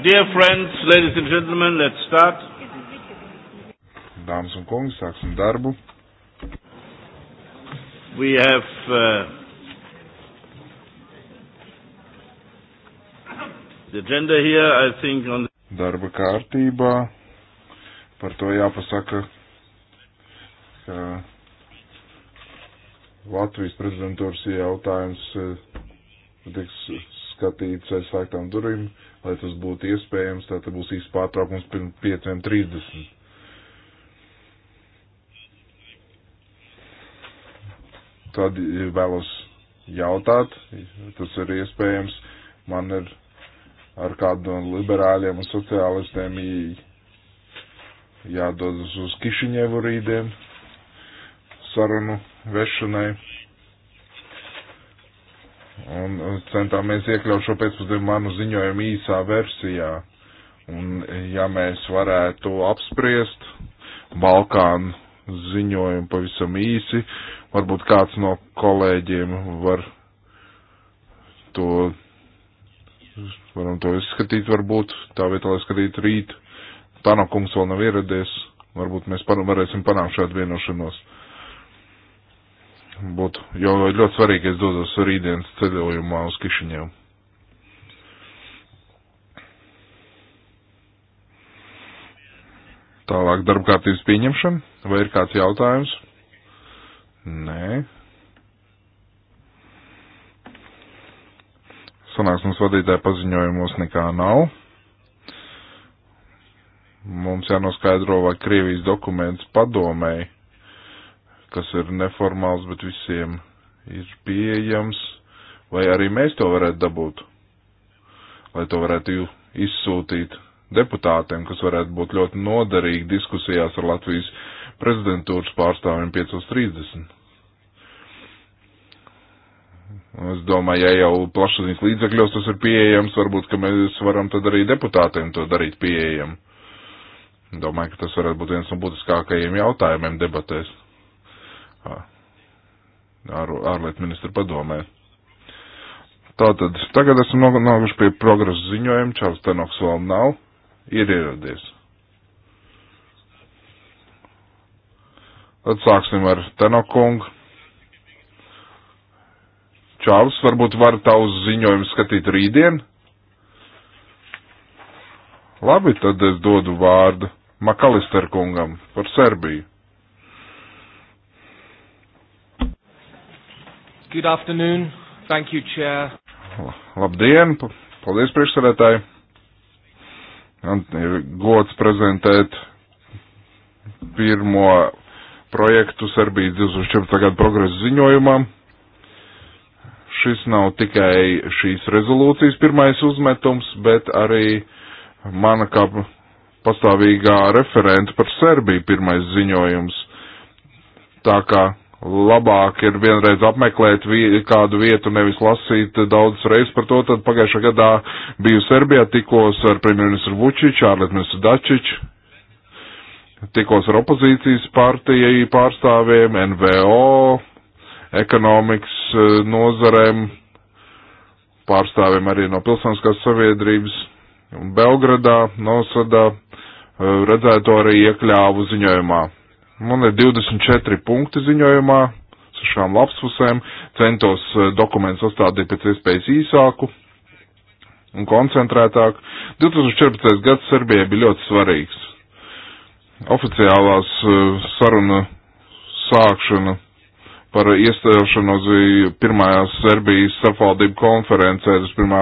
Dear friends, ladies and gentlemen, let's start. Dāmas un kungi, sāksim darbu. We have uh, the agenda here, I think, on the darba kārtībā. Par to jāpasaka, ka Latvijas prezidentūras jautājums uh, tiks skatīts aiz slēgtām durvīm, lai tas būtu iespējams, tātad būs īsts pārtraukums pirms 5.30. Tad vēlos jautāt, tas ir iespējams, man ir ar kādu no liberāļiem un sociālistiem jādodas uz Kišiņevu rītdien sarunu vešanai. Un centāmies iekļaut šo pēcpusdienu manu ziņojumu īsā versijā. Un ja mēs varētu apspriest Balkānu ziņojumu pavisam īsi, varbūt kāds no kolēģiem var to, varam to izskatīt varbūt, tā vietā, lai skatītu rīt. Tanokums vēl nav ieradies, varbūt mēs par, varēsim panākt šādu vienošanos būtu, jo ļoti svarīgi es dodos rītdienas ceļojumā uz Kišiņevu. Tālāk darbkārtības pieņemšana, vai ir kāds jautājums? Nē. Sanāksmes vadītāja paziņojumos nekā nav. Mums jānoskaidro, vai Krievijas dokuments padomēji kas ir neformāls, bet visiem ir pieejams, vai arī mēs to varētu dabūt, lai to varētu izsūtīt deputātiem, kas varētu būt ļoti noderīgi diskusijās ar Latvijas prezidentūras pārstāvjiem 5.30. Es domāju, ja jau plašsaziņas līdzekļos tas ir pieejams, varbūt, ka mēs varam tad arī deputātiem to darīt pieejam. Domāju, ka tas varētu būt viens no būtiskākajiem jautājumiem debatēs ārlietu ministru padomē. Tātad, tagad esam nonākuši pie progresa ziņojuma, Čārls Tenoks vēl nav, ir ieradies. Tad sāksim ar Tenokungu. Čārls, varbūt var tavus ziņojumus skatīt rītdien? Labi, tad es dodu vārdu Makalister kungam par Serbiju. Good afternoon. Thank you, Chair. Labdien, paldies priekšsarētāji. Man ir gods prezentēt pirmo projektu Serbijas 2014. gada progresa ziņojumam. Šis nav tikai šīs rezolūcijas pirmais uzmetums, bet arī mana kā pastāvīgā referenta par Serbiju pirmais ziņojums. Tā kā labāk ir vienreiz apmeklēt vie, kādu vietu, nevis lasīt daudzas reizes par to. Tad pagājušā gadā biju Serbijā, tikos ar premjerministru Vučiču, ārlietministru Dačiču, tikos ar opozīcijas partijai pārstāvjiem, NVO, ekonomikas e, nozarēm, pārstāvjiem arī no pilsoniskās saviedrības, Belgradā, Nosadā, e, redzēto arī iekļāvu ziņojumā Man ir 24 punkti ziņojumā, sešām lapspusēm, centos eh, dokumentu sastādīt pēc iespējas īsāku un koncentrētāk. 2014. gads Serbijai bija ļoti svarīgs. Oficiālās eh, saruna sākšana par iestāšanos pirmajās Serbijas starpvaldību konferencē 1.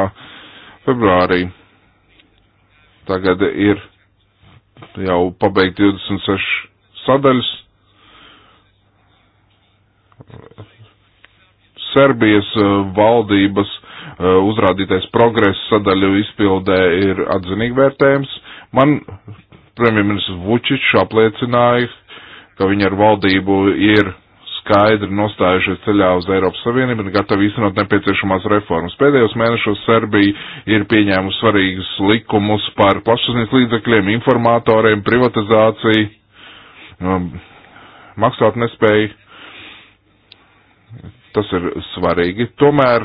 februārī. Tagad ir jau pabeigti 26 sadaļas. Serbijas eh, valdības eh, uzrādītais progress sadaļu izpildē ir atzinīgi vērtējums. Man premjerministrs Vučičs apliecināja, ka viņi ar valdību ir skaidri nostājušies ceļā uz Eiropas Savienību un gatavi īstenot nepieciešamās reformas. Pēdējos mēnešos Serbija ir pieņēmusi svarīgus likumus par plašsaziņas līdzekļiem, informatoriem, privatizāciju Nu, maksāt nespēju. Tas ir svarīgi. Tomēr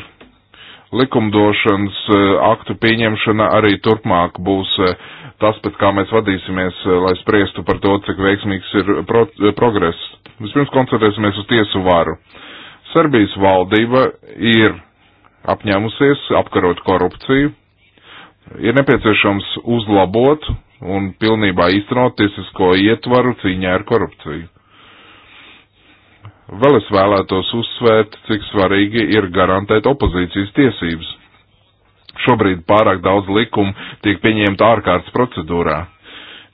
likumdošanas e, aktu pieņemšana arī turpmāk būs e, tas, pēc kā mēs vadīsimies, e, lai spriestu par to, cik veiksmīgs ir pro progress. Vispirms koncentrēsimies uz tiesu varu. Serbijas valdība ir apņēmusies apkarot korupciju. Ir nepieciešams uzlabot un pilnībā īstenot tiesisko ietvaru cīņā ar korupciju. Vēl es vēlētos uzsvērt, cik svarīgi ir garantēt opozīcijas tiesības. Šobrīd pārāk daudz likumu tiek pieņemta ārkārtas procedūrā,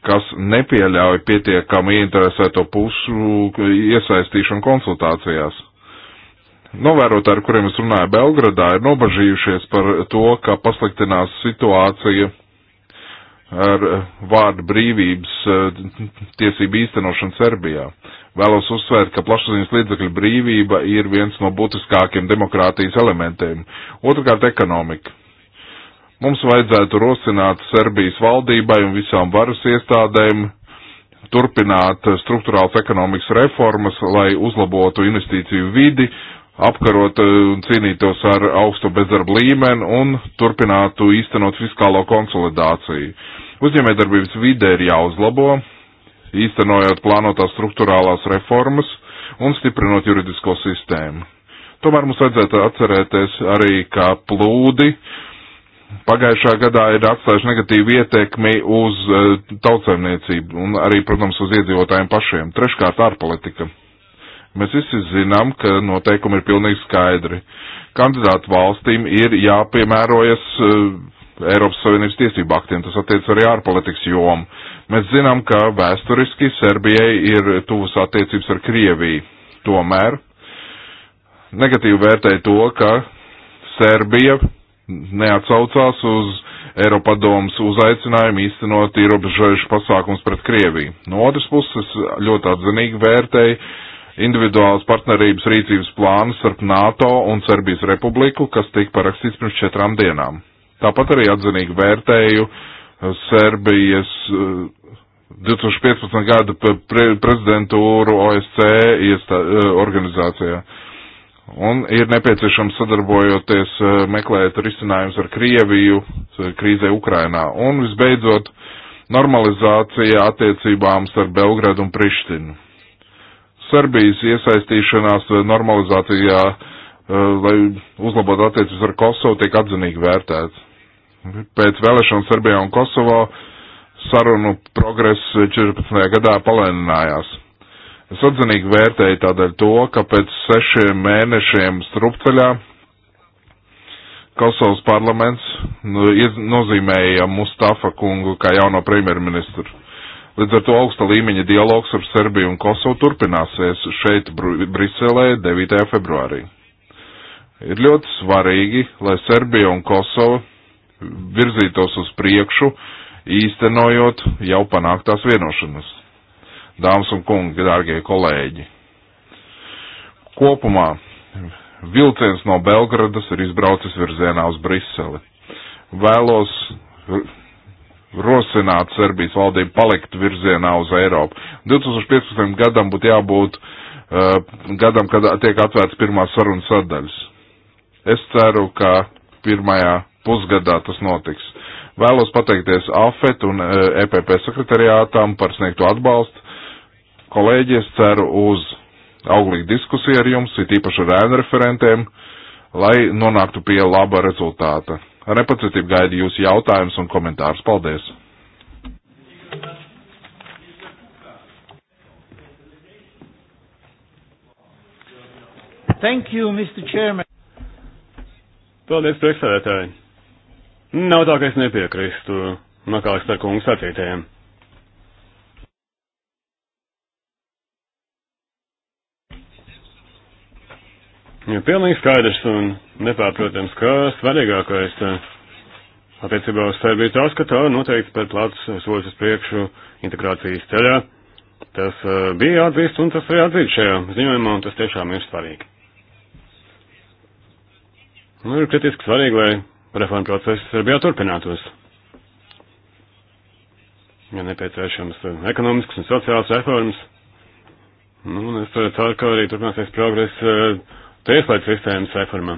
kas nepieļauj pietiekami ieinteresēto pušu iesaistīšanu konsultācijās. Novērotāji, ar kuriem es runāju Belgradā, ir nobažījušies par to, ka pasliktinās situācija ar eh, vārdu brīvības eh, tiesību īstenošanu Serbijā. Vēlos uzsvērt, ka plašsaziņas līdzekļu brīvība ir viens no būtiskākiem demokrātijas elementiem. Otrakārt, ekonomika. Mums vajadzētu rosināt Serbijas valdībai un visām varas iestādēm turpināt struktūrāls ekonomikas reformas, lai uzlabotu investīciju vidi apkarot eh, un cīnītos ar augsto bezdarba līmeni un turpinātu īstenot fiskālo konsolidāciju. Uzņēmējdarbības vide ir jāuzlabo, īstenojot plānotās struktūrālās reformas un stiprinot juridisko sistēmu. Tomēr mums vajadzētu atcerēties arī, ka plūdi pagājušā gadā ir atstājuši negatīvu ietekmi uz eh, tautsēmniecību un arī, protams, uz iedzīvotājiem pašiem. Treškārt, ārpolitika. Ar Mēs visi zinām, ka noteikumi ir pilnīgi skaidri. Kandidātu valstīm ir jāpiemērojas eh, Eiropas Savienības tiesību aktiem, tas attiec arī ārpolitikas jomu. Mēs zinām, ka vēsturiski Serbijai ir tuvas attiecības ar Krieviju. Tomēr negatīvi vērtēja to, ka Serbija neatsaucās uz Eiropadomas uzaicinājumu īstenot ierobežojušu pasākums pret Krieviju. No otras puses, ļoti atzinīgi vērtēja individuālas partnerības rīcības plānu starp NATO un Serbijas republiku, kas tika parakstīts pirms četrām dienām. Tāpat arī atzinīgi vērtēju uh, Serbijas 2015. Uh, gada pre prezidentūru OSCE iestā, uh, organizācijā. Un ir nepieciešams sadarbojoties, meklēt risinājumus ar Krieviju krīzē Ukrainā. Un visbeidzot, normalizācija attiecībām starp Belgradu un Prištinu. Serbijas iesaistīšanās eh, normalizācijā, eh, lai uzlabotu attiecības ar Kosovu, tiek atzinīgi vērtēts. Pēc vēlēšanām Serbijā un Kosovā sarunu progress 14. gadā palēninājās. Es atzinīgi vērtēju tādēļ to, ka pēc sešiem mēnešiem strupceļā Kosovas parlaments nu, nozīmēja Mustafa kungu kā jauno premjerministru. Līdz ar to augsta līmeņa dialogs ar Serbiju un Kosovu turpināsies šeit Br Briselē 9. februārī. Ir ļoti svarīgi, lai Serbija un Kosova virzītos uz priekšu, īstenojot jau panāktās vienošanas. Dāmas un kungi, dārgie kolēģi! Kopumā vilciens no Belgradas ir izbraucis virzienā uz Briseli. Vēlos rosināt Serbijas valdību palikt virzienā uz Eiropu. 2015. gadam būtu jābūt uh, gadam, kad tiek atvērts pirmās sarunas sadaļas. Es ceru, ka pirmajā pusgadā tas notiks. Vēlos pateikties AFET un uh, eh, EPP sekretariātām par sniegto atbalstu. Kolēģi, es ceru uz auglīgu diskusiju ar jums, it īpaši ar ēnu referentiem, lai nonāktu pie laba rezultāta. Ar nepacietību gaidu jūsu jautājumus un komentārus. Paldies! Thank you, Mr. Chairman. Paldies, priekšsēdētāji. Nav tā, ka es nepiekrīstu Makāks ar kungu sacītajiem. Ir pilnīgi skaidrs un nepārprotams, ka svarīgākais eh, attiecībā uz Serbiju tas, ka tā noteikti pēc plats soļus uz priekšu integrācijas ceļā. Tas eh, bija atzīst un tas arī atzīst šajā ziņojumā, un tas tiešām ir svarīgi. Nu, ir kritiski svarīgi, lai reforma process Serbijā turpinātos ja nepieciešams eh, ekonomiskas un sociālas reformas. Nu, un es ceru, ka arī turpināsies progress tieslietu sistēmas reformā.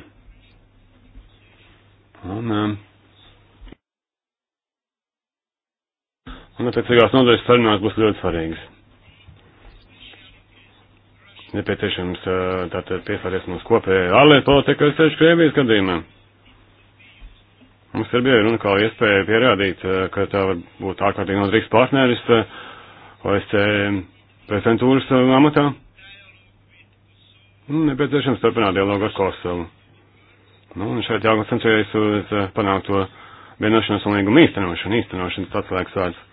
Un, um, un attiecīgās nodaļas sarunās būs ļoti svarīgas. Nepieciešams uh, tātad piesāries mums kopējai ārlietu politikai sešu Krievijas gadījumā. Mums ir bija runa kā iespēja pierādīt, uh, ka tā var būt ārkārtīgi nozīgs partneris uh, OSC prezidentūras amatā. Uh, Un nu, nepieciešams turpināt dialogu ar Kosovu. Nu, un šeit jākoncentrējas uz eh, panākto vienošanos un līgumu īstenošanu, īstenošanas atslēgas vārds.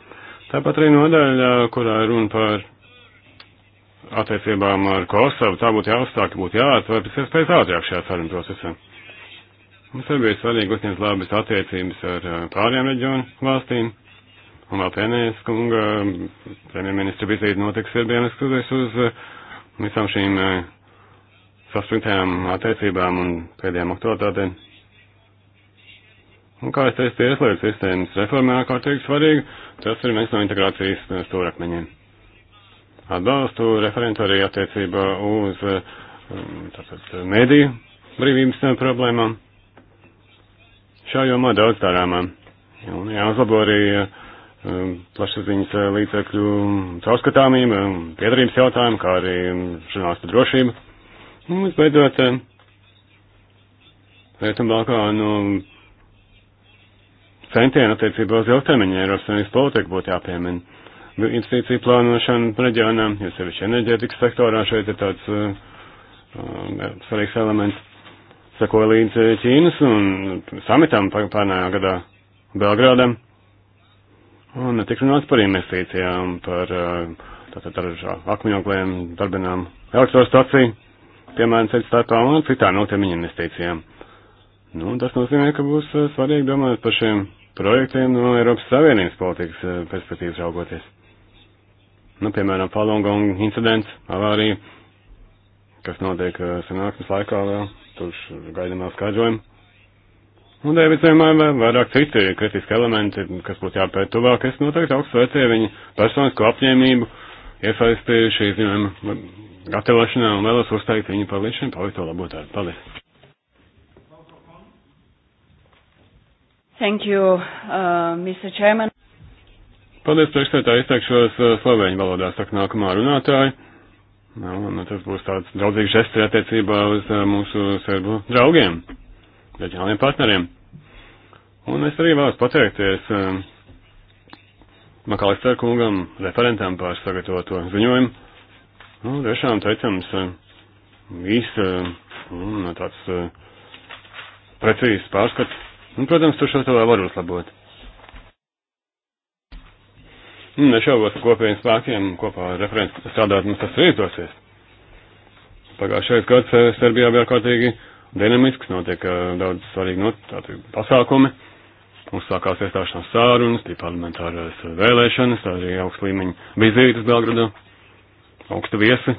Tāpat arī nodaļa, kurā runa par attiecībām ar Kosovu, tā būtu jāuzstāk, būtu jāatver pēc iespējas ātrāk šajā sarunu procesā. Mums ir bijis svarīgi uzņemt labas attiecības ar eh, pārējām reģionu valstīm, un vēl pēnējais kunga mm, premjerministra vizīte notiks ir dienas uz eh, visām šīm sasniegtajām attiecībām un pēdējām aktualitātēm. Un, kā es teicu, tieslietu sistēmas reforma ārkārtīgi svarīga, tas ir viens no integrācijas stūrakmeņiem. Atbalstu referentu arī attiecībā uz eh, tātad, mediju brīvības eh, problēmām. Šā jomā daudz darāmā. Un jāuzlabo arī eh, um, plašsaziņas līdzekļu caurskatāmība, um, piedarības jautājumi, kā arī um, žurnālistu drošība. Un nu, izveidot Rietumbalkānu eh, centienu attiecībā uz jautājumiem Eiropas Savienības politiku būtu jāpiemina. Investīciju plānošana reģionā, jo sevišķi enerģētikas sektorā šeit ir tāds uh, svarīgs elements. Sekoja līdz Ķīnas un samitam pārnājā gadā Belgrādam. Un tik runāts par investīcijām, par tātad ar akmeņogliem darbinām elektrostaciju piemēram, ceļu starpā un citām no tiem investīcijām. Nu, tas nozīmē, ka būs eh, svarīgi domāt par šiem projektiem no Eiropas Savienības politikas eh, perspektīvas raugoties. Nu, piemēram, Falungong incidents, avārija, kas notiek eh, sanāksmes laikā vēl, tur gaidām vēl skaidrojumu. Un Dēvids vienmēr vēl vairāk citi kritiski elementi, kas būtu jāpēta tuvāk, es noteikti augstu vērtēju viņa personisko apņēmību iesaisti šī ziņojuma gatavošanā un vēlos uzteikt viņu par līdz šim paveikto labo darbu. Paldies! Thank you, uh, Mr. Chairman. Paldies, priekšsētāji, izteikšos uh, slovēņu valodā, saka nākamā runātāja. Nu, nu, tas būs tāds draudzīgs žests attiecībā uz uh, mūsu serbu draugiem, reģionāliem partneriem. Un es arī vēlos pateikties uh, Makalister kungam, referentam par sagatavoto ziņojumu. Nu, tiešām teicams, īsts eh, eh, un eh, tāds precīzs pārskats. Un, nu, protams, tur šo to vēl var uzlabot. Nu, nešaubos kopējiem spēkiem kopā ar referentu strādāt mums tas izdosies. Pagājušais gads Serbijā bija ārkārtīgi dinamisks, notiek daudz svarīgi not, pasākumi uzsākās iestāšanās sārunas, bija parlamentārās vēlēšanas, arī augsts līmeņa vizītes Belgradā, augsta viesi,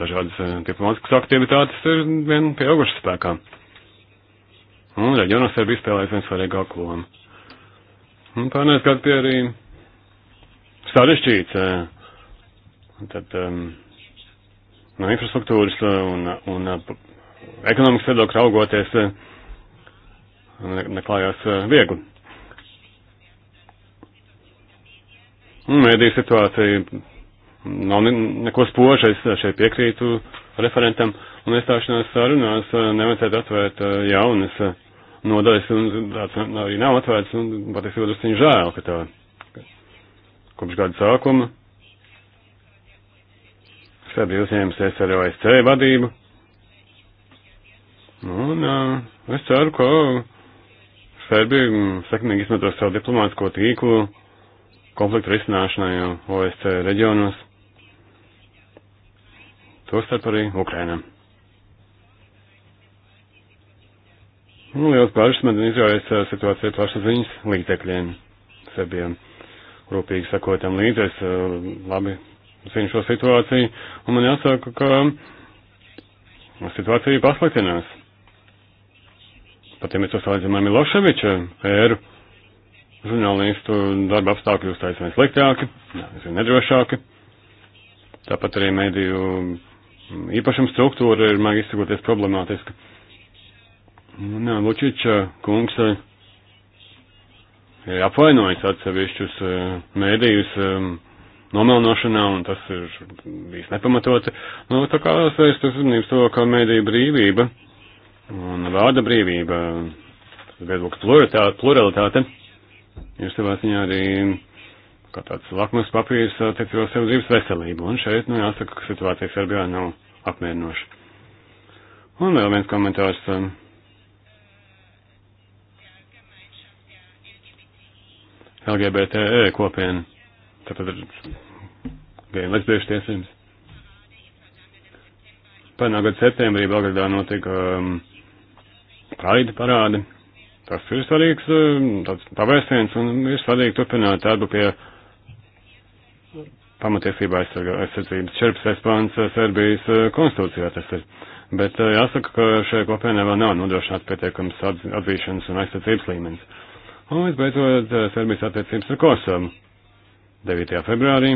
dažādas eh, diplomātiskas aktivitātes ir vien pieaugušas spēkā. Un reģionos arī bija spēlējis viens svarīgāku lomu. Un pārnēs gads bija arī sarežģīts. Eh, tad, um, no infrastruktūras eh, un, un ekonomikas viedokļa raugoties, uh, neklājās eh, viegli. Mēdīja situācija nav neko spoža, es eh, šeit piekrītu referentam, un iestāšanās sarunās eh, nevajadzētu atvērt jaunas nodaļas, un tāds arī nav atvērts, un patiesībā tas viņa žēl, ka tā kopš gada sākuma sēdīja uzņēmusies ar OSC vadību, un uh, es ceru, ka Serbija sekmīgi izmanto savu diplomātisko tīklu konfliktu risināšanai OSC reģionos, tostarp arī Ukrainā. Nu, liels bažas man izraisa situācija plašsaziņas līdzekļiem Serbijam. Rūpīgi sakotam līdzi, es labi zinu šo situāciju, un man jāsaka, ka situācija pasliktinās. Pat ja mēs to salīdzinām ar Miloševiča ēru, žurnālistu darba apstākļi uz taisnēm sliktāki, nedrošāki. Tāpat arī mediju mm, īpašuma struktūra ir, man izsakoties, problemātiska. Un Lučiča kungs eh, ir apvainojis atsevišķus eh, mēdījus eh, nomelnošanā, un tas ir bijis nepamatoti. Nu, tā kā svērst uzmanības to, ka mēdīja brīvība un vārda brīvība, viedokļu pluralitāte ir savā ziņā arī kā tāds lakmus papīrs attiecībā sev dzīves veselību, un šeit, nu, jāsaka, ka situācija Serbijā nav apmierinoša. Un vēl viens komentārs. Um, LGBTE kopiena. Tātad ir gēnu lesbiešu tiesības. Pērnā gada septembrī Belgradā notika um, Raida parādi. Tas ir svarīgs eh, tāds pavērsiens un ir svarīgi turpināt darbu pie pamatiesībā aizsardzības 14. pāns eh, Serbijas eh, konstitūcijā tas ir. Bet jāsaka, ka šai kopienai vēl nav nodrošināts pietiekams atzīšanas un aizsardzības līmenis. Un visbeidzot, Serbijas attiecības ar Kosovu 9. februārī.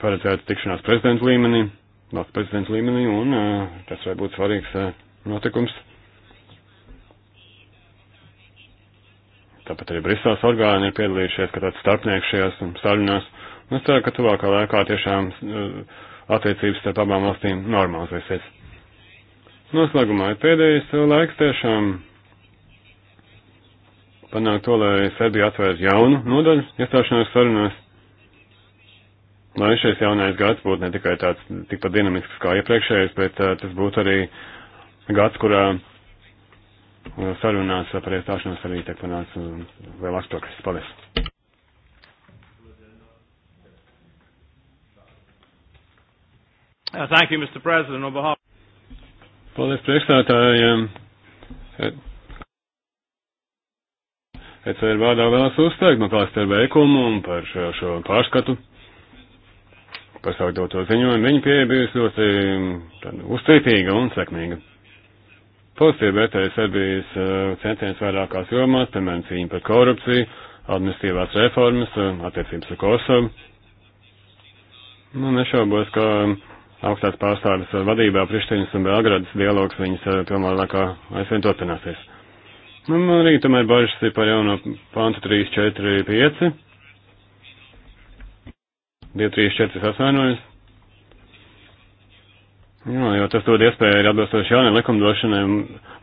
Paredzēta tikšanās prezidenta līmenī valsts prezidenta līmenī, un tas var būt svarīgs notikums. Tāpat arī Briseles orgāni ir piedalījušies, ka tāds starpnieks šajās sarunās. Es ceru, ka tuvākā laikā tiešām attiecības starp abām valstīm normalizēsies. Noslēgumā ir pēdējais laiks tiešām panākt to, lai Serbija atvērtu jaunu nodaļu iestāšanās sarunās lai nu, šis jaunais gads būtu ne tikai tāds tikpat dinamisks kā iepriekšējais, bet uh, tas būtu arī gads, kurā uh, sarunās par iestāšanos arī tiek panāks uh, vēl aktuāls. Paldies! Uh, thank you, Mr. President, on behalf. Paldies priekšstādājiem. Um, ECR vārdā vēlas uzteikt Maklāsteru veikumu un par šo, šo pārskatu par savu doto ziņojumu. Viņa pieeja bijusi ļoti mm, uzcītīga un sekmīga. Pozitīvi vērtēja Serbijas eh, centienus vairākās jomās, piemēram, cīņa pret korupciju, administratīvās reformas, eh, attiecības ar Kosovu. Nu, nešaubos, ka mm, augstās pārstāvis vadībā Prištiņas un Belgradas dialogs viņas eh, tomēr laikā aizvien turpināsies. Nu, man arī tomēr bažas ir par jauno pantu 3, 4, 5 2, 3, 4 atvainojas. Jā, jo tas dod iespēju arī atbilstoši jaunai likumdošanai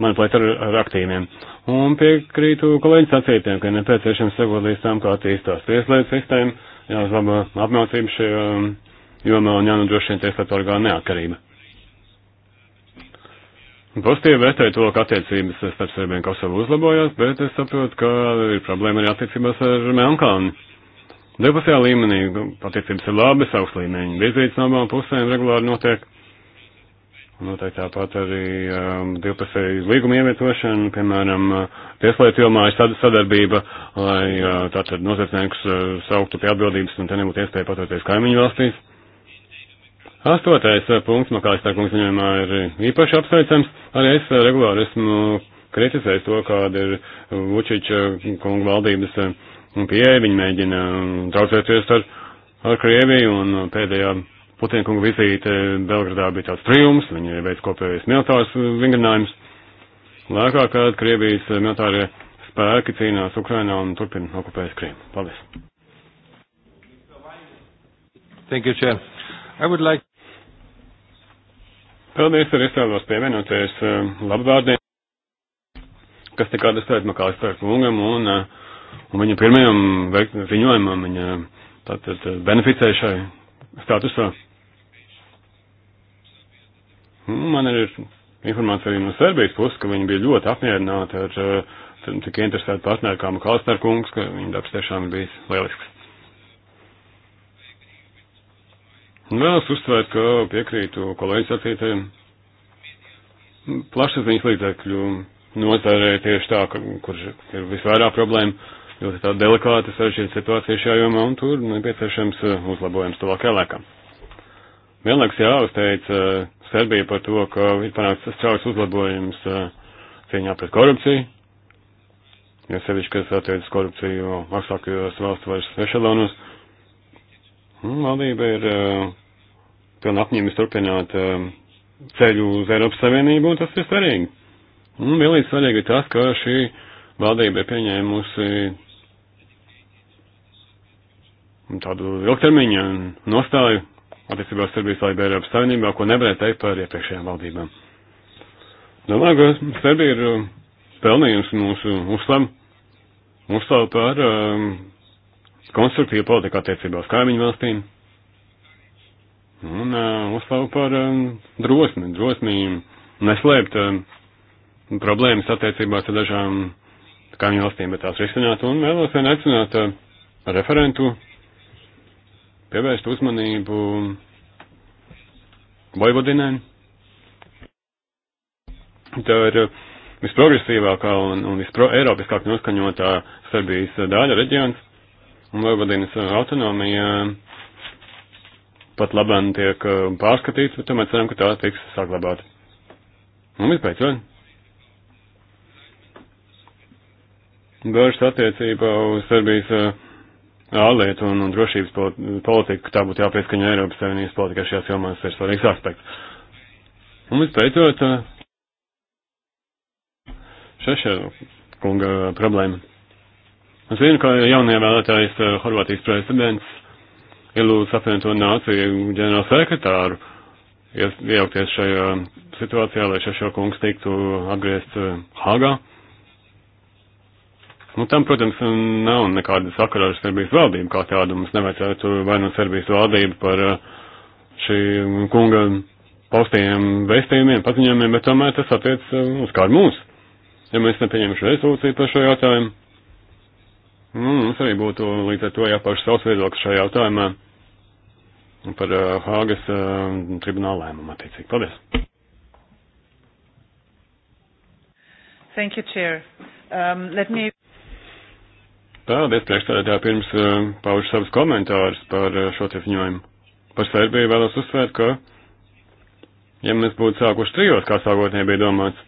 manipulēt ar, ar aktīviem. Un piekrītu kolēģi sacītiem, ka nepieciešams sekot līdz tam, kā attīstās tieslietu sistēma, jāuzlabo apmācību šajā jomā un jānodrošina tieslietu orgānu neatkarība. Pozitīvi vērtēju to, ka attiecības starp Serbiem Kosovu uzlabojās, bet es saprotu, ka ir problēma arī attiecībās ar Melnkalni. Divpusējā līmenī nu, attiecības ir labas, augsts līmeņi vizītes no abām pusēm regulāri notiek. Noteikti tāpat arī um, divpusēju līgumu ievietošana, piemēram, uh, tieslietu jomā ir sadarbība, lai uh, tātad noziedzniekus uh, sauktu pie atbildības un te nebūtu iespēja patoties kaimiņu valstīs. Astotais uh, punkts, no kā es tā kungs ziņojumā ir īpaši apsveicams, arī es uh, regulāri esmu kritizējis to, kāda ir Vučiča uh, kunga valdības. Uh, pieeja, viņi mēģina um, traucēties ar, ar Krieviju, un uh, pēdējā Putina kunga vizīte uh, Belgradā bija tāds triumfs, viņi veic kopējais militārs uh, vingrinājums, laikā, kad Krievijas militārie spēki cīnās Ukrainā un turpina okupējas Krievu. Paldies! Thank you, Chair. I would like. Paldies, arī es vēlos pievienoties labvārdiem, kas tikā desētmakā starp lungam un uh, Un viņa pirmajam ziņojumam, viņa tātad beneficējušai statusā. Un nu, man ir informācija arī no Serbijas puses, ka viņi bija ļoti apmierināti ar uh, tik interesētu partneri kā Makalsner kungs, ka viņa darbs tiešām ir bijis lielisks. Un vēlos uzsvērt, ka piekrītu kolēģis sacītajiem plašsaziņas līdzekļu nozarē tieši tā, ka, kur ir visvairāk problēma ļoti tāda delikāta sarežģīta situācija šajā jomā, un tur nepieciešams eh, uzlabojums tuvākajā laikā. Vienlaiks jāuzteic uh, Serbija par to, ka ir panācis strauks uzlabojums uh, cīņā pret korupciju, jo ja sevišķi, kas attiecas korupciju augstākajos valsts varas ešalonos. Valdība ir uh, pilna apņēmis turpināt ceļu uz Eiropas Savienību, un tas ir svarīgi. Un vienlīdz svarīgi ir tas, ka šī valdība ir pieņēmusi tādu ilgtermiņa nostāju attiecībā Serbijas laika Eiropas Savienībā, ko nevarēja teikt par iepriekšējām valdībām. Domāju, ka Serbija ir uh, pelnījusi mūsu uzslavu, uzslavu par um, konstruktīvu politiku attiecībā uz kaimiņu valstīm. Un uh, uzslavu par um, drosmi, drosmi neslēpt um, problēmas attiecībās ar dažām kaimiņu valstīm, bet tās risināt un vēlos vien aicināt uh, referentu pievērst uzmanību Vojvodinai. Tā ir uh, visprogresīvākā un, un visproeiropiskāk noskaņotā Serbijas daļa reģions, un Vojvodinas autonomija pat labam tiek uh, pārskatīts, bet tomēr ceram, ka tā tiks saglabāta. Un vispēcot. Dažas attiecībā uz Serbijas uh, ārlietu un, un drošības politika, tā būtu jāpieskaņo Eiropas Savienības politikā šajās jomās ir svarīgs aspekts. Un vispēcot, šeša kunga problēma. Es zinu, ka jaunie vēlētājs Horvātijas prezidents ir lūdzu apvienoto nāciju ģenerāla sekretāru iejaukties šajā situācijā, lai šešo kungs tiktu atgriezt Hagā. Uh, Nu, tam, protams, nav nekāda sakara ar Serbijas valdību kā tādu. Mums nevajadzētu vainot nu Serbijas valdību par eh, šī kunga paustījiem vēstījumiem, paziņojumiem, bet tomēr tas attiec eh, uz kādu mūsu. Ja mēs nepieņemšu rezolūciju par šo jautājumu, nu, mums arī būtu līdz ar to jāpauž savs viedoklis šajā jautājumā par eh, Hāgas tribunāla lēmumu attiecīgi. Paldies! Thank you, Chair. Um, let me... Paldies, priekšstādātā, pirms uh, eh, paužu savus komentārus par uh, šo te ziņojumu. Par Serbiju vēlos uzsvērt, ka, ja mēs būtu sākuši trijos, kā sākotnēji bija domāts,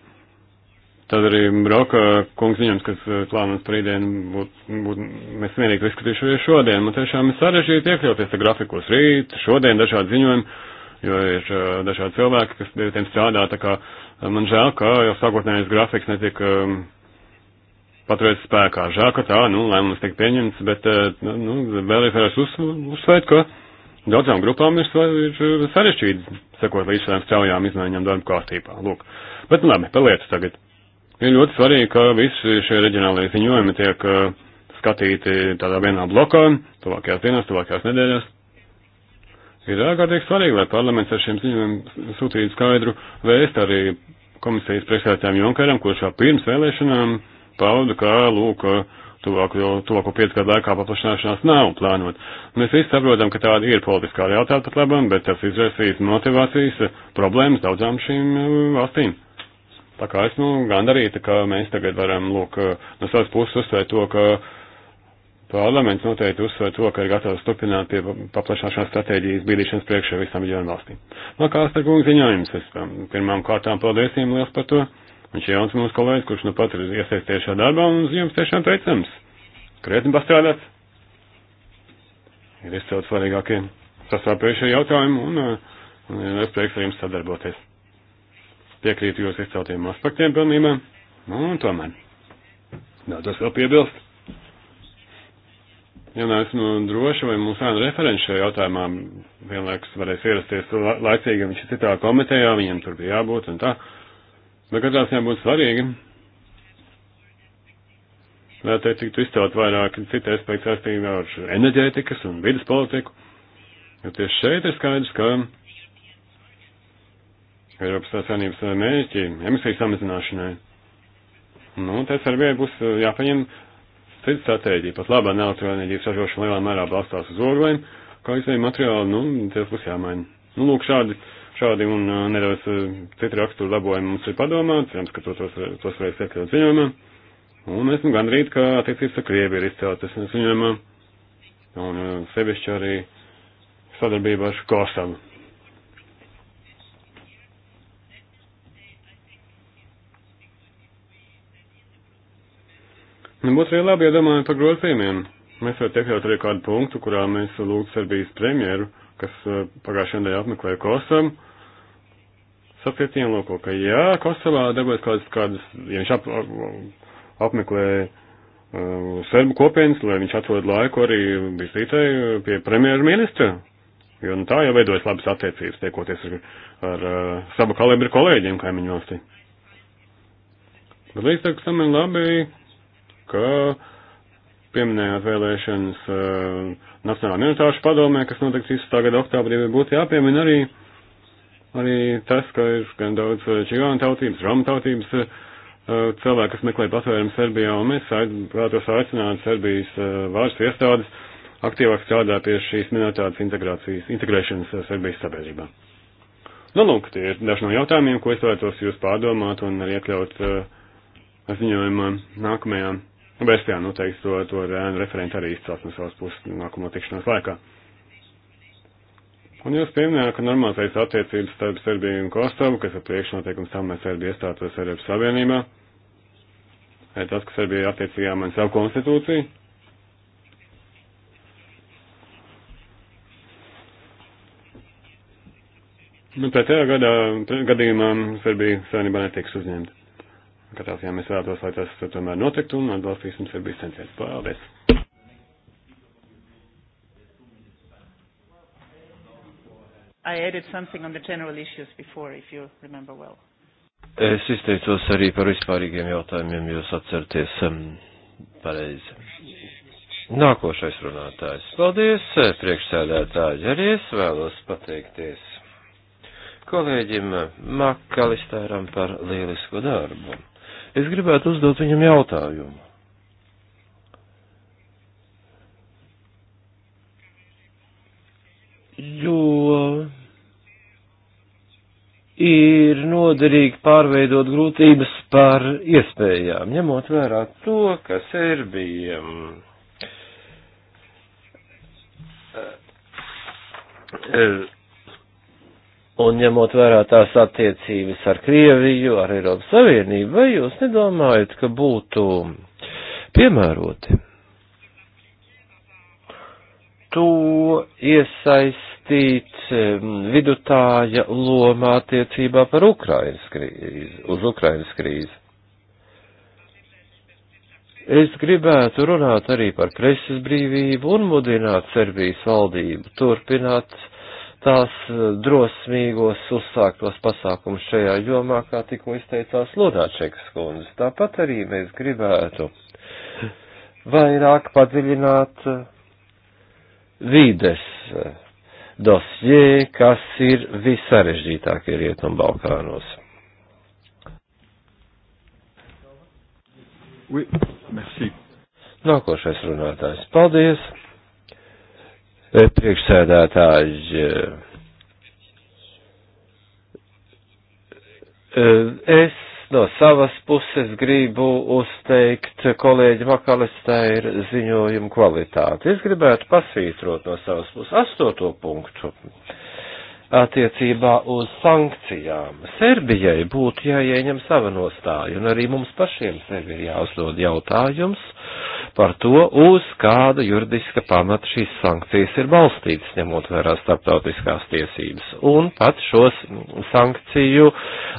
tad arī Broka kungs ziņojums, kas uh, plānots parīdien, būtu, būt, mēs vienīgi izskatījušies šodien. Man tiešām ir sarežģīti iekļauties te grafikos rīt, šodien dažādi ziņojumi, jo ir uh, dažādi cilvēki, kas pie tiem strādā, tā kā uh, man žēl, ka jau sākotnējais grafiks netika. Uh, paturēt spēkā. Žēl, ka tā, nu, lēmums tiek pieņemts, bet, eh, nu, nu vēlreiz varēs uz, uzsvērt, ka daudzām grupām ir, ir eh, sarežģīti sekot līdz šādām straujām izmaiņām darba kārtībā. Lūk. Bet, nu, labi, par lietas tagad. Ir ļoti svarīgi, ka visi šie reģionālie ziņojumi tiek eh, skatīti tādā vienā blokā, tuvākajās dienās, tuvākajās nedēļās. Ir ārkārtīgi svarīgi, lai parlaments ar šiem ziņojumiem sūtītu skaidru vēstu arī komisijas priekšsēdētājiem Junkeram, kurš jau pirms vēlēšanām uh, paudu, ka, lūk, tuvāko, tuvāko piecu gadu laikā paplašināšanās nav plānot. Mēs visi saprotam, ka tāda ir politiskā realitāte pat labam, bet tas izraisīs motivācijas problēmas daudzām šīm uh, valstīm. Tā kā esmu nu, gandarīta, ka mēs tagad varam, lūk, uh, no savas puses uzsvērt to, ka parlaments noteikti uzsver to, ka ir gatavs turpināt pie paplašāšanās stratēģijas bīdīšanas priekšā visām reģionu valstīm. Vēl kāds te kungs ziņojums, es um, pirmām kārtām paldies jums liels par to. Viņš ir jauns mūsu kolēģis, kurš nu pat ir iesaistījies šajā darbā un uz jums tiešām teicams. Krietni pastrādāts. Ir izcelt svarīgākie sasāpējušie jautājumi un, eh, un, un eh, es prieks ar jums sadarboties. Piekrītu jūs izceltiem aspektiem pilnībā. Un tomēr. Jā, tas vēl piebilst. Ja neesmu nu droši, vai mūsu ēna referents šajā jautājumā vienlaikus varēs ierasties laicīgi, viņš ir citā komitejā, viņam tur bija jābūt un tā. Uh, Bet katrā ziņā būtu svarīgi, lai te tiktu izcelt vairāk citu aspektu saistībā ar enerģētikas un vidas politiku. Jo tieši šeit ir skaidrs, ka Eiropas Savienības mērķi emisiju samazināšanai. Nu, tas ar vien būs jāpaņem cita stratēģija. Pat labā elektroenerģijas ražošana lielā mērā balstās uz oglēm, kā izvēja materiāli, nu, tas būs jāmaina. Nu, lūk, šādi šādi un nedaudz citu raksturu labojumi mums ir padomā, cerams, ka tos, tos, tos vajag sekļot ziņojumā. Un esmu gandrīz, ka attiecības ar Krieviju ir izceltas ziņojumā, un sevišķi arī sadarbībā ar Kosovu. Nu, būtu arī labi, ja domājam par grozījumiem. Mēs varam iekļaut arī kādu punktu, kurā mēs lūgtu Serbijas premjeru uh, kas eh, pagājušajā nedēļā apmeklēja Kosovu, sapratiet, lūko, ka jā, Kosovā dabūs kādas, kādas, ja viņš ap, ap, apmeklē uh, serbu kopienas, lai viņš atrod laiku arī vizītei pie premjerministra, jo nu, tā jau veidojas labas attiecības, tiekoties ar, ar uh, eh, savu kalibru kolēģiem kaimiņu valstī. Bet līdz tam ir labi, ka uh, pieminējāt vēlēšanas uh, Nacionālā minoritāšu padomē, kas notiks 13. gada oktobrī, būtu jāpiemina arī, arī tas, ka ir gan daudz čigānu uh, tautības, romu tautības uh, cilvēku, kas meklē patvērumu Serbijā, un mēs vēlētos aicināt Serbijas uh, vārstu iestādes aktīvāk strādāt pie šīs minoritātes integrācijas, integrēšanas uh, Serbijas sabiedrībā. Nu, lūk, tie ir daži no jautājumiem, ko es vēlētos jūs pārdomāt un arī iekļaut uh, ziņojumā nākamajām Nu, Bestijā noteikti to, to referenti arī izcels no savas puses nākamo tikšanās laikā. Un jūs pieminējāt, ka normalizējas attiecības starp Serbiju un Kosovu, kas ir priekšnoteikums tam, lai Serbija iestātos Eiropas Savienībā, ir tas, ka Serbija attiecīgā man savu konstitūciju. Nu, pretējā gadā, gadījumā Serbija savienībā netiks uzņemta. Katrā ziņā mēs vēlētos, lai tas tomēr notiktu un atbalstīsim Serbijas centienus. Paldies! I added something on the general issues before, if you remember well. Es izteicos arī par vispārīgiem jautājumiem, jūs atcerties um, pareizi. Nākošais runātājs. Paldies, priekšsēdētāji. Arī es vēlos pateikties kolēģim Makalistāram par lielisko darbu. Es gribētu uzdot viņam jautājumu. Jo ir noderīgi pārveidot grūtības par iespējām, ņemot vērā to, ka Serbija eh, Un ņemot vērā tās attiecības ar Krieviju, ar Eiropas Savienību, vai jūs nedomājat, ka būtu piemēroti to iesaistīt vidutāja lomā attiecībā par Ukrainas krīzi, uz Ukrainas krīzi? Es gribētu runāt arī par preses brīvību un mudināt Serbijas valdību turpināt tās eh, drosmīgos uzsāktos pasākumus šajā jomā, kā tikko izteicās Lodāčekas kundze. Tāpat arī mēs gribētu vairāk padziļināt eh, vides eh, dosjē, kas ir visarežģītākie Rietumbalkānos. Oui, merci. Nākošais runātājs. Paldies! priekšsēdētāji. Eh, eh, es no savas puses gribu uzteikt kolēģi Makalistēra ziņojumu kvalitāti. Es gribētu pasvītrot no savas puses astoto punktu. Uh, attiecībā uz sankcijām. Serbijai būtu jāieņem sava nostāja, un arī mums pašiem sevi ir jāuzdod jautājums par to, uz kāda juridiska pamata šīs sankcijas ir balstītas, ņemot vērā starptautiskās tiesības. Un pat šos sankciju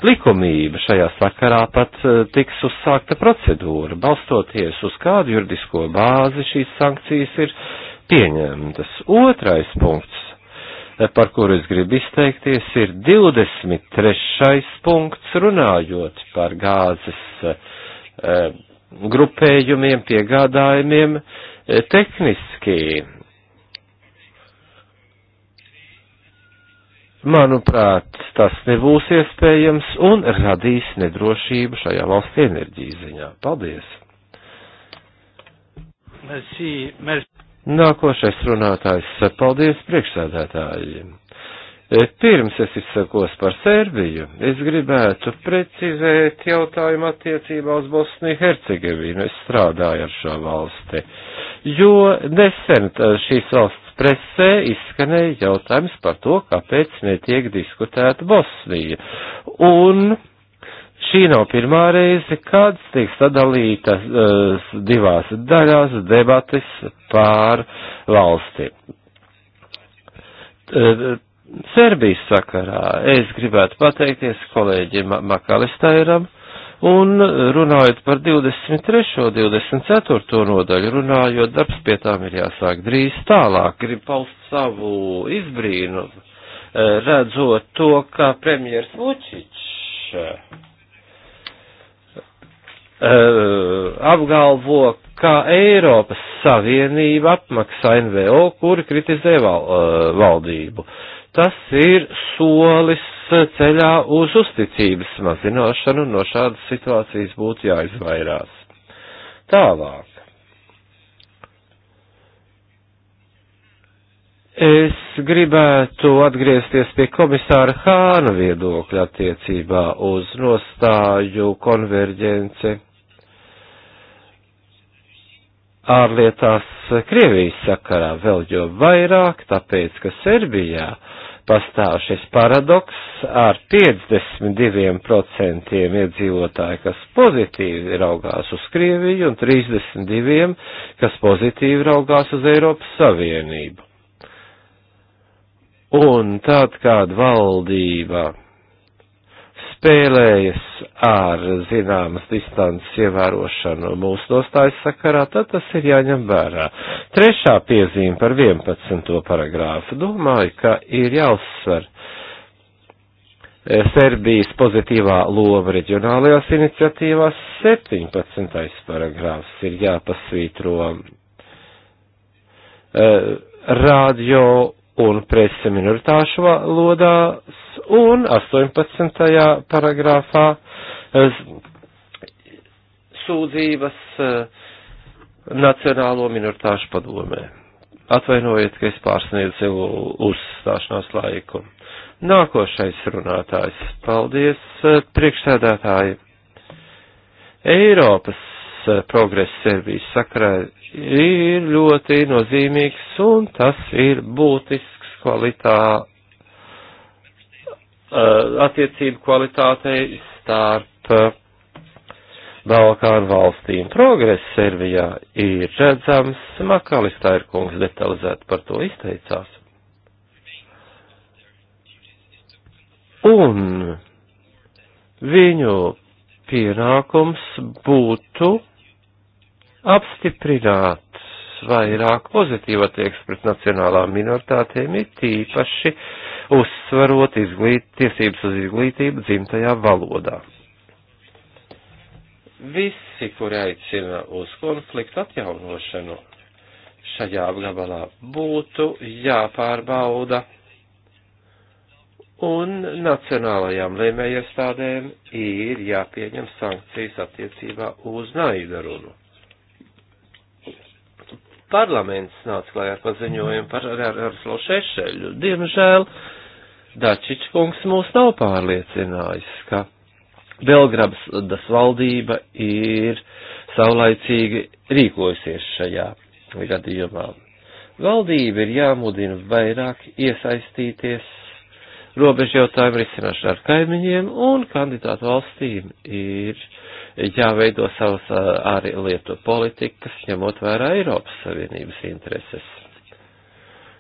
likumība šajā sakarā pat e, tiks uzsākta procedūra, balstoties uz kādu juridisko bāzi šīs sankcijas ir pieņemtas. Otrais punkts par kuru es gribu izteikties, ir 23. punkts runājot par gāzes eh, grupējumiem, piegādājumiem eh, tehniski. Manuprāt, tas nebūs iespējams un radīs nedrošību šajā valsts enerģijas ziņā. Paldies! Merci, merci. Nākošais runātājs, paldies priekšsēdētājiem. Pirms es izsakos par Sērbiju, es gribētu precizēt jautājumu attiecībā uz Bosniju Hercegovinu. Es strādāju ar šo valsti, jo nesen e, šīs valsts presē izskanēja jautājums par to, kāpēc netiek diskutēta Bosnija. Un Šī nav pirmā reize, kad tiek sadalītas eh, uh, divās daļās debatis pār valsti. Uh, Serbijas sakarā es gribētu pateikties kolēģiem Makalistairam un runājot par 23. un 24. nodaļu, runājot, darbs pie tām ir jāsāk drīz tālāk. Gribu paust savu izbrīnu, eh, redzot to, kā premjers Vučičs Eh, apgalvo, ka Eiropas Savienība apmaksā NVO, kuri kritizē val, eh, valdību. Tas ir solis ceļā uz uzticības mazināšanu, no šādas situācijas būtu jāizvairās. Tālāk. Es gribētu atgriezties pie komisāra Hāna viedokļa attiecībā uz nostāju konverģence ārlietās Krievijas sakarā vēl jo vairāk, tāpēc, ka Serbijā pastāv šis paradoks ar 52% iedzīvotāju, kas pozitīvi raugās uz Krieviju un 32%, kas pozitīvi raugās uz Eiropas Savienību. Un tad, kad valdība spēlējas ar zināmas distances ievērošanu mūsu nostājas sakarā, tad tas ir jāņem vērā. Trešā piezīme par 11. paragrāfu. Domāju, ka ir jāuzsver eh, Serbijas pozitīvā loma reģionālajās iniciatīvās. 17. paragrāfs ir jāpasvītro eh, radio un presa minoritāšu valodās, un 18. paragrāfā e, sūdzības e, Nacionālo minoritāšu padomē. Atvainojiet, ka es pārsniedzu sev uzstāšanās laiku. Nākošais runātājs. Paldies, e, priekšsēdētāji. Eiropas Eh, progress Serbijas sakarā ir ļoti nozīmīgs un tas ir būtisks kvalitā, eh, attiecību kvalitātei starp eh, Balkānu valstīm. Progress Serbijā ir redzams, Makalistāra kungs detalizēti par to izteicās. Un viņu pienākums būtu apstiprināt vairāk pozitīvu attieksmi pret nacionālām minoritātēm, ir tīpaši uzsvarot izglīt, tiesības uz izglītību dzimtajā valodā. Visi, kuri aicina uz konfliktu atjaunošanu šajā apgabalā, būtu jāpārbauda un nacionālajām lēmējiestādēm ir jāpieņem sankcijas attiecībā uz naidarunu parlaments nāca klājā ar paziņojumu par Jaroslavu Šešeļu. Diemžēl Dačiņš kungs mūs nav pārliecinājis, ka Belgradas valdība ir saulaicīgi rīkojusies šajā gadījumā. Valdība ir jāmudina vairāk iesaistīties robežu jautājumu risināšanā ar kaimiņiem, un kandidātu valstīm ir jāveido savas ārlietu politikas, ņemot vērā Eiropas Savienības intereses.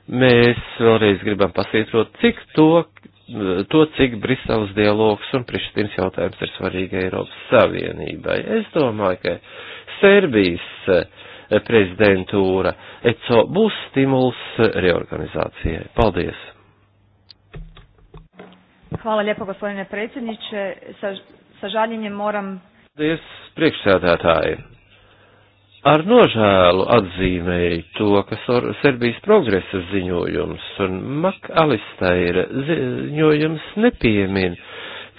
Mēs vēlreiz gribam pasvītrot, cik to, to cik Briseles dialogs un Prištins jautājums ir svarīgi Eiropas Savienībai. Es domāju, ka Serbijas prezidentūra ECO būs stimuls reorganizācijai. Paldies! Hvala lijepo gospodine predsjedniče. Sa, sa žaljenjem moram Paldies, priekšsēdētāji! Ar nožēlu atzīmēju to, ka Serbijas progresa ziņojums un Makalistaira ziņojums nepiemin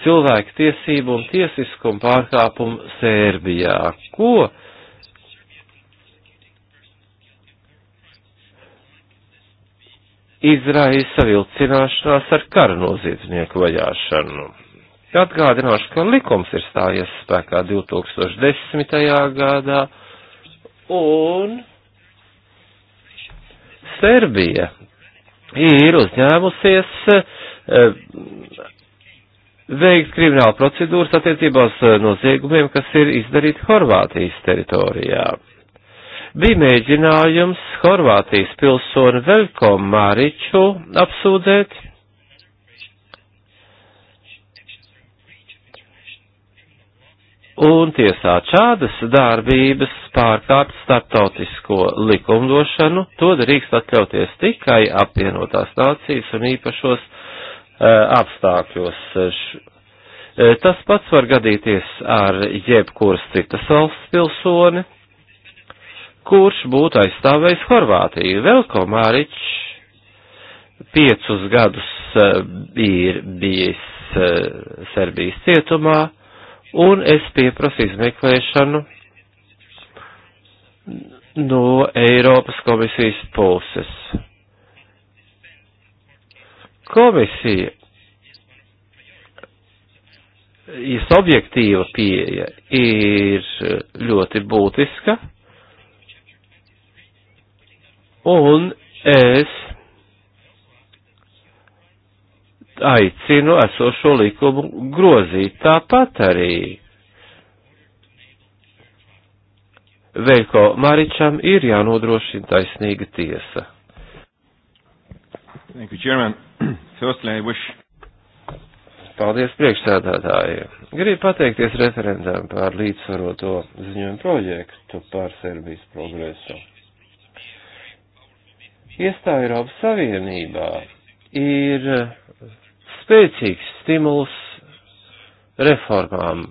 cilvēku tiesību un tiesiskumu pārkāpumu Sērbijā. Ko? Izraisa vilcināšanās ar kara noziedznieku vajāšanu. Atgādināšu, ka likums ir stājies spēkā 2010. gadā, un Serbija ir uzņēmusies eh, veikt kriminālu procedūras attiecībās eh, noziegumiem, kas ir izdarīti Horvātijas teritorijā. Bija mēģinājums Horvātijas pilsoni Velko Mariču apsūdzēt un tiesāt šādas darbības pārkāpt starptautisko likumdošanu, to drīkst atļauties tikai apvienotās nācijas un īpašos uh, apstākļos. Š, uh, tas pats var gadīties ar jebkuras citas valsts pilsoni, kurš būtu aizstāvējis Horvātiju. Velko Māričs piecus gadus uh, ir bijis Serbijas cietumā, un es pieprasu izmeklēšanu no Eiropas komisijas puses. Komisija ja objektīva pieeja ir ļoti būtiska, un es aicinu esošo likumu grozīt tāpat arī. Veiko Maričam ir jānodrošina taisnīga tiesa. Thank you, Chairman. Firstly, I wish. Paldies priekšsēdētāji. Gribu pateikties referentam par līdzsvaroto ziņojumu projektu par Serbijas progresu. Iestāja Eiropas Savienībā ir spēcīgs stimuls reformām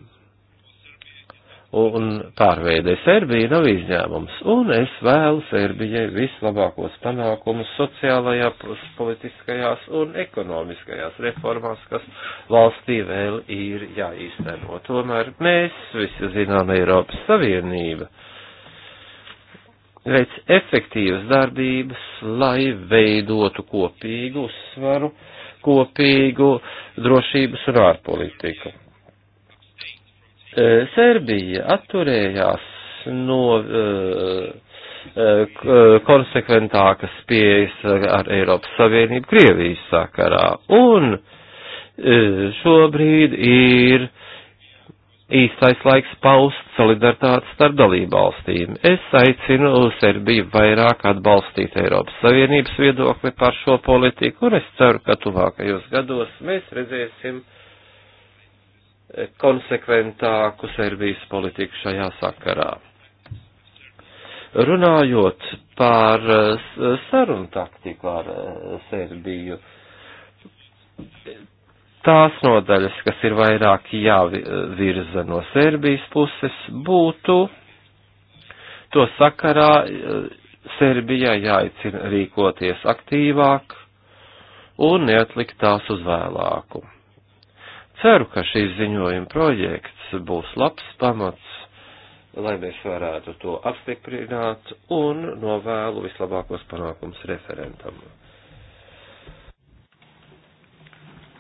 un pārveidē. Serbija nav izņēmums, un es vēlu Serbijai vislabākos panākumus sociālajā, politiskajās un ekonomiskajās reformās, kas valstī vēl ir jāīsteno. Tomēr mēs visi zinām Eiropas Savienība veic efektīvas darbības, lai veidotu kopīgu uzsvaru kopīgu drošības un ārpolitiku. E, Serbija atturējās no e, e, konsekventākas pieejas ar Eiropas Savienību Krievijas sakarā. Un šobrīd ir īstais laiks paust solidaritāti starp dalību valstīm. Es aicinu Serbiju vairāk atbalstīt Eiropas Savienības viedokli par šo politiku, un es ceru, ka tuvākajos gados mēs redzēsim konsekventāku Serbijas politiku šajā sakarā. Runājot par eh, sarunu taktiku ar eh, Serbiju, tās nodaļas, kas ir vairāk jāvirza no Serbijas puses, būtu to sakarā eh, Serbijai jāicina rīkoties aktīvāk un neatlikt tās uz vēlāku. Ceru, ka šīs ziņojuma projekts būs labs pamats, lai mēs varētu to apstiprināt un novēlu vislabākos panākums referentam.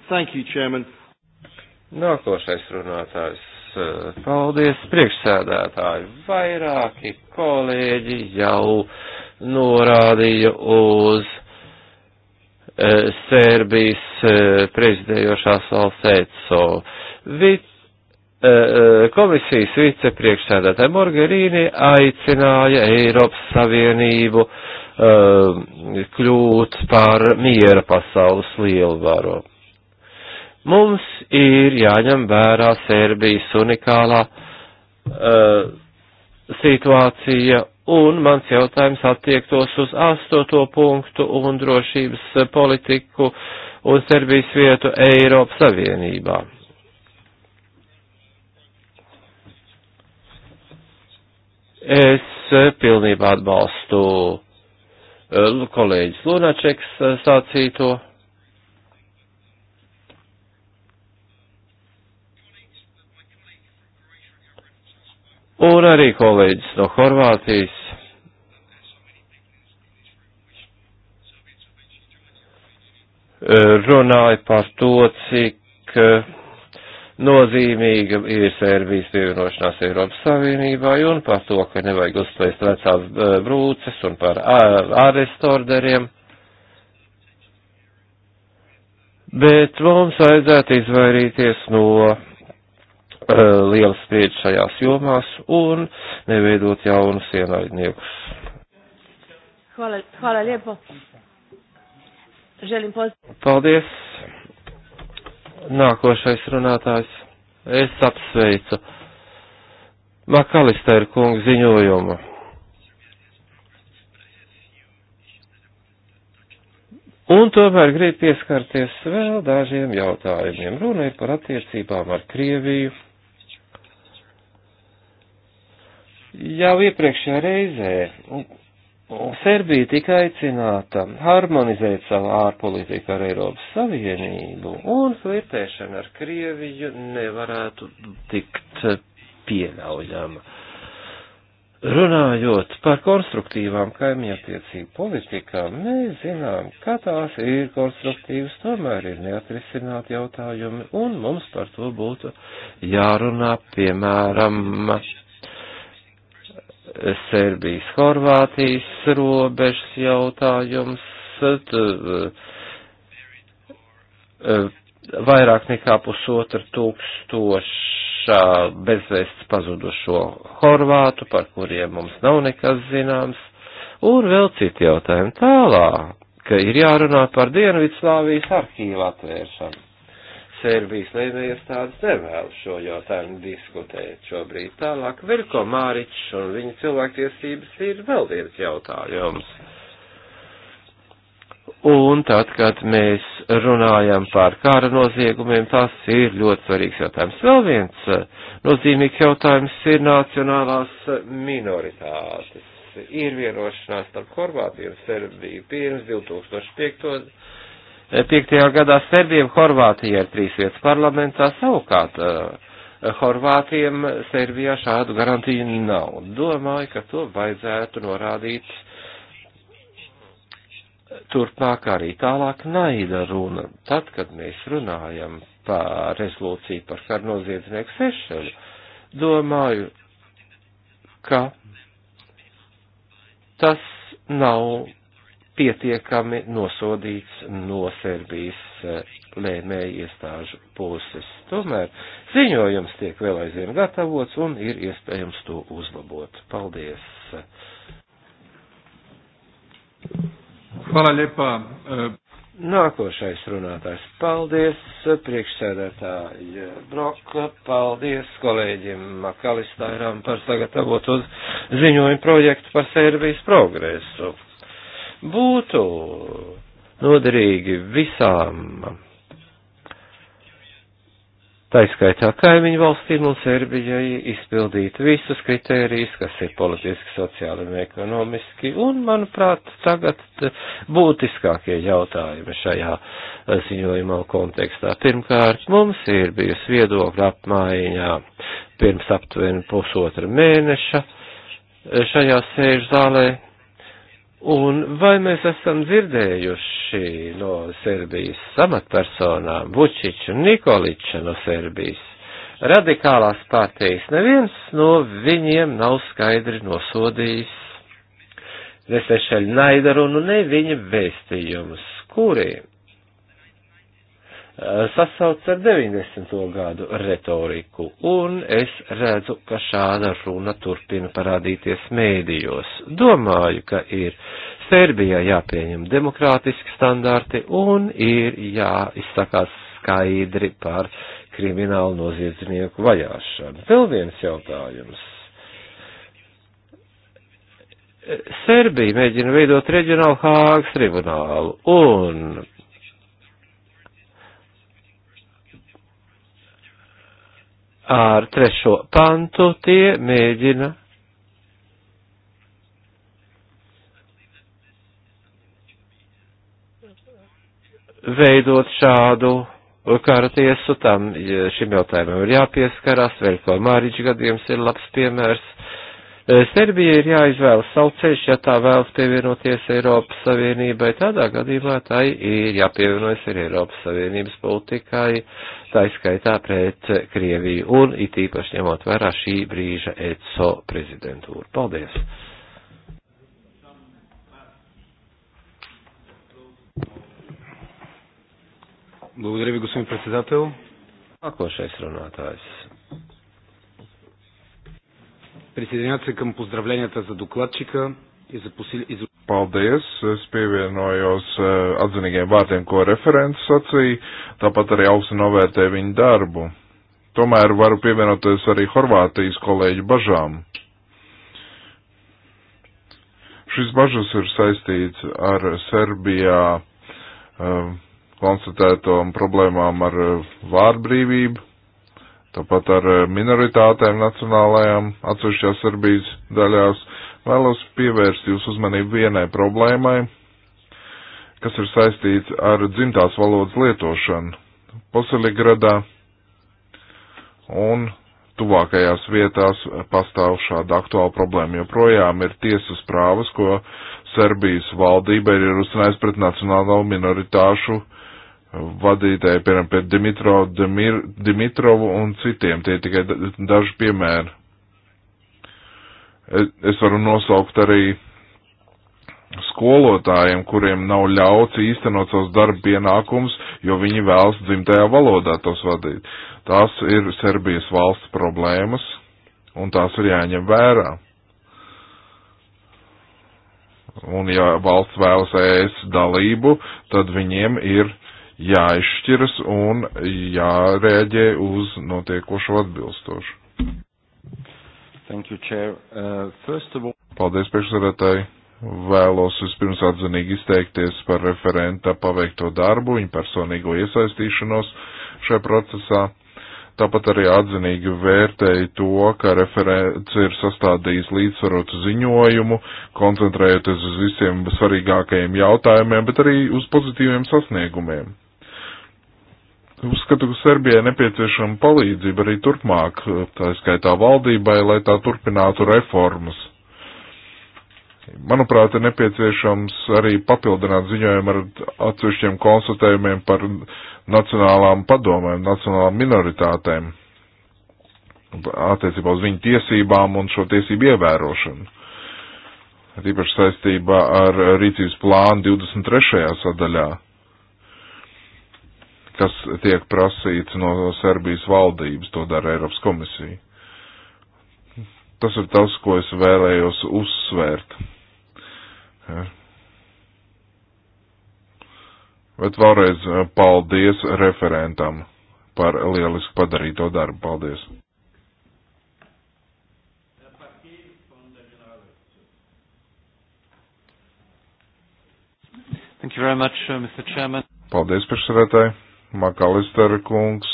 Thank you, Chairman. Nākošais runātājs. Eh, paldies, priekšsēdētāji. Vairāki kolēģi jau norādīja uz e, eh, Sērbijas e, eh, prezidējošās valsts ECO. Vit, e, komisijas vicepriekšsēdētāja Morgerīni aicināja Eiropas Savienību e, kļūt par miera pasaules lielvaru Mums ir jāņem vērā Sērbijas unikālā uh, situācija, un mans jautājums attiektos uz astoto punktu un drošības politiku un Serbijas vietu Eiropas Savienībā. Es eh, pilnībā atbalstu eh, kolēģis Lunačeks sācīto. un arī kolēģis no Horvātijas. Runāja par to, cik eh, nozīmīga ir Sērbijas pievienošanās Eiropas Savienībai un par to, ka nevajag uzplēst vecās eh, brūces un par ārestorderiem. Bet mums vajadzētu izvairīties no Eh, liela spriedze šajās jomās un neveidot jaunus ienaidniekus. Hvala, hvala lijepo. Želim poz... Paldies. Nākošais runātājs. Es apsveicu Makalisteru kungu ziņojumu. Un tomēr grib pieskarties vēl dažiem jautājumiem. Runa ir par attiecībām ar Krieviju jau iepriekšējā reizē Serbija tika aicināta harmonizēt savu ārpolitiku ar Eiropas Savienību un flirtēšana ar Krieviju nevarētu tikt pieļaujama. Runājot par konstruktīvām kaimiņattiecību politikām, mēs zinām, ka tās ir konstruktīvas, tomēr ir neatrisināti jautājumi, un mums par to būtu jārunā, piemēram, Serbijas, Horvātijas robežas jautājums, eh, eh, vairāk nekā pusotra tūkstoša bezvēsts pazudušo Horvātu, par kuriem mums nav nekas zināms, un vēl citi jautājumi tālāk, ka ir jārunā par Dienvidslāvijas arhīvu atvēršanu. Serbijas lēmējiestādes nevēlas šo jautājumu diskutēt šobrīd. Tālāk Veliko Māričs un viņa cilvēktiesības ir vēl viens jautājums. Un tad, kad mēs runājam par kāra noziegumiem, tas ir ļoti svarīgs jautājums. Vēl viens eh, nozīmīgs jautājums ir nacionālās minoritātes. Ir vienošanās starp Horvātiju un Serbiju pirms 2005 5. gadā Serbijam Horvātija ir trīs vietas parlamentā, savukārt eh, Horvātiem Serbijā šādu garantiju nav. Domāju, ka to vajadzētu norādīt turpmāk arī tālāk naida runa. Tad, kad mēs runājam par rezolūciju par karnoziedznieku sešanu, domāju, ka tas nav pietiekami nosodīts no Serbijas eh, lēmēju iestāžu puses. Tomēr ziņojums tiek vēl aizvien gatavots un ir iespējams to uzlabot. Paldies! Hvala lijepa. Eh, Nākošais runātājs. Paldies, priekšsēdētāji Brok, paldies kolēģim Makalistairam par sagatavotu ziņojumu projektu par Serbijas progresu būtu noderīgi visām Taiskaitā kaimiņu valstīm un Serbijai izpildīt visus kritērijus, kas ir politiski, sociāli un ekonomiski, un, manuprāt, tagad būtiskākie jautājumi šajā ziņojumā kontekstā. Pirmkārt, mums ir bijusi viedokļa apmaiņā pirms aptuveni pusotra mēneša šajā sēžu zālē Un vai mēs esam dzirdējuši no Serbijas samatpersonām Vučiču Nikoliča no Serbijas radikālās partijas? Neviens no viņiem nav skaidri nosodījis nesešaļu naidarunu, ne viņa vēstījumus, kuri sasauc ar 90. gadu retoriku, un es redzu, ka šāda runa turpina parādīties mēdījos. Domāju, ka ir Serbijā jāpieņem demokrātiski standarti un ir jāizsakās skaidri par kriminālu noziedznieku vajāšanu. Vēl viens jautājums. Serbija mēģina veidot reģionālu Hāgas tribunālu, un ar trešo pantu, tie mēģina veidot šādu kara tiesu, tam šim jautājumam ir jāpieskarās, vēl ko Māriģi gadījums ir labs piemērs Eh, Serbija ir jāizvēlas savu ceļš, ja tā vēlas pievienoties Eiropas Savienībai. Tādā gadījumā tai ir jāpievienojas arī Eiropas Savienības politikai, tā izskaitā pret Krieviju un it īpaši ņemot vērā šī brīža ECO prezidentūru. Paldies! Благодаря ви, господин председател. Нākošais runātājs. Присъединяват се към поздравленията за докладчика и за посили... Paldies, es pievienojos atzinīgiem vārdiem, ko referents sacīja, tāpat arī augstu novērtē viņu darbu. Tomēr varu pievienoties arī Horvātijas kolēģu bažām. Šis bažas ir saistīts ar Serbijā konstatētām problēmām ar vārdbrīvību, tāpat ar eh, minoritātēm nacionālajām atsevišķās Serbijas daļās, vēlos pievērst jūsu uzmanību vienai problēmai, kas ir saistīts ar dzimtās valodas lietošanu Poseligradā un tuvākajās vietās pastāv šāda aktuāla problēma. Joprojām ir tiesas prāvas, ko Serbijas valdība ir ierosinājusi pret nacionālo minoritāšu uh, vadītāji, piemēram, pie Dimitro, Demir, Dimitrovu un citiem. Tie tikai daži piemēri. E, es varu nosaukt arī skolotājiem, kuriem nav ļauts īstenot savus darba pienākumus, jo viņi vēlas dzimtajā valodā tos vadīt. Tās ir Serbijas valsts problēmas, un tās ir jāņem vērā. Un ja valsts vēlas ES dalību, tad viņiem ir jāizšķiras un jārēģē uz notiekošo atbilstošu. Thank you, Chair. Uh, first of all... Paldies, priekšsarētāji. Vēlos vispirms atzinīgi izteikties par referenta paveikto darbu, viņa personīgo iesaistīšanos šajā procesā. Tāpat arī atzinīgi vērtēja to, ka referents ir sastādījis līdzsvarotu ziņojumu, koncentrējoties uz visiem svarīgākajiem jautājumiem, bet arī uz pozitīviem sasniegumiem. Uzskatu, ka Serbijai nepieciešama palīdzība arī turpmāk, tā skaitā valdībai, lai tā turpinātu reformas. Manuprāt, ir nepieciešams arī papildināt ziņojumu ar atsevišķiem konstatējumiem par nacionālām padomēm, nacionālām minoritātēm attiecībā uz viņu tiesībām un šo tiesību ievērošanu. Tīpaši saistībā ar rīcības plānu 23. sadaļā kas tiek prasīts no Serbijas valdības, to dara Eiropas komisija. Tas ir tas, ko es vēlējos uzsvērt. Ja. Bet vēlreiz paldies referentam par lieliski padarīto darbu. Paldies! Thank you very much, uh, Mr. Chairman. Paldies, priekšsēdētāji. Makalistera kungs,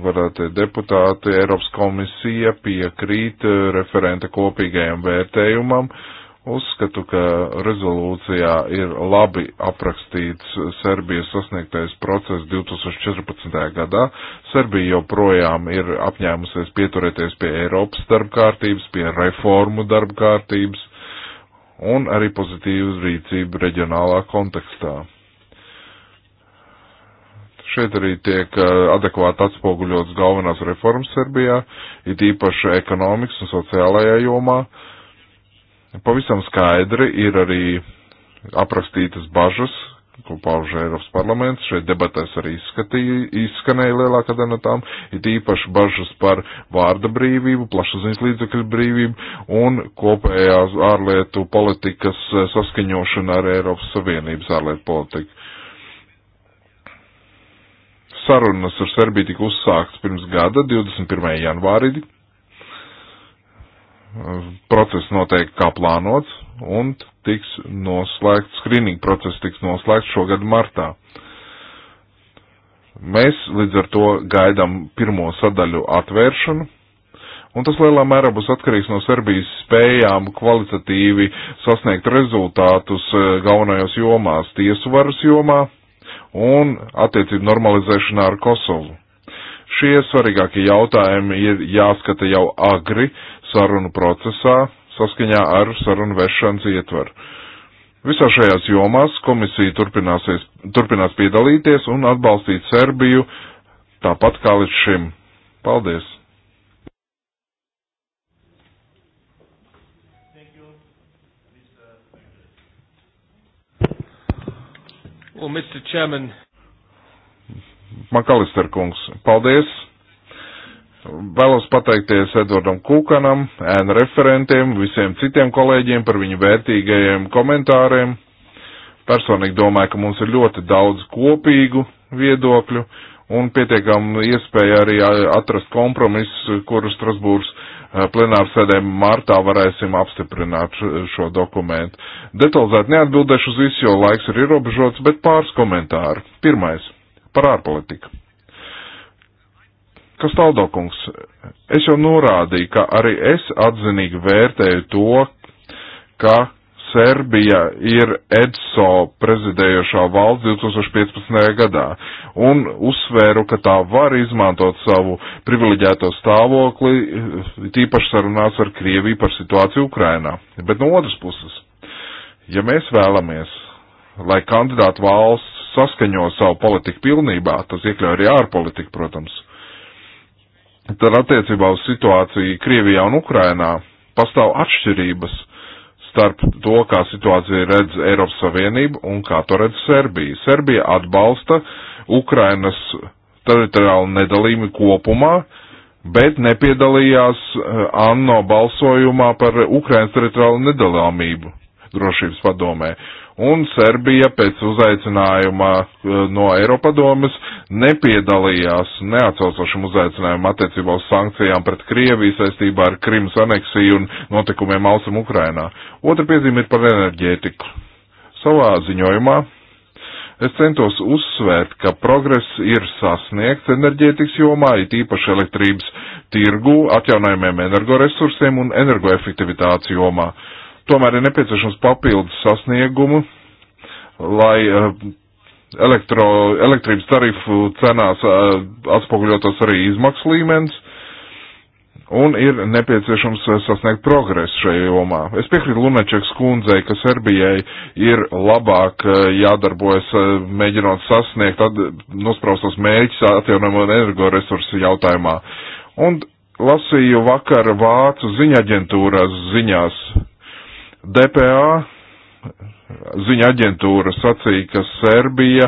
varētu deputāti, Eiropas komisija piekrīt eh, referenta kopīgajam vērtējumam. Uzskatu, ka rezolūcijā ir labi aprakstīts Serbijas sasniegtais process 2014. gadā. Serbija joprojām ir apņēmusies pieturēties pie Eiropas darbkārtības, pie reformu darbkārtības un arī pozitīvas rīcība reģionālā kontekstā. Šeit arī tiek eh, adekvāti atspoguļots galvenās reformas Serbijā, it īpaši ekonomikas un sociālajā jomā. Pavisam skaidri ir arī aprakstītas bažas, ko pauž Eiropas parlaments. Šeit debatēs arī izskatīja, izskanēja lielākā daļa no tām, it īpaši bažas par vārda brīvību, plašsaziņas līdzekļu brīvību un kopējās ārlietu politikas eh, saskaņošana ar Eiropas Savienības ārlietu politiku sarunas ar Serbiju tika uzsākts pirms gada, 21. janvārī. Process notiek kā plānots un tiks noslēgts, screening process tiks noslēgts šogad martā. Mēs līdz ar to gaidām pirmo sadaļu atvēršanu, un tas lielā mērā būs atkarīgs no Serbijas spējām kvalitatīvi sasniegt rezultātus eh, galvenajos jomās - tiesu varas jomā un attiecību normalizēšanā ar Kosovu. Šie svarīgākie jautājumi ir jāskata jau agri sarunu procesā saskaņā ar sarunu vešanas ietvaru. Visā šajās jomās komisija turpinās piedalīties un atbalstīt Serbiju tāpat kā līdz šim. Paldies! Un, Mr. Chairman. Makalister kungs, paldies. Vēlos pateikties Edvardam Kūkanam, ēnu referentiem, visiem citiem kolēģiem par viņu vērtīgajiem komentāriem. Personīgi domāju, ka mums ir ļoti daudz kopīgu viedokļu un pietiekam iespēja arī atrast kompromisu, kuru Strasbūrs uh, Eh, plenārsēdē martā varēsim apstiprināt šo dokumentu. Detalizēti neatbildēšu uz visu, jo laiks ir ierobežots, bet pāris komentāru. Pirmais - par ārpolitiku. Kas taldokungs? Es jau norādīju, ka arī es atzinīgi vērtēju to, ka Serbija ir EDSO prezidējošā valsts 2015. gadā un uzsvēru, ka tā var izmantot savu privileģēto stāvokli, tīpaši sarunās ar Krieviju par situāciju Ukrainā. Bet no otras puses, ja mēs vēlamies, lai kandidātu valsts saskaņo savu politiku pilnībā, tas iekļauj arī ārpolitiku, protams, tad attiecībā uz situāciju Krievijā un Ukrainā pastāv atšķirības starp to, kā situācija redz Eiropas Savienību un kā to redz Serbija. Serbija atbalsta Ukrainas teritoriālu nedalījumu kopumā, bet nepiedalījās eh, ANO balsojumā par Ukrainas teritoriālu nedalāmību drošības padomē. Uh, un Serbija pēc uzaicinājuma eh, no Eiropadomes nepiedalījās neatsaucošam uzaicinājumam attiecībā uz sankcijām pret Krieviju saistībā ar Krimas aneksiju un notikumiem Austrum Ukrainā. Otra piezīme ir par enerģētiku. Savā ziņojumā es centos uzsvērt, ka progress ir sasniegts enerģētikas jomā, it īpaši elektrības tirgu, atjaunojumiem energoresursiem un energoefektivitātes jomā. Uh, Tomēr ir nepieciešams papildus sasniegumu, lai eh, elektro, elektrības tarifu cenās eh, atspoguļotos arī izmaksu līmenis, un ir nepieciešams eh, sasniegt progresu šajā jomā. Es piekrītu Lunačeks kundzei, ka Serbijai ir labāk jādarbojas, mēģinot sasniegt nospraustos mērķus atjaunamo energoresursu jautājumā. Un lasīju vakar Vācu ziņaģentūras ziņās DPA ziņa aģentūra sacīja, ka Serbija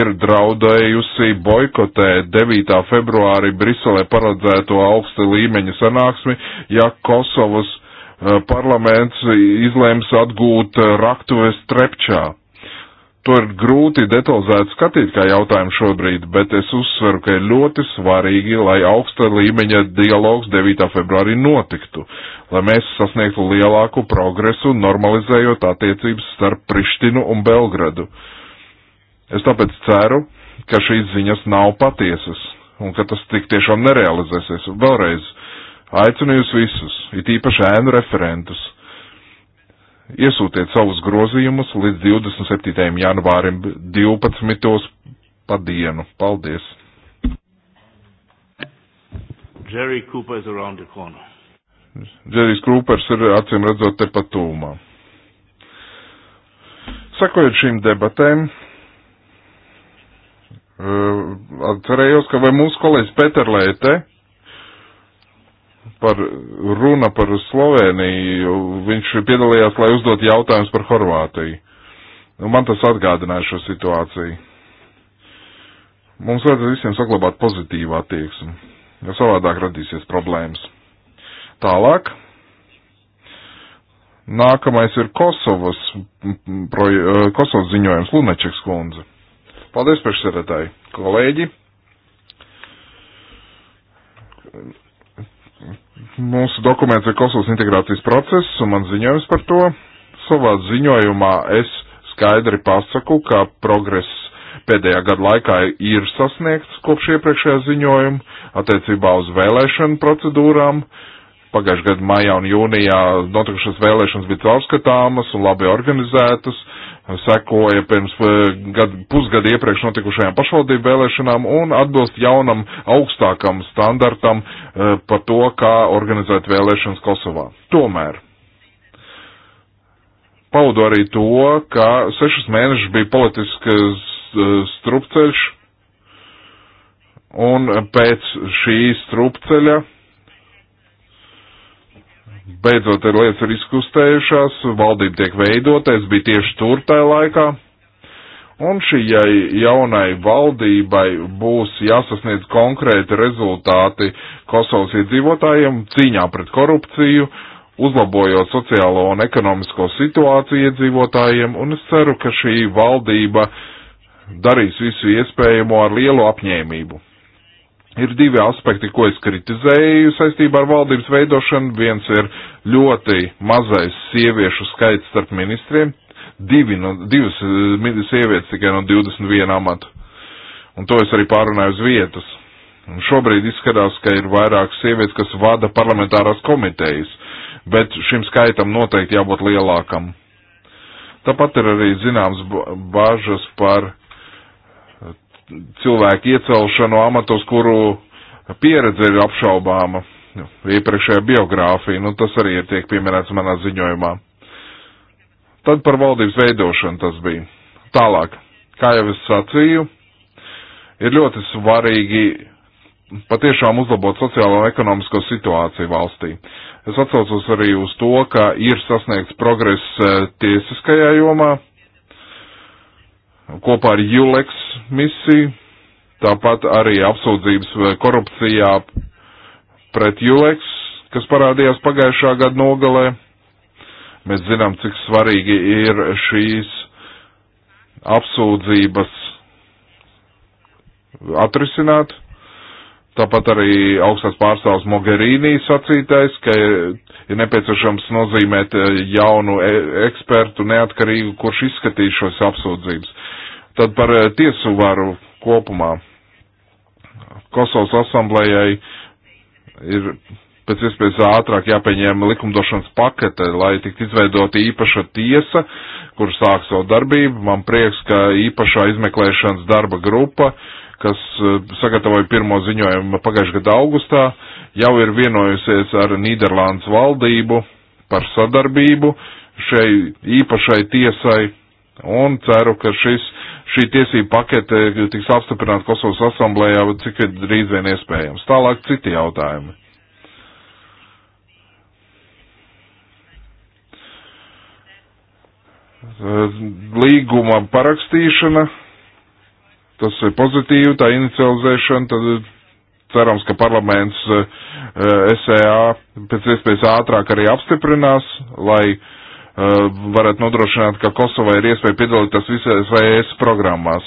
ir draudējusi boikotēt 9. februārī Briselē paredzēto augsta līmeņa sanāksmi, ja Kosovas eh, parlaments izlēms atgūt raktuves trepčā to ir grūti detalizēti skatīt kā jautājumu šobrīd, bet es uzsveru, ka ir ļoti svarīgi, lai augsta līmeņa dialogs 9. februārī notiktu, lai mēs sasniegtu lielāku progresu, normalizējot attiecības starp Prištinu un Belgradu. Es tāpēc ceru, ka šīs ziņas nav patiesas un ka tas tik tiešām nerealizēsies. Vēlreiz aicinu jūs visus, it īpaši ēnu referentus iesūtiet savus grozījumus līdz 27. janvārim 12. pa dienu. Paldies! Jerry Cooper is around the corner. Džerijs Krūpers ir acīm redzot tepat tūmā. Sakojot šīm debatēm, eh, atcerējos, ka vai mūsu kolēģis Peterlēte par runa par Sloveniju, viņš piedalījās, lai uzdot jautājumus par Horvātiju. Nu, man tas atgādināja šo situāciju. Mums vajadzētu visiem saglabāt pozitīvu attieksmi, jo savādāk radīsies problēmas. Tālāk. Nākamais ir Kosovas, proje, Kosovas ziņojums Lunačeks kundze. Paldies priekšsēdētāji, kolēģi. Mūsu dokuments ir Kosovas integrācijas process un man ziņojums par to. Savā ziņojumā es skaidri pasaku, ka progress pēdējā gada laikā ir sasniegts kopš iepriekšējā ziņojuma attiecībā uz vēlēšanu procedūrām. Pagājušajā gadā maijā un jūnijā notikušas vēlēšanas bija caurskatāmas un labi organizētas sekoja pirms eh, gad, pusgada iepriekš notikušajām pašvaldību vēlēšanām un atbilst jaunam augstākam standartam eh, par to, kā organizēt vēlēšanas Kosovā. Tomēr paudu arī to, ka sešas mēnešas bija politiskas eh, strupceļš un pēc šī strupceļa Beidzot, ir lietas ir izkustējušās, valdība tiek veidota, es biju tieši tur tajā laikā. Un šī jaunai valdībai būs jāsasniedz konkrēti rezultāti Kosovas iedzīvotājiem cīņā pret korupciju, uzlabojot sociālo un ekonomisko situāciju iedzīvotājiem, un es ceru, ka šī valdība darīs visu iespējamo ar lielu apņēmību. Ir divi aspekti, ko es kritizēju saistībā ar valdības veidošanu. Viens ir ļoti mazais sieviešu skaits starp ministriem. Divi no, divas eh, sievietes tikai no 21 amata. Un to es arī pārunāju uz vietas. Un šobrīd izskatās, ka ir vairāk sievietes, kas vada parlamentārās komitejas, bet šim skaitam noteikti jābūt lielākam. Tāpat ir arī zināms bažas par cilvēku iecelšanu amatos, kuru pieredze ir apšaubāma iepriekšējā biogrāfija, nu tas arī ir tiek pieminēts manā ziņojumā. Tad par valdības veidošanu tas bija. Tālāk, kā jau es sacīju, ir ļoti svarīgi patiešām uzlabot sociālo un ekonomisko situāciju valstī. Es atsaucos arī uz to, ka ir sasniegts progress eh, tiesiskajā jomā kopā ar Juleks misiju, tāpat arī apsūdzības eh, korupcijā pret Juleks, kas parādījās pagājušā gada nogalē. Mēs zinām, cik svarīgi ir šīs apsūdzības atrisināt. Tāpat arī augstās pārstāvs Mogherīnī sacītais, ka ir nepieciešams nozīmēt eh, jaunu e-, ekspertu neatkarīgu, kurš izskatīs šos apsūdzības. Tad par eh, tiesu varu kopumā. Kosovas asamblējai ir pēc iespējas ātrāk jāpieņem likumdošanas pakete, lai tiktu izveidota īpaša tiesa, kur sāk savu darbību. Man prieks, ka īpašā izmeklēšanas darba grupa, kas eh, sagatavoja pirmo ziņojumu pagājušā gada augustā, jau ir vienojusies ar Nīderlandes valdību par sadarbību šai īpašai tiesai un ceru, ka šis šī tiesība pakete tiks apstiprināta Kosovas asamblējā, cik drīz vien iespējams. Tālāk citi jautājumi. Līguma parakstīšana, tas ir pozitīvi, tā inicializēšana, tad cerams, ka parlaments eh, SEA pēc iespējas ātrāk arī apstiprinās, lai uh, Eh, varētu nodrošināt, ka Kosovai ir iespēja piedalīties visās VS e programmās.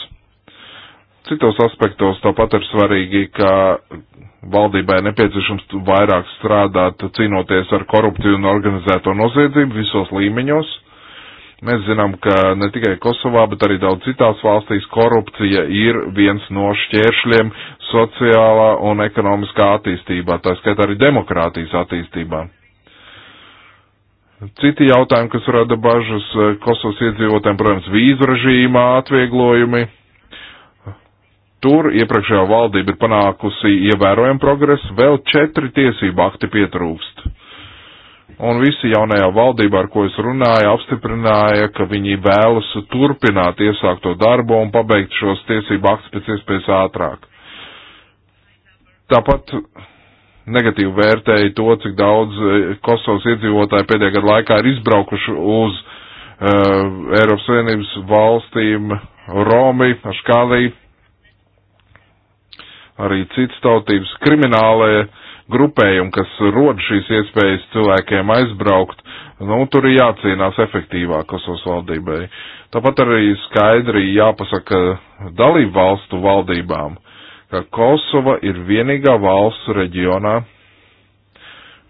Citos aspektos tāpat ir svarīgi, ka valdībai nepieciešams vairāk strādāt, cīnoties ar korupciju un organizēto noziedzību visos līmeņos. Mēs zinām, ka ne tikai Kosovā, bet arī daudz citās valstīs korupcija ir viens no šķēršļiem sociālā un ekonomiskā attīstībā, tā skaitā arī demokrātijas attīstībā. Citi jautājumi, kas rada bažas e, Kosovas iedzīvotājiem, protams, vīzu režīmā atvieglojumi. Tur iepriekšējā valdība ir panākusi ievērojumu progresu, vēl četri tiesību akti pietrūkst. Un visi jaunajā valdībā, ar ko es runāju, apstiprināja, ka viņi vēlas turpināt iesākto darbu un pabeigt šos tiesību aktus pēc iespējas ātrāk. Tāpat negatīvi vērtēja to, cik daudz eh, Kosovas iedzīvotāji pēdējā gada laikā ir izbraukuši uz uh, Eiropas Savienības valstīm Romi, Aškalī, arī citas tautības kriminālē grupējumi, kas rod šīs iespējas cilvēkiem aizbraukt, nu, tur ir jācīnās efektīvāk Kosovas valdībai. Tāpat arī skaidri jāpasaka dalību valstu valdībām, ka Kosova ir vienīgā valsts reģionā,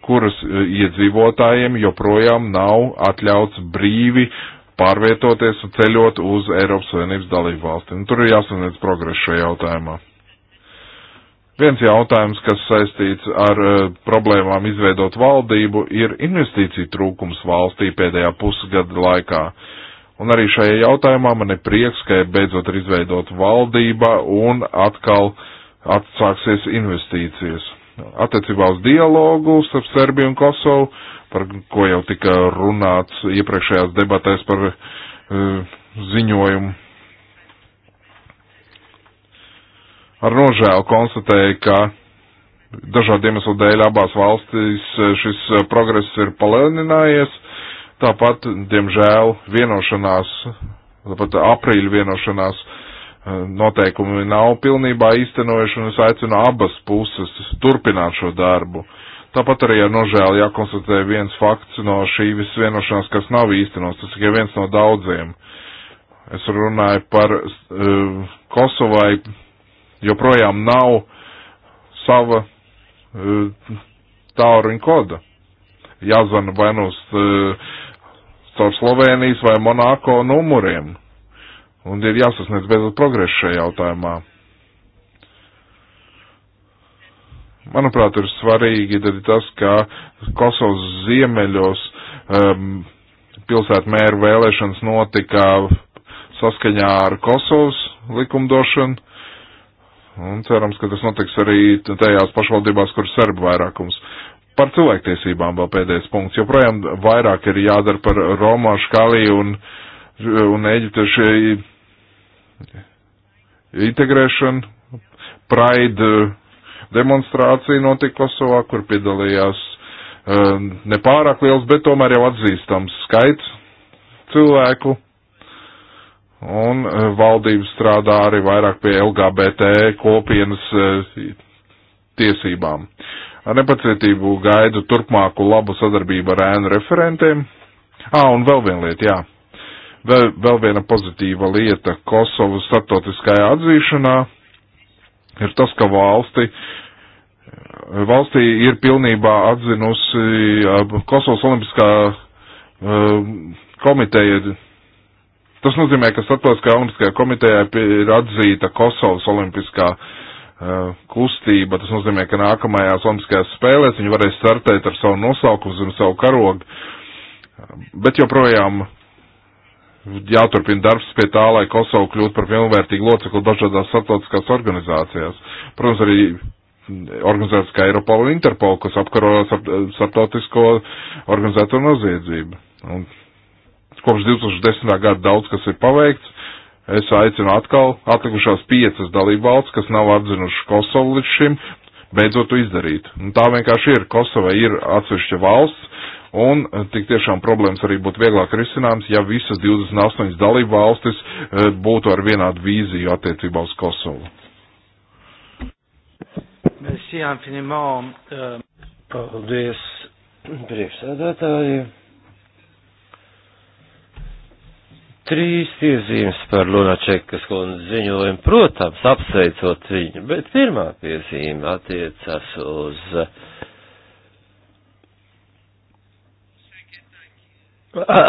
kuras e, iedzīvotājiem joprojām nav atļauts brīvi pārvietoties un ceļot uz Eiropas Savienības dalību valstīm. Tur ir jāsaniedz progress šajā jautājumā. Viens jautājums, kas saistīts ar e, problēmām izveidot valdību, ir investīciju trūkums valstī pēdējā pusgada laikā. Uh, Un arī šajā jautājumā man ir prieks, ka ir beidzot ir izveidot valdība un atkal atsāksies investīcijas. Attiecībā uz dialogu starp Serbiju un Kosovu, par ko jau tika runāts iepriekšējās debatēs par uh, ziņojumu. Ar nožēlu konstatēju, ka dažādiem iemeslu dēļ abās valstīs e, šis e, progress ir palielinājies Tāpat, diemžēl, vienošanās, tāpat aprīļa vienošanās eh, noteikumi nav pilnībā īstenojuši, un es aicinu abas puses turpināt šo darbu. Tāpat arī ar nožēlu jākonstatē viens fakts no šī visvienošanās, kas nav īstenots, tas tikai viens no daudziem. Es runāju par uh, Kosovai, joprojām nav sava uh, eh, tauriņa koda. Jāzana vai nu uz uh, caur Slovenijas vai Monako numuriem. Un ir jāsasniedz beidzot progresu šajā jautājumā. Manuprāt, ir svarīgi arī tas, ka Kosovas ziemeļos um, pilsētu mēru vēlēšanas notika saskaņā ar Kosovas likumdošanu. Un cerams, ka tas notiks arī tajās pašvaldībās, kur serbu vairākums. Uh, Par cilvēktiesībām vēl pēdējais punkts. Joprojām vairāk ir jādara par Romā, Škaliju un, un Eģiptešu integrēšanu. Pride eh, demonstrācija notika Kosovā, kur piedalījās eh, nepārāk liels, bet tomēr jau atzīstams skaits cilvēku. Un eh, valdība strādā arī vairāk pie LGBT kopienas tiesībām. Uh, Ar nepacietību gaidu turpmāku labu sadarbību ar ēnu referentiem. Ā, ah, un vēl viena lieta, jā. Vēl, vēl viena pozitīva lieta Kosovas statotiskajā atzīšanā ir tas, ka valsti, valstī ir pilnībā atzinusi Kosovas olimpiskā um, komiteja. Tas nozīmē, ka Startautiskajā olimpiskajā komitejā ir atzīta Kosovas olimpiskā komiteja Eh, kustība. Tas nozīmē, ka nākamajās Olimpiskajās spēlēs viņi varēs startēt ar savu nosaukumu, zem savu karogu. Eh, bet joprojām jāturpina darbs pie tā, lai Kosovu kļūtu par pilnvērtīgu locekli dažādās starptautiskās organizācijās. Protams, arī organizācijas kā Eiropola un Interpola, kas apkaro starptautisko organizēto noziedzību. Un kopš 2010. gada daudz kas ir paveikts, Es aicinu atkal atlikušās piecas dalībvalsts, kas nav atzinuši Kosovu līdz šim, beidzot to izdarīt. Un tā vienkārši ir. Kosova ir atsevišķa valsts, un eh, tik tiešām problēmas arī būtu vieglāk risināms, ja visas 28 dalībvalstis eh, būtu ar vienādu vīziju attiecībā uz Kosovu. Euh. Paldies, priekšsēdētāji. trīs piezīmes par Lunačekas kundzes ziņojumu, protams, apsveicot viņu, bet pirmā piezīme attiecas uz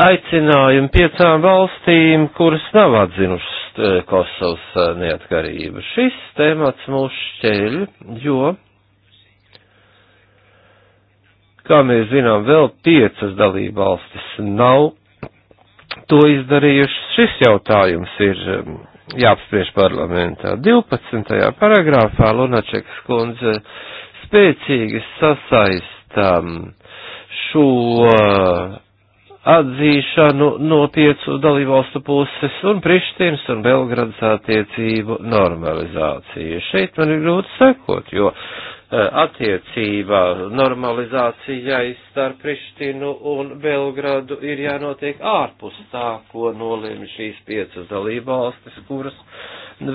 aicinājumu piecām valstīm, kuras nav atzinušas e, Kosovas e, neatkarību. Šis temats mūs šķeļ, jo kā mēs zinām, vēl piecas dalībvalstis nav to izdarījuši. Šis jautājums ir um, jāapspriež parlamentā. 12. paragrāfā Lunačekas kundze spēcīgi sasaistām šo uh, atzīšanu no piecu dalībvalstu puses un Prištinas un Belgradas attiecību normalizāciju. Šeit man ir grūti sekot, jo uh, Eh, attiecībā normalizācijai starp Prištinu un Belgradu ir jānotiek ārpus tā, ko nolēma šīs piecas dalībvalstis, kuras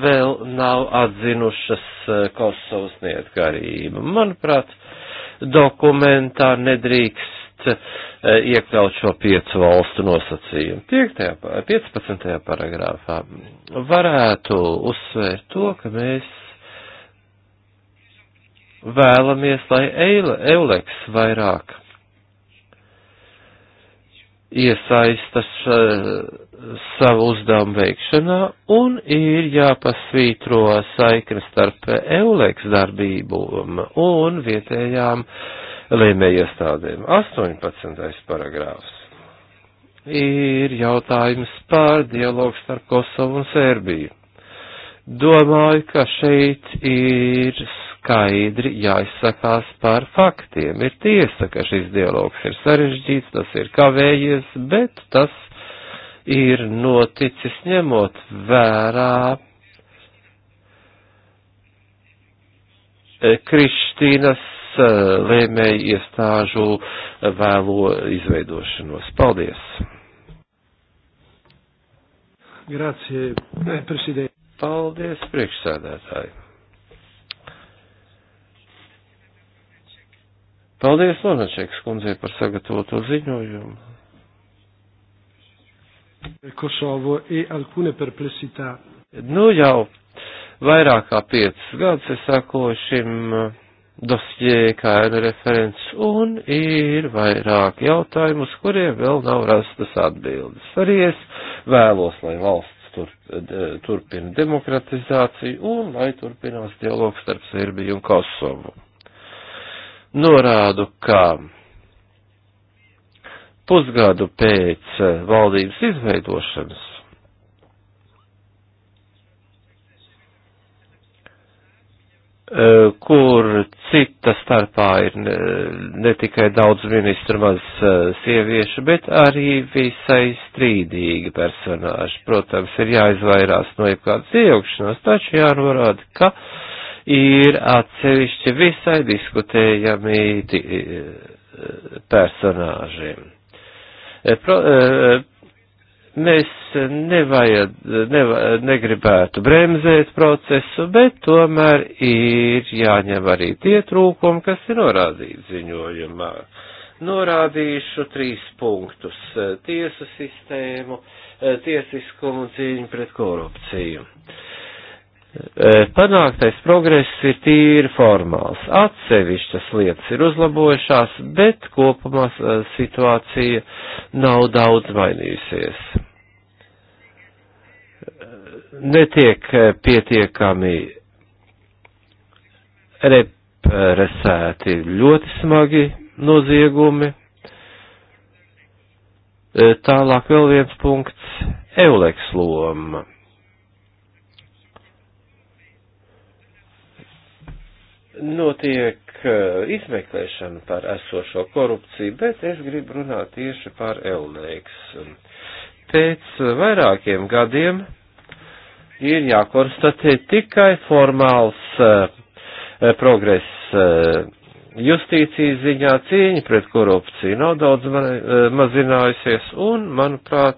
vēl nav atzinušas eh, Kosovas neatkarību. Manuprāt, dokumentā nedrīkst eh, iekļaut šo piecu valstu nosacījumu. 15. paragrāfā varētu uzsvērt to, ka mēs vēlamies, lai Euleks vairāk iesaistas eh, savu uzdevumu veikšanā un ir jāpasvītro saikne starp Euleks darbību um, un vietējām lēmējiestādēm. 18. paragrāfs. Ir jautājums par dialogu starp Kosovu un Sērbiju. Domāju, ka šeit ir skaidri jāizsakās par faktiem. Ir tiesa, ka šis dialogs ir sarežģīts, tas ir kavējies, bet tas ir noticis ņemot vērā e, Krištīnas e, lēmēju iestāžu e, vēlo izveidošanos. Paldies! Grazie, prezident. Paldies, priekšsēdētāji. Paldies, Lonačeks kundzei, par sagatavoto ziņojumu. Kosovo e alcune perplessità. Nu jau vairāk kā piecas gadus es sakoju šim uh, dosjē kā referents un ir vairāk jautājumu, uz kuriem vēl nav rastas atbildes. Arī es vēlos, lai valsts tur, turpina demokratizāciju un lai turpinās dialogs starp Serbiju un Kosovu norādu, ka pusgadu pēc valdības izveidošanas kur cita starpā ir ne, ne tikai daudz ministru maz e, sieviešu, bet arī visai strīdīgi personāži. Protams, ir jāizvairās no jebkādas iejaukšanās, taču jānorāda, ka uh, ir atsevišķi visai diskutējami e, personāži. E, pro, e, mēs nevajad, neva, negribētu bremzēt procesu, bet tomēr ir jāņem arī tie trūkumi, kas ir norādīti ziņojumā. Norādīšu trīs punktus - tiesu sistēmu, tiesiskumu un cīņu pret korupciju. Uh, E, panāktais progress ir tīri formāls. Atsevišķas lietas ir uzlabojušās, bet kopumā e, situācija nav daudz mainījusies. Netiek e, pietiekami represēti ļoti smagi noziegumi. Tālāk vēl viens punkts - Euleks loma notiek eh, izmeklēšana par esošo korupciju, bet es gribu runāt tieši par Elnēks. Pēc vairākiem gadiem ir jākonstatē tikai formāls eh, progress eh, justīcijas ziņā cīņa pret korupciju nav daudz mazinājusies, un, manuprāt,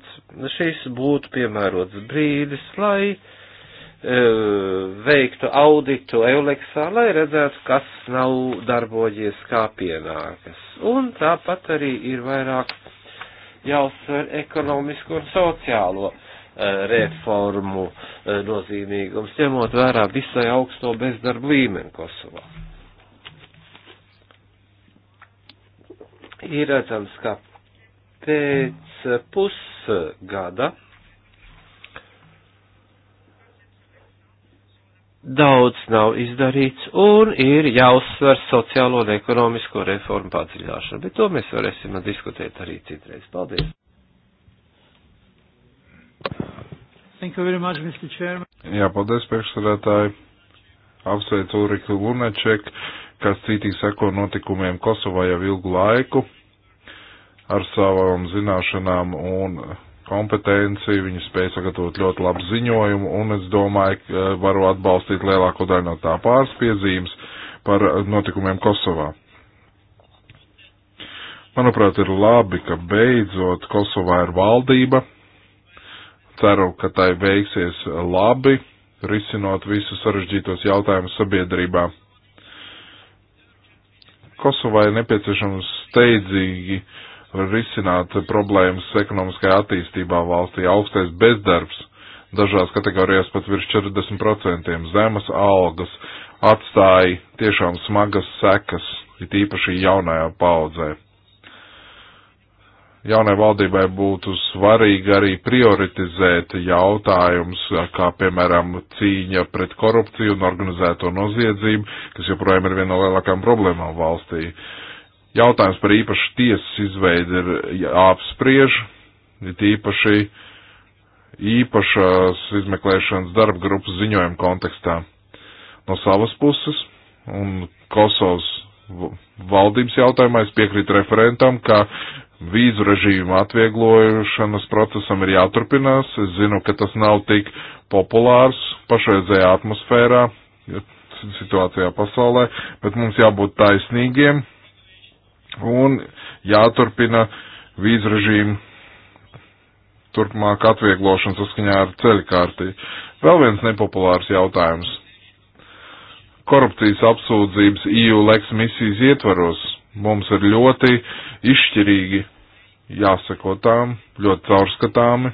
šis būtu piemērots brīdis, lai uh, E, veiktu auditu Euleksā, lai redzētu, kas nav darbojies kā pienākas. Un tāpat arī ir vairāk jāuzsver ekonomisko un sociālo e, reformu e, nozīmīgums, ņemot vērā visai augsto bezdarbu līmeni Kosovā. Ir redzams, ka pēc pusgada daudz nav izdarīts un ir jāuzsver sociālo un ekonomisko reformu padziļināšanu, bet to mēs varēsim diskutēt arī citreiz. Paldies! Thank you very much, Mr. Chairman. Jā, paldies, priekšsēdētāji. Apsveicu Ulriku Lunečeku, kas cītīgi seko notikumiem Kosovā jau ilgu laiku ar savām zināšanām un kompetenci, viņi spēja sagatavot ļoti labu ziņojumu, un es domāju, ka eh, varu atbalstīt lielāko daļu no tā pāris piezīmes par eh, notikumiem Kosovā. Manuprāt, ir labi, ka beidzot Kosovā ir valdība. Ceru, ka tai veiksies labi, risinot visus sarežģītos jautājumus sabiedrībā. Kosovai nepieciešams steidzīgi uh, risināt problēmas ekonomiskajā attīstībā valstī, augstais bezdarbs, dažās kategorijās pat virs 40%, zemas algas atstāja tiešām smagas sekas, it īpaši jaunajā paudzē. Jaunai valdībai būtu svarīgi arī prioritizēt jautājumus, kā piemēram cīņa pret korupciju un organizēto noziedzību, kas joprojām ir viena no lielākajām problēmām valstī. Uh, Jautājums par īpašu tiesas izveidi ir jāapspriež, it īpaši īpašās izmeklēšanas darba grupas ziņojuma kontekstā. No savas puses un Kosovas valdības jautājumā es piekrītu referentam, ka vīzu režīmu atvieglošanas procesam ir jāturpinās. Es zinu, ka tas nav tik populārs pašreizējā atmosfērā, situācijā pasaulē, bet mums jābūt taisnīgiem un jāturpina vīzu režīmu turpmāk atvieglošanas uzskaņā ar ceļkārtī. Vēl viens nepopulārs jautājums. Korupcijas apsūdzības EU leks misijas ietvaros mums ir ļoti izšķirīgi jāsako tām, ļoti caurskatāmi.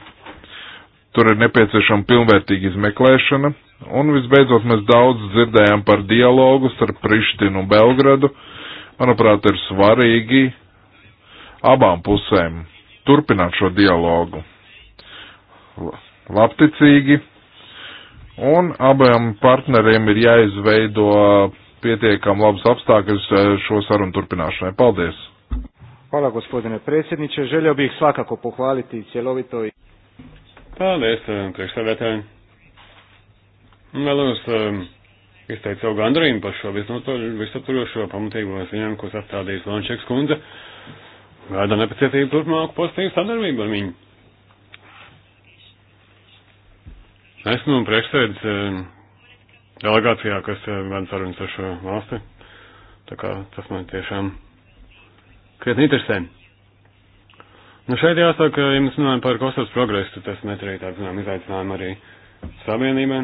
Tur ir nepieciešama pilnvērtīga izmeklēšana. Un visbeidzot mēs daudz dzirdējām par dialogu starp Prištinu un Belgradu. Uh, manuprāt, ir svarīgi abām pusēm turpināt šo dialogu labticīgi, un abiem partneriem ir jāizveido pietiekam labas apstākļas eh, šo sarunu turpināšanai. Paldies! Hvala gospodine predsjedniče, želio bih svakako pohvaliti cjelovito i... Paldies, eh, priekšsēdētāji. Vēlos um, izteica savu gandarījumu par šo visaptvarošo pamatīgo ziņojumu, ko sastādījis Lančeks kundze. Gaida nepacietību turpmāku pozitīvu sadarbību ar viņu. Esmu nu priekšsēdz eh, delegācijā, kas eh, vada sarunas ar šo valsti. Tā kā tas man tiešām krietni interesē. Nu šeit jāsaka, ja mēs runājam par Kosovas progresu, tas metrītā, zinām, izaicinājumu arī savienībai.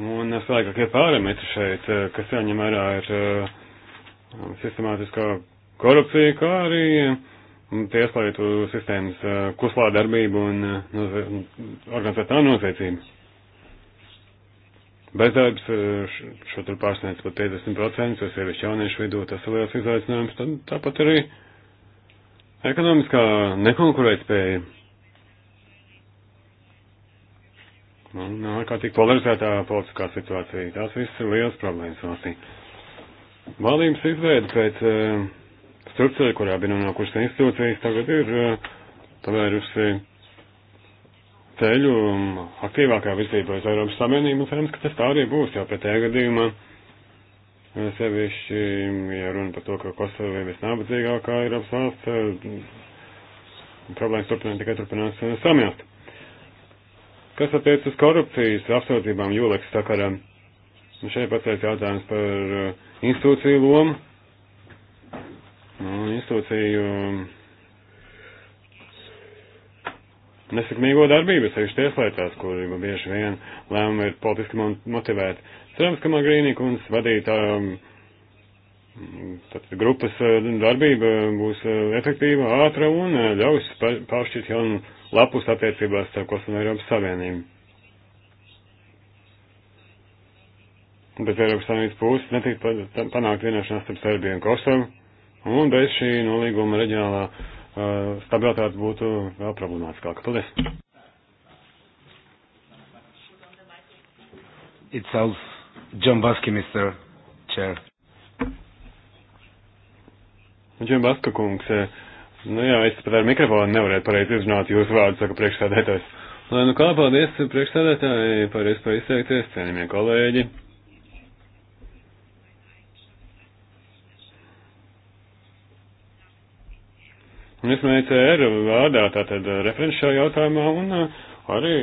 Un svarīgākie parametri šeit, eh, kas jāņem vērā, ir eh, sistemātiskā korupcija, kā arī mm, tieslietu sistēmas eh, kuslā darbība un organizētā noziedzība. Bezdarbs šo tur pārsniedz pat 50%, jo sieviešu jauniešu vidū tas ir liels izaicinājums, tad tāpat arī ekonomiskā nekonkurētspēja. Nu, nav kā tik polarizētā politiskā situācija. Tās viss ir liels problēmas valstī. Valdības izveida pēc uh, struktūra, kurā bija nonākušas institūcijas, tagad ir uh, pavērusi ceļu um, aktīvākā virzībā uz Eiropas Savienību, un cerams, ka tas tā arī būs, jo pretējā gadījumā eh, sevišķi, ja runa par to, ka Kosova ir visnabadzīgākā Eiropas valsts, uh, problēmas turpināt tikai turpinās samjāt. Kas attiec uz korupcijas apsūdzībām jūleks sakaram? Un šeit pats jautājums par uh, institūciju lomu. Nu, institūciju um, nesakmīgo darbību, sevišķi tieslietās, kur bieži vien lēmumi ir politiski motivēti. Cerams, ka Magrīnī kundze vadītā um, tātad, grupas uh, darbība būs uh, efektīva, ātra un uh, ļaus pašķirt jaunu lapus attiecībās starp Kosovu un Eiropas Savienību. Bet Eiropas Savienības puses netika panākt vienošanās starp Serbiju un Kosovu, un bez šī nolīguma reģionālā uh, stabilitāte būtu vēl problemātiskāka. Paldies! It sounds Džambaski, Mr. Chair. Džambaska kungs. Uh, Nu jā, es pat ar mikrofonu nevarētu pareizi izrunāt jūsu vārdu, saka priekšsēdētājs. Lai nu kā, paldies priekšsēdētāji par iespēju izteikties, cienījamie kolēģi. Un es mēģināju ar vārdā tātad eh, referenci šajā jautājumā un eh, arī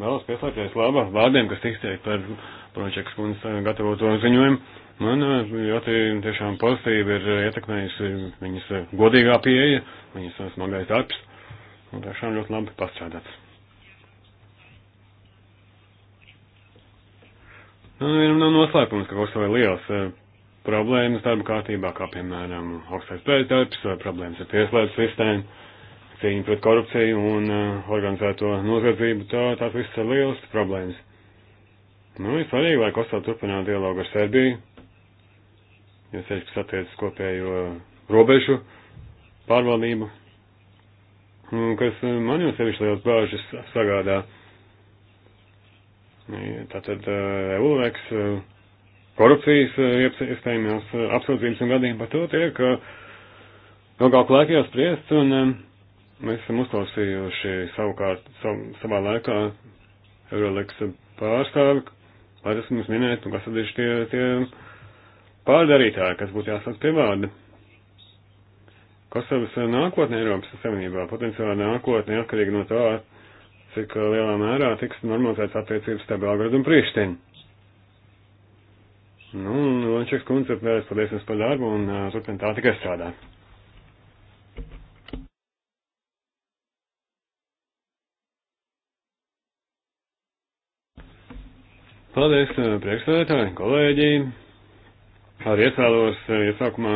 vēlos pieslēgties labā vārdiem, kas tiks teikt par Pročekas kundas eh, gatavoto ziņojumu. Man eh, ļoti tiešām pozitīvi ir eh, ietekmējusi viņas eh, godīgā pieeja, viņas smagais darbs, un tiešām ļoti labi pastrādāts. Nu, vienam nav nu, noslēpums, ka Kosovai liels problēmas darba kārtībā, kā piemēram augstais pēcdarbs, problēmas ar tieslietu sistēmu, cīņa pret korupciju un uh, organizēto noziedzību, tā, tās visas ir liels problēmas. Nu, ir svarīgi, lai Kosova turpinātu dialogu ar Serbiju, jo sevišķi, kas attiecas kopējo robežu pārvaldību, mm, kas man jau sevišķi liels bāžas sagādā. E, tātad e, Eulveks, e, korupcijas iespējamās apsūdzības un gadījumi par to tiek ilgāk laikā spriests, un mēs esam uzklausījuši savukārt sav, savā laikā Euroliks pārstāvi, lai tas mums minētu, un kas tad ir tie, tie pārdarītāji, kas būtu jāsāk pie vārda. Kosovas nākotne Eiropas Savienībā, potenciāli nākotne, atkarīgi no tā, cik lielā mērā tiks normalizēts attiecības starp Belgradu un Prīštinu. Nu, un Lančeks kundze, vēlreiz paldies jums par darbu un uh, turpin tā tikai strādā. Paldies, priekšsēdētāji, kolēģi! Arī es vēlos eh, iesākumā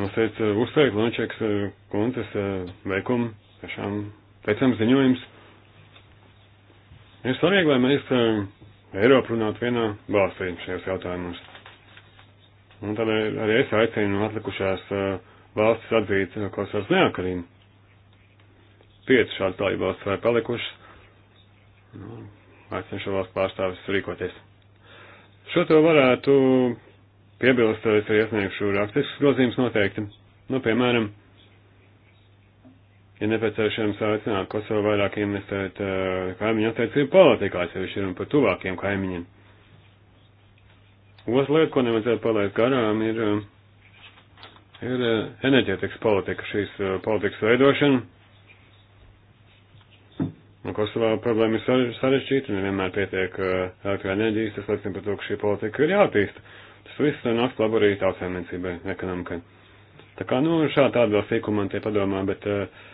nosveikt eh, uzsveikt Lončeks eh, kundzes veikumu, tiešām teicams ziņojums. Ir svarīgi, lai mēs Eiropu runātu vienā balsī šajos jautājumos. Un tad arī es aicinu atlikušās valstis atzīt Kosovas neakarību. Pieci šādi dalībvalstis vēl palikušas. Nu, aicinu šo valstu pārstāvis rīkoties. Šo to varētu piebilst, es arī iesniegšu rakstisks grozījums noteikti. Nu, piemēram, ir ja nepieciešams aicināt Kosovu vairāk investēt uh, kaimiņu attiecību politikā, sevišķi runa par tuvākiem kaimiņiem. Otra lieta, ko nevajadzētu palaist garām, ir, eh, ir eh, enerģētikas politika, šīs uh, politikas veidošana. Un nu, Kosovā problēma ir sarežģīta, nevienmēr pietiek elektroenerģijas, eh, tas liecina par to, ka šī politika ir jātīsta. Tas viss nāks labu arī tautsēmniecībai, ekonomikai. Tā kā, nu, šādi tāda vēl sīkuma man tie padomā, bet uh,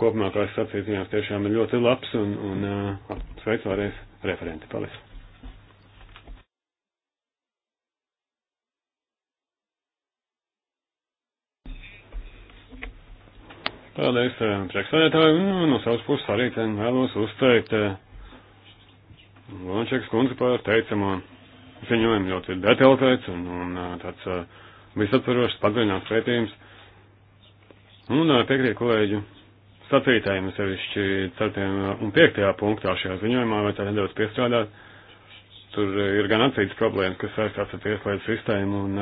kopumā, kā es sacīju, ziņās tiešām ir ļoti labs un, un uh, eh, sveicu vēlreiz referenti. Paldies! Paldies, eh, priekšsēdētāji. Eh, no savas puses arī vēlos uzteikt eh, Lončekas kundzi par teicamo ziņojumu ļoti detalizēts un, un tāds visaptvarošs padziļināts pētījums. Un piekrīt kolēģu sacītājiem, sevišķi 4. un 5. punktā šajā ziņojumā, vai tā nedaudz piestrādāt. Tur ir gan atcītas problēmas, kas saistās ar tieslietu sistēmu un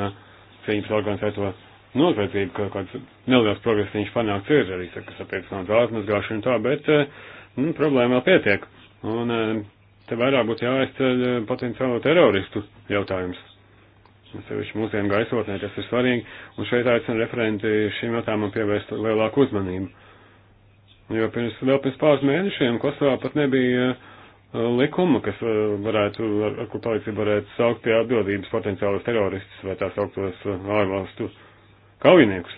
cīņas organizēto noziedzību, ka kāds neliels progress viņš panāks ir, arī, saka, kas attiecas no zāles mazgāšanu tā, bet, eh, nu, problēma vēl pietiek. Un eh, te vairāk būtu jāaizceļ eh, potenciālo teroristu jautājums. Sevišķi mūsdienu gaisotnē tas ir svarīgi, un šeit aicinu referenti šim jautājumam pievērst lielāku uzmanību. Jo pirms, vēl pirms pāris mēnešiem Kosovā pat nebija likuma, kas varētu, ar, ar ko palīdzību varētu saukt pie atbildības potenciālus teroristus vai tā sauktos ārvalstu uh, kaujiniekus.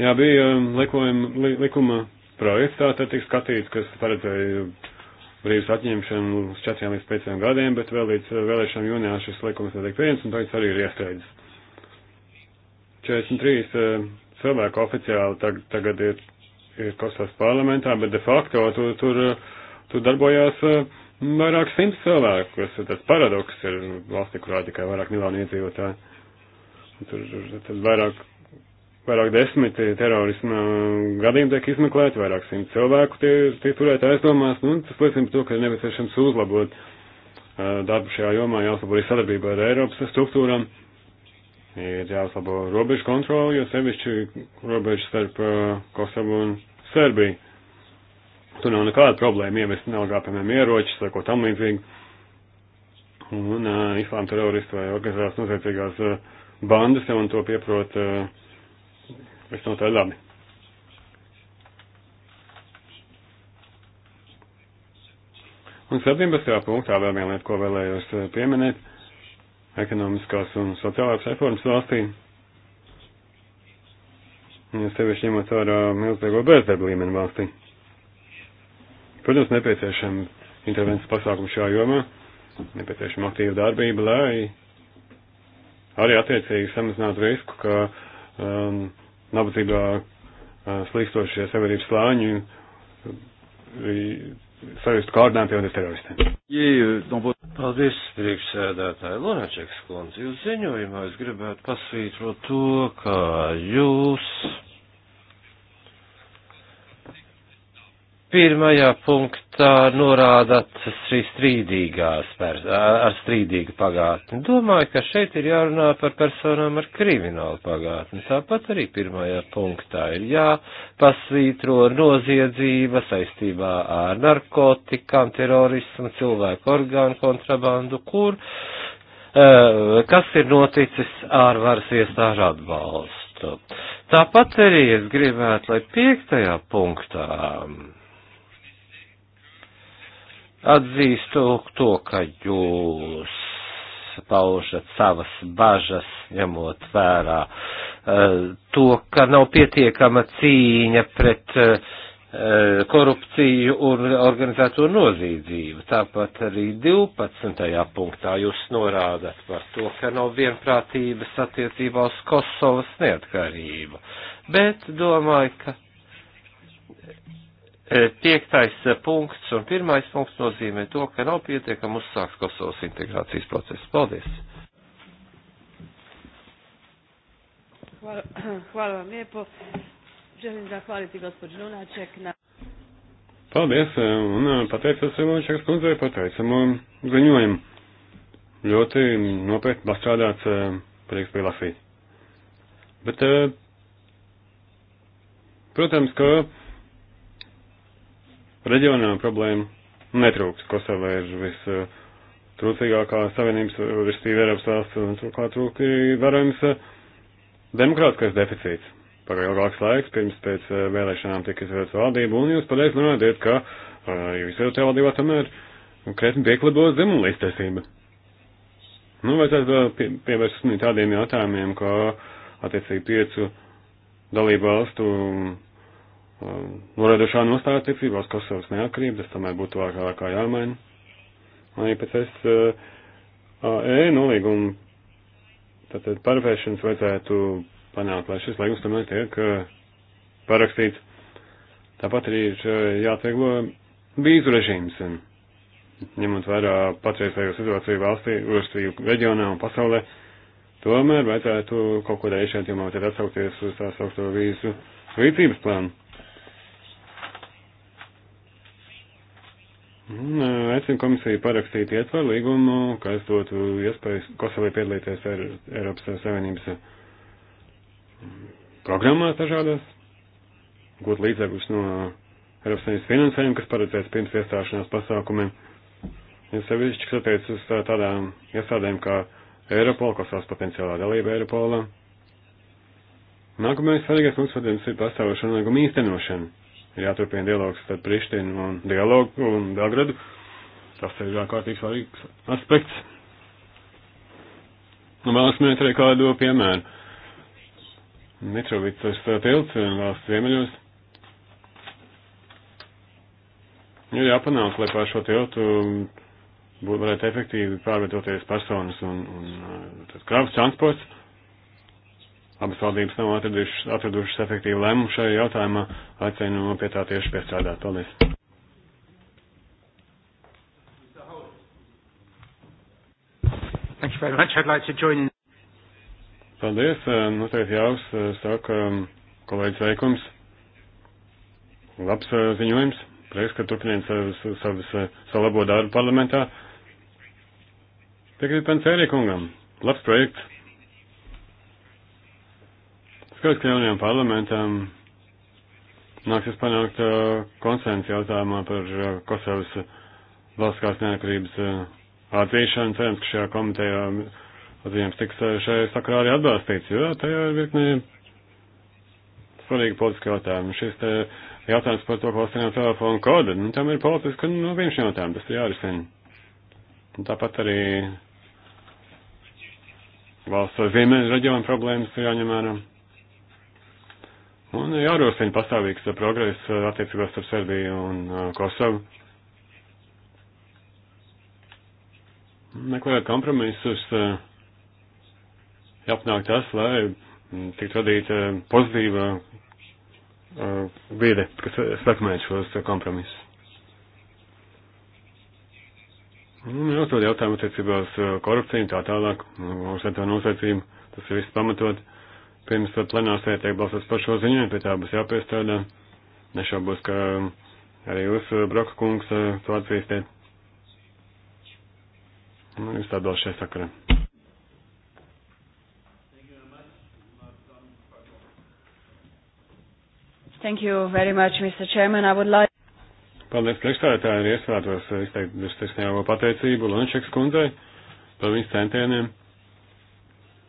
Jā, bija um, likuma, li, likuma projekts, tā tad tika skatīts, kas paredzēja brīvas atņemšanu uz 4 līdz 5 gadiem, bet vēl līdz uh, vēlēšanām jūnijā šis likums netiek pieņemts, un tagad arī ir iestrēdzis. 43 cilvēki oficiāli tag, tagad ir, ir Kosovas parlamentā, bet de facto tur, tur, uh, tur darbojās uh, vairāk simts cilvēku, kas tas paradoks ir valstī, kurā tikai vairāk miljonu iedzīvotāju. Tur, tur, tur vairāk Vairāk desmit terorisma gadījumi tiek izmeklēti, vairāk simt cilvēku tiek tie turēt aizdomās. Nu, tas liecina par to, ka ir nepieciešams uzlabot uh, darbu šajā jomā, jāuzlabo arī sadarbība ar Eiropas struktūrām, ir jāuzlabo robežu kontroli, jo sevišķi robežu starp uh, Kosovu un Serbiju. Tur nav nekāda problēma ievest nelegā, piemēram, ieročus vai ko tam līdzīgi. Un uh, islāma teroristu vai organizētās noziedzīgās uh, bandas jau un to pieprot. Uh, visnotaļ labi. Un 17. punktā vēl viena lieta, ko vēlējos eh, pieminēt - ekonomiskās un sociālās reformas valstī. Ja sevišķi ņemot vērā milzīgo bezdarba līmeni valstī. Protams, nepieciešama intervences pasākuma šajā jomā, nepieciešama aktīva darbība, lai arī attiecīgi samazinātu risku, ka um, nabadzībā slīkstošie sabiedrības slāņi sajustu kārdināti un teroristiem. Paldies, priekšsēdētāji Loračeks kundze. Jūs ziņojumā es gribētu pasvītrot to, ka jūs pirmajā punktā norādat šīs strīdīgās, ar strīdīgu pagātni. Domāju, ka šeit ir jārunā par personām ar kriminālu pagātni. Tāpat arī pirmajā punktā ir jāpasvītro noziedzība saistībā ar narkotikām, terorismu, cilvēku orgānu kontrabandu, kur, e, kas ir noticis ar varas iestāžu atbalstu. Tāpat arī es gribētu, lai piektajā punktā Atzīstu to, ka jūs paužat savas bažas, ņemot vērā eh, to, ka nav pietiekama cīņa pret uh, korupciju un organizēto noziedzību. Tāpat arī 12. punktā jūs norādat par to, ka nav vienprātības attiecībā uz Kosovas neatkarību. Bet domāju, ka E, piektais e, punkts un pirmais punkts nozīmē to, ka nav pietiekami uzsāks Kosovas integrācijas procesu. Paldies! Hvala, hvala vam lijepo. Želim zahvaliti gospođu Lunaček na... Paldies, e, un pateicos Lunačekas kundzei par teicamo ziņojumu. Ļoti nopietni pastrādāts, prieks bija lasīt. Bet, protams, ka Reģionā problēma netrūks. Kosova ir vistrūcīgākā savienības virsība Eiropas valsts, un turklāt trūk ir varojams eh, demokrātiskais deficīts. Pagāja ilgāks laiks, pirms pēc eh, vēlēšanām tika izvērsta valdība, un jūs pareizi norādījat, ka jūs eh, jau tajā valdībā tomēr krietni pieklibos zemulīstiesība. Nu, vai tas pie, pievērst uzmanību tādiem jautājumiem, kā attiecīgi piecu dalību valstu um, noraidošā nostāja tiecībā uz Kosovas neatkarību, tas tomēr būtu ārkārtā jāmaina. Arī pēc es uh, E nolīgumu tātad parvēršanas vajadzētu panākt, lai šis līgums tomēr tiek uh, parakstīts. Tāpat arī ir uh, jāatvieglo vīzu režīms, ņemot vērā patreizējo situāciju valstī, valstī reģionā un pasaulē. Tomēr vajadzētu kaut ko darīt šeit, jo man vajadzētu atsaukties uz tā saukto vīzu rīcības plānu. Nu, aicinu komisiju parakstīt ietvaru līgumu, kas dotu iespējas Kosovai piedalīties ar Eiropas Savienības programmās dažādās, gūt līdzekļus no Eiropas Savienības finansējuma, kas paredzēts pirms iestāšanās pasākumiem. Ja sevišķi, kas attiec uz tādām iestādēm kā Eiropola, Kosovas potenciālā dalība Eiropola. Nākamais svarīgais mums, protams, ir pastāvošana līguma īstenošana ir jāturpina dialogs ar Prištinu un dialogu un Belgradu. Tas ir ārkārtīgi svarīgs aspekts. Un nu, vēlas minēt arī kādu piemēru. Mitrovicas tilts un valsts ziemeļos. Ir jāpanāk, lai pār šo tiltu būtu varētu efektīvi pārvietoties personas un, un uh, kravas transports. Abas valdības nav atradušas, atradušas efektīvu lēmumu šajā jautājumā. Aicinu pie tā tieši piestrādāt. Paldies. Paldies. Eh, Noteikti nu, jāuz, eh, saka eh, kolēģis Veikums. Labs ziņojums. Prieks, ka turpiniet savas, savas, savu labo darbu parlamentā. Tikai pēc ērīkungam. Labs projekts. Skaidrs, ka jaunajam parlamentam nāksies panākt uh, konsensu jautājumā par uh, Kosovas uh, valstskās neatkarības uh, atzīšanu. Cerams, ka šajā komitejā atzīmes tiks uh, šajā sakarā arī atbalstīts, jo tajā ir virknē svarīgi politiski jautājumi. Šis te jautājums par to, ko saņem telefonu kodu, nu, tam ir politiski nu, viens jautājums, tas ir jārisina. Un tāpat arī valsts vai vienmēr reģionu problēmas ir jāņem vērā. Un jārosina pastāvīgs progress uh, attiecībās ar Serbiju un uh, Kosovu. meklēt kompromisus, uh, jāpanāk tas, lai mm, tiktu radīta pozitīva vide, kas sekmē šos kompromisus. Un jau tādu jautājumu attiecībā uz korupciju un tā tālāk, uz tā nosacījumu, tas ir viss pamatot pirms plenārsē tiek balsots par šo ziņu, pie tā būs jāpiestrādā. Nešaubos, ka arī jūs, eh, Broka kungs, eh, to atzīstiet. Nu, jūs tādos šajā sakarā. Thank you very much, Mr. Chairman. I would like. Paldies priekšstādātāji, arī es vēlētos eh, izteikt virsniecību pateicību Lančeks kundzei par viņas centieniem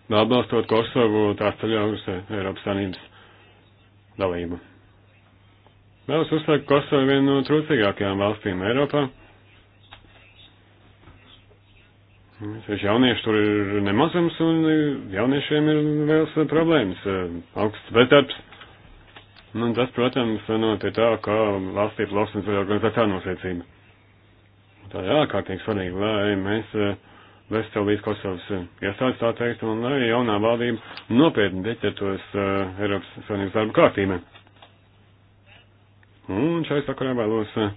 Nu, atbalstot Kosovu tās ceļā uz eh, Eiropas Savienības dalību. Vēlos uzsākt Kosovu vienu no trūcīgākajām valstīm Eiropā. Tieši jaunieši tur ir nemazums un jauniešiem ir vēl eh, problēmas, eh, augsts bezdarbs. Nu, tas, protams, no pie tā, ka valstī plauksnes vai organizētā nosacība. Tā ir ārkārtīgi svarīgi, lai mēs uh, vest sev līdz Kosovas iestādes, eh, tā teikt, un arī jaunā valdība nopietni deķertos uh, Eiropas Savienības darba kārtībā. Un šai sakarā vēlos uh,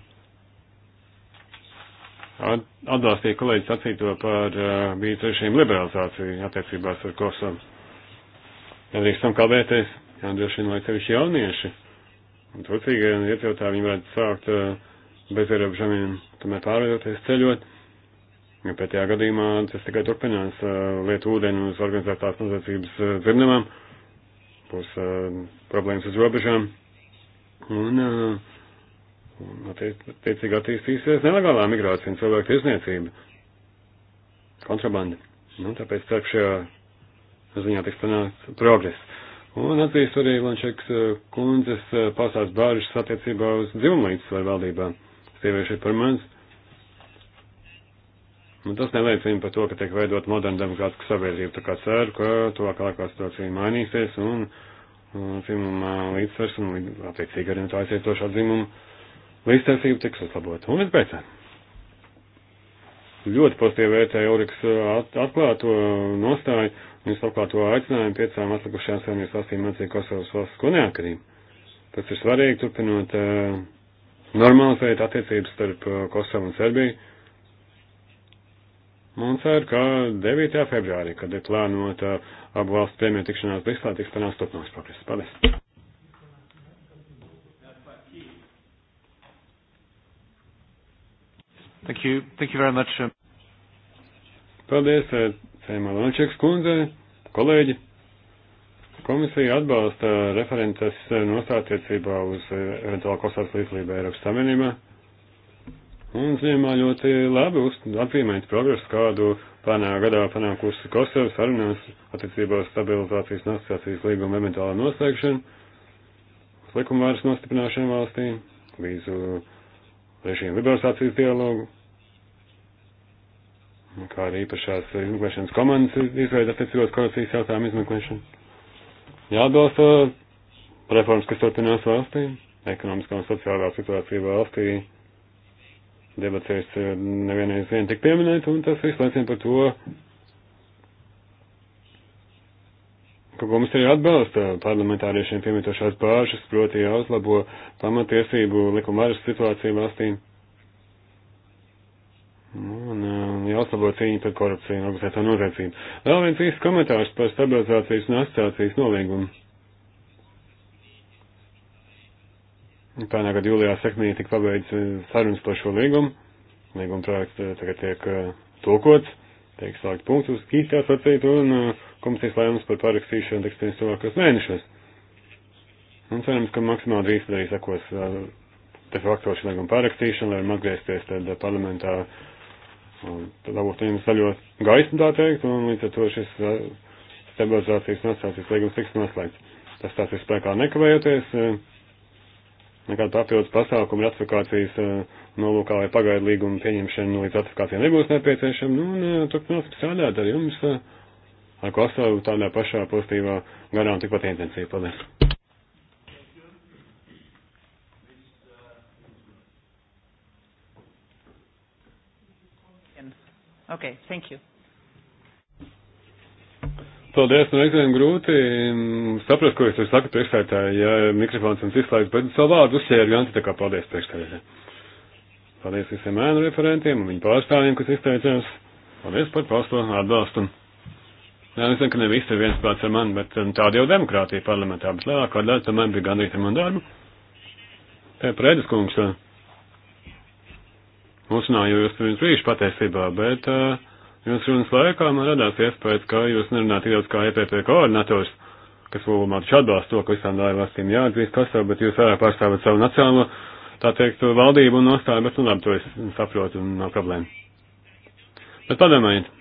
atbalstīt kolēģi sacīto par uh, vītrešiem liberalizāciju attiecībās ar Kosovu. Nedrīkstam kalbēties, jādrošina, lai sevišķi jaunieši un turcīgi iedzīvotāji viņi varētu sākt uh, bez ierobežojumiem, tomēr pārveidoties ceļot Jo pēdējā gadījumā tas tikai turpinās lietu ūdeni uz organizētās noziedzības dzimnamām, būs problēmas uz robežām un, un attiecīgi attīstīsies nelegālā migrācija un cilvēku tiesniecība, kontrabanda. Nu, tāpēc ceru, šajā ziņā tiks panākts progress. Un atzīst arī Lančeks kundzes pasās bāžas attiecībā uz dzimumlīdzsvaru valdībā. Sievieši ir par mans Un nu, tas neliecina par to, ka tiek veidot moderna demokrātiska sabiedrība. Tā kā ceru, ka tuvākākā situācija mainīsies un, un dzimuma līdzsvers un attiecīgi arī tā aizietošā dzimuma līdzsvarsība tiks uzlabota. Un visbeidzot. Ļoti pozitīvi vērtēja Euriks uh, atklāto nostāju un es atklāt to aicinājumu piecām atlikušajām savienības valstīm atzīt Kosovas valsts ko neatkarību. Tas ir svarīgi, turpinot uh, normalizēt attiecības starp uh, Kosovu un Serbiju Un ceru, ka 9. februārī, kad ir plānota abu valstu premjeru tikšanās Briselē, tiks panāks turpmāks progress. Paldies! Thank you. Thank you very much. Um, Paldies, eh, Cēmā Lančiks kundze, kolēģi. Komisija atbalsta referentes eh, nostātiecībā uz eh, eventuālu kosās līdzlību Eiropas Savienībā. Un ziemā ļoti labi atzīmēt progresu, kādu panā gadā panākusi Kosovas sarunās attiecībās stabilizācijas un asociācijas līguma eventuālā noslēgšana, likumvāras nostiprināšana valstī, vīzu režīmu liberalizācijas dialogu, kā arī īpašās izmeklēšanas komandas izveida attiecībās korupcijas jautājumu izmeklēšanu. Jāatbalsta reformas, kas turpinās valstī, ekonomiskā un sociālā situācija valstī debatēs eh, nevienreiz vien tik pieminēt, un tas viss liecina par to, ka komisija atbalsta parlamentāriešiem piemētošās pāršas, proti jāuzlabo pamatiesību likumvaras situāciju valstīm. Nu, un eh, jāuzlabo cīņa pret korupciju un organizēto noziedzību. Vēl viens īsts komentārs par stabilizācijas un asociācijas nolīgumu. Pērnā gada jūlijā sekmīgi tika pabeigts eh, sarunas par šo līgumu. Līguma projekts eh, tagad tiek eh, tulkots, tiek slēgt punktus, īstās sacīt, un komisijas lēmums par parakstīšanu tiks pēc tuvākos mēnešos. Un cerams, ka maksimāli drīz arī sekos de facto šī līguma parakstīšana, lai varam atgriezties tad parlamentā, tad būtu viņam zaļo gaismu, tā teikt, un līdz ar to šis stabilizācijas un atstācijas līgums tiks noslēgts. Tas tās ir spēkā nekavējoties. Uh, nekāda papildus pasākuma ratifikācijas eh, nolūkā vai pagaidu līguma pieņemšana līdz ratifikācijai nebūs nepieciešama. Nu, un eh, turpināsim strādāt ar jums eh, ar Kosovu tādā pašā pozitīvā garā un tikpat intensīvi. Paldies! Okay, thank you. Paldies, nu reizēm grūti saprast, ko es saku priekšsētāji, ja mikrofons jums izslēdz, bet savu vārdu uzsēru gan, tā kā paldies priekšsētāji. Paldies visiem ēnu referentiem un viņu pārstāvjiem, kas izteicās. Paldies par pausto atbalstu. Jā, es zinu, ka ne visi ir viens prāts ar mani, bet um, tāda jau demokrātija parlamentā, bet lielākā daļa tomēr bija gandrīz ar manu darbu. Te prēdis kungs, uzrunāju uh, jūs pirms brīža pateicībā, bet uh, Jūsu runas laikā man radās iespējas, ka jūs nerunājat tik daudz kā EPP koordinators, kas vēlamā taču atbalsta to, ka visām dalībvalstīm jāatzīst Kosovu, bet jūs vairāk pārstāvat savu nacionālo, tā teikt, valdību un nostāju, bet nu labi, to es saprotu un nav problēma. Bet padomājiet,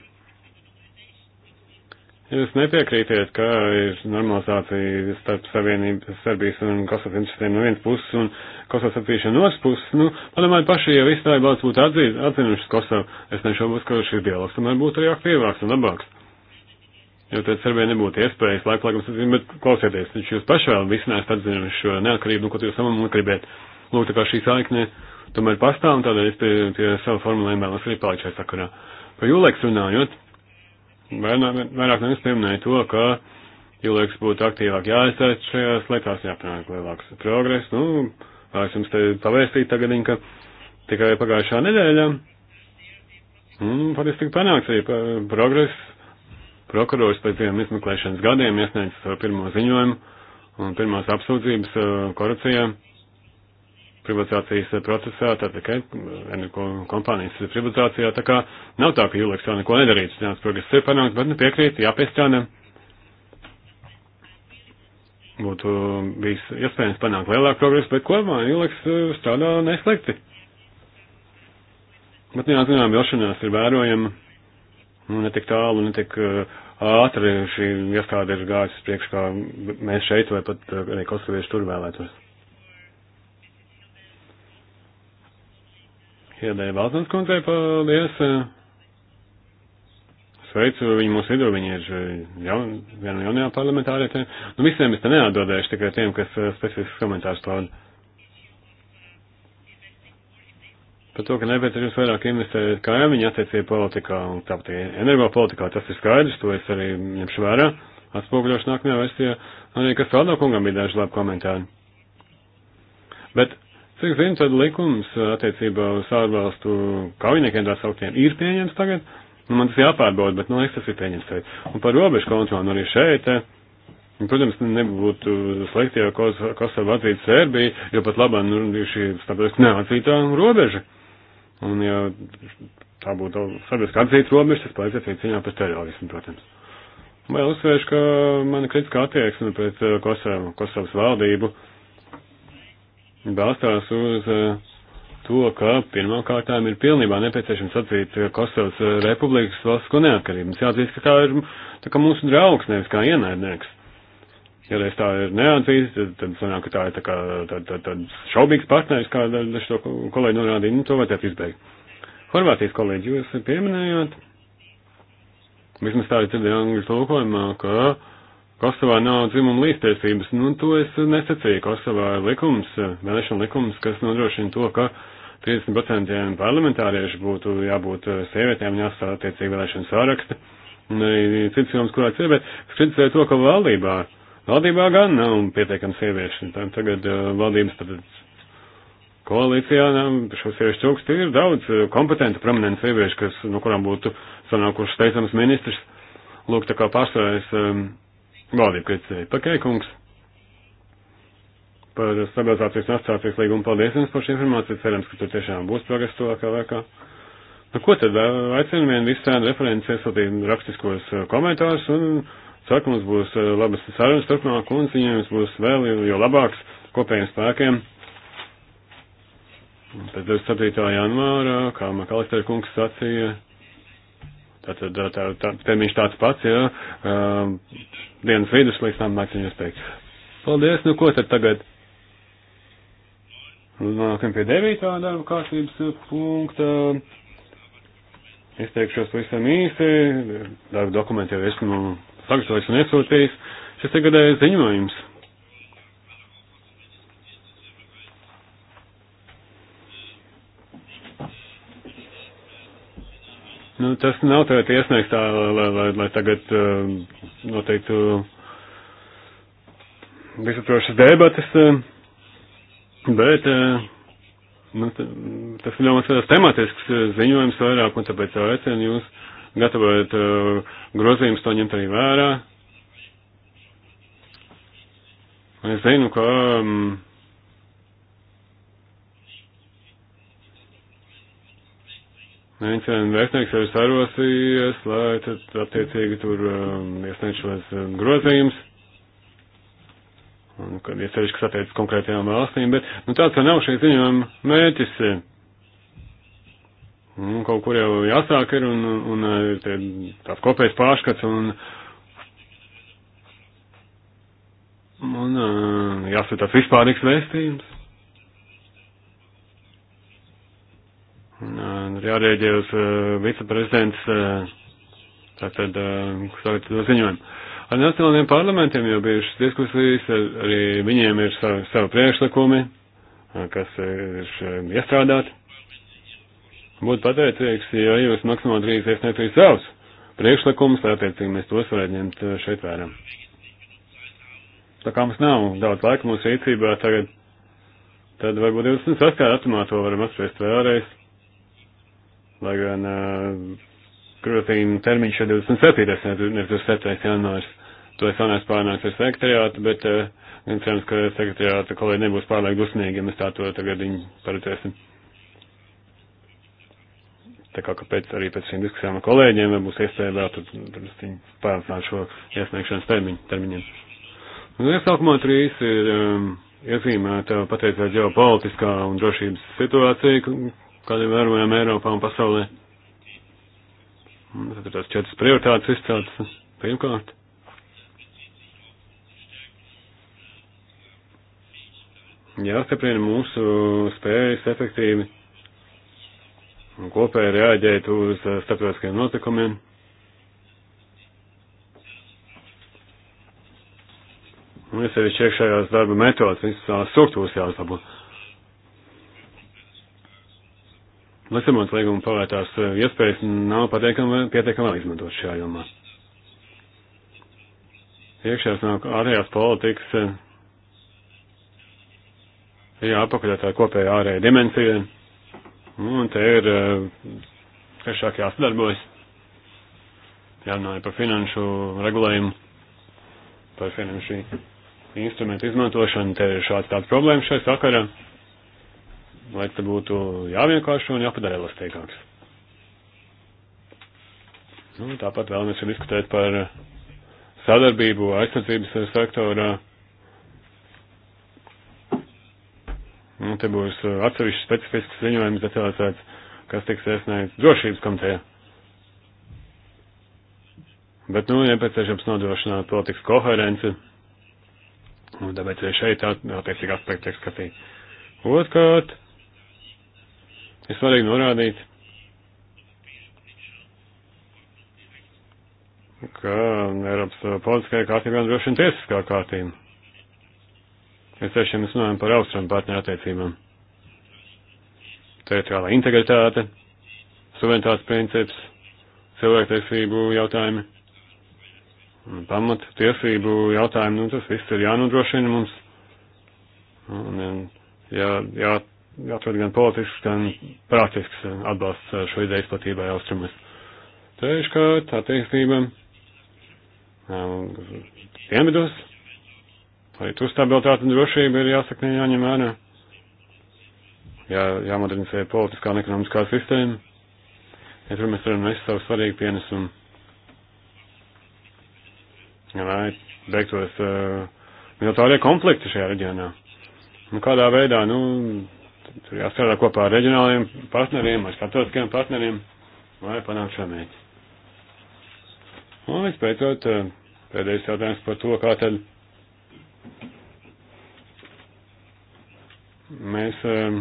Jūs nepiekrītiet, ka ir normalizācija starp Savienības, Serbijas un Kosovas interesēm no vienas puses un Kosovas atzīšana no otras puses. Nu, padomājiet paši, ja visi tā valsts būtu atzīt, atzinušas Kosovu, es nešaubos, ka šis dialogs tomēr būtu arī aktīvāks un labāks. Jo tad Serbijai nebūtu iespējas laik laikam sacīt, bet klausieties, viņš jūs paši vēl visi neesat atzinuši šo neatkarību, nu, ko jūs samam negribēt. Lūk, tā kā šī saikne tomēr pastāv un tādēļ es pie, pie savu formulējumu vēlos arī palikt šai sakarā. Par jūlēks runājot vairāk nevis pieminēja to, ka cilvēks būtu aktīvāk jāiesaist šajās lietās, jāpanāk lielāks progress. Nu, es jums te pavēstīju tagad, ka tikai pagājušā nedēļā, un patiesībā panāks arī progress. Prokurors pēc diviem izmeklēšanas gadiem iesniedz savu pirmo ziņojumu un pirmās apsūdzības uh, korupcijā privatizācijas eh, procesā, tātad, ka eh, kompānijas privatizācijā, tā kā nav tā, ka Juleks jau neko nedarītu, zināms, progress ir panākt, bet nu piekrīt, jāpiestrādā. Būtu bijis iespējams panākt lielāku progresu, bet kopumā Juleks eh, strādā neslikti. Bet, nu, jā, zinām, vilšanās ir vērojama, nu, netik tālu, netik uh, ātri šī iestāde ir gājusi priekš, kā mēs šeit vai pat uh, arī kosovieši tur vēlētos. Hiedēja Baltons kundzei, paldies. Sveicu viņu mūsu vidū, viņa ir jaun, viena no jaunajām parlamentārietēm. Nu, visiem es te neatdodēšu, tikai tiem, kas eh, specifisks komentārs pauda. Par to, ka nepieciešams vairāk investēt kaimiņu attiecību politikā un tāpat energopolitikā, tas ir skaidrs, to es arī ņemšu vērā. Atspoguļošu nākamajā versijā. Arī, kas vēl no kungam bija daži labi komentāri. Bet Cik zinu, tad likums uh, attiecībā uz ārvalstu kaujiniekiem tā sauktiem ir pieņems tagad. Nu, man tas jāpārbauda, bet, nu, no, es tas ir pieņems tagad. Un par robežu kontroli arī šeit. Eh, protams, nebūtu slikti, ja Kosova atzītu Serbiju, jo pat labāk, nu, šī starptautiski neatzītā robeža. Un, ja tā būtu sabiedriski atzīta robeža, tas palīdzētu cīņā pret terorismu, protams. Vēl uzsvēršu, ka mana kritiskā attieksme pret eh, Kosovu, Kosovas valdību. Uh, balstās uz eh, to, ka pirmkārtām ir pilnībā nepieciešams atzīt eh, Kosovas eh, republikas valstisko neatkarību. Mums jāatzīst, ka tā ir tā kā mūsu draugs, nevis kā ienaidnieks. Ja reiz tā ir neatzīst, tad, tad sanāk, ka tā ir tā kā tā, tā, tā šaubīgs partneris, kā daži to kolēģi norādīja, nu to vajadzētu izbeigt. Horvātijas kolēģi, jūs pieminējāt, vismaz tā ir dzirdēja angļu tulkojumā, ka uh, Kosovā nav dzimuma līdztiesības, nu to es nesacīju. Kosovā ir likums, eh, vēlēšana likums, kas nodrošina to, ka 30% parlamentārieši būtu jābūt eh, sievietēm, jāstāv attiecīgi vēlēšana sāraksta. Cits joms, kurā cilvēki kritizē to, ka valdībā, valdībā gan nav pietiekami sieviešu. Tagad eh, valdības tad koalīcijā šo sieviešu trūkst ir daudz kompetentu, prominentu sieviešu, kas, no kurām būtu sanākuši steidzams ministrs. Lūk, tā kā pārstāvēs um, valdību kritizēja. Pakeikungs par stabilizācijas un asociācijas līgumu. Paldies jums par šo informāciju. Cerams, ka tur tiešām būs progress tuvākā laikā. Nu, ko tad aicinu vien visu tādu referenci iesūtīt rakstiskos eh, komentārus un ceru, ka mums būs eh, labas sarunas turpmāk un ziņojums būs vēl jo labāks kopējiem spēkiem. Pēc 27. janvāra, kā Makalister kungs sacīja, Tātad tā, tā, tā, termiņš tāds pats, jā, uh, dienas vidus līdz tam mācīņu spēju. Paldies, nu ko tad tagad? Nonākam pie devītā darba kārtības eh, punkta. Izteikšos pavisam īsi, darba dokumentu jau esmu sagatavojis un iesūtījis. Šis ir gadējais ziņojums Nu, tas nav tagad iesniegts tā, lai, lai, lai tagad uh, noteiktu visaprošas debatas, um, bet uh, nu, tas ir ļoti tematisks uh, ziņojums vairāk, un tāpēc aicinu jūs gatavojot uh, grozījumus to ņemt arī vērā. Es zinu, ka um, Viens eh, vēstnieks ir sarosījies, lai tad attiecīgi tur um, iesniegtu šos um, grozījumus. Un, kad iesevišķi, kas attiecas konkrētajām valstīm, bet, nu, tāds jau nav šī ziņojuma mērķis. Un, kaut kur jau jāsāk ir, un, un, un te, tāds kopējs pārskats, un, un, un um, jāsaka tāds vispārīgs vēstījums. Un, ir jārēģē uz eh, viceprezidents, eh, tātad, eh, sākt to ziņojumu. Ar nacionāliem parlamentiem jau bijušas diskusijas, arī viņiem ir savi, savi priekšlikumi, kas ir iestrādāti. Būtu pateicīgs, ja jūs maksimāli drīz iesniegtu savus priekšlikumus, attiecīgi mēs tos varētu ņemt šeit vērā. Tā kā mums nav daudz laika mūsu rīcībā tagad, tad varbūt 26. datumā to varam apspriest vēlreiz lai gan grūtīm termiņš ir 27. nevis 27. janvārs. To es vēl neesmu pārnācis ar sekretariātu, bet gan cerams, ka sekretariāta kolēģi nebūs pārlaik dusmīgi, ja mēs tā to tagad viņu paredzēsim. Tā kā pēc, arī pēc šīm diskusijām ar kolēģiem būs iespēja vēl tur, tur pārnāt šo iesniegšanas termiņu, termiņiem. Nu, iesākumā tur īsi ir um, iezīmēta pateicēt ģeopolitiskā un drošības situācija, kādi vērojam Eiropā un pasaulē. Un tad ir tās četras prioritātes izceltas. Pirmkārt, jāstiprina mūsu spējas efektīvi un kopēji reaģēt uz eh, starptautiskiem notikumiem. Un es arī iekšējās darba metodas, visas eh, struktūras jāuzlabo. Uh, Lisabonas līguma pavērtās eh, iespējas nav pietiekami izmantot šajā jomā. Iekšējās un ārējās politikas ir eh, jāpakaļ tā kopējā ārējā dimensija, un te ir eh, tiešāk jāsadarbojas, jārunāja par finanšu regulējumu, par finanšu instrumentu izmantošanu, te ir šāds tāds problēmas šai sakarā lai te būtu jāvienkāršo un jāpadara elastīgāks. Nu, tāpat vēlamies diskutēt par sadarbību aizsardzības sektorā. Nu, te būs atsevišķi specifisks ziņojums detalizēts, kas tiks iesniegts drošības komitejā. Bet, nu, nepieciešams nodrošināt politikas koherenci, un tāpēc arī šeit attiecīgi aspekti tiek skatīti. Otkārt, ir svarīgi norādīt, ka Eiropas politiskajā kārtībā ir droši vien tiesiskā kārtība. Es tiešām mēs runājam par austrumu partneru attiecībām. Teritoriālā integritāte, suverenitātes princips, cilvēktiesību jautājumi, pamata tiesību jautājumi, nu tas viss ir jānodrošina mums. Un, ja, jā, jāatrod gan politisks, gan praktisks eh, atbalsts eh, šo ideju izplatībai austrumus. Treškārt, attīstība eh, dienvidos, arī tur stabilitāte un drošība ir jāsaknē jāņem vērā. Jā, jāmodernizē politiskā un ekonomiskā sistēma. Ja tur mēs varam nest savu svarīgu pienesumu. Lai beigtos uh, militārie konflikti šajā reģionā. Nu, kādā veidā, nu, Tur jāstrādā kopā ar reģionāliem partneriem, ar starptautiskiem partneriem, lai panāktu šo mērķi. Un vispēcot, eh, pēdējais jautājums par to, kā tad mēs um,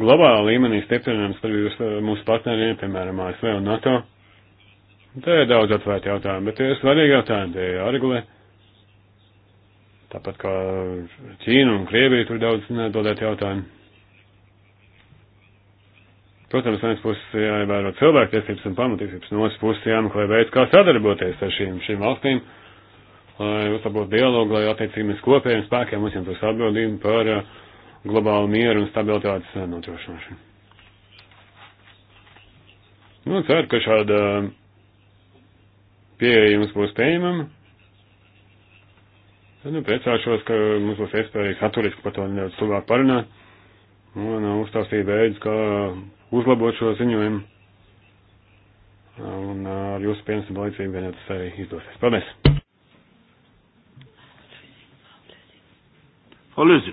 globālā līmenī stiprinām starpības eh, mūsu partneriem, piemēram, ASV un NATO. Te ir daudz atvērti jautājumi, bet tie ir svarīgi jautājumi, tie jāregulē. Tāpat kā Ķīna un Krievija tur daudz nedodēt jautājumu. Protams, no vienas puses jāievēro cilvēktiesības un pamatiesības, no otras puses jāmeklē veids, kā sadarboties ar šīm, šīm valstīm, lai uzlabotu dialogu, lai attiecīgi mēs kopējiem spēkiem uzņemtos atbildību par eh, globālu mieru un stabilitātes eh, nodrošināšanu. Nu, ceru, ka šāda eh, pieeja jums būs pieejama. Nu, priecāšos, ka mums būs iespēja saturiski par to nedaudz tuvāk parunāt un uh, uzstāstīt veidus, kā uzlabot šo ziņojumu. Un uh, ar jūsu pienesumu palīdzību gan jau tas arī izdosies. Paldies! Paldies!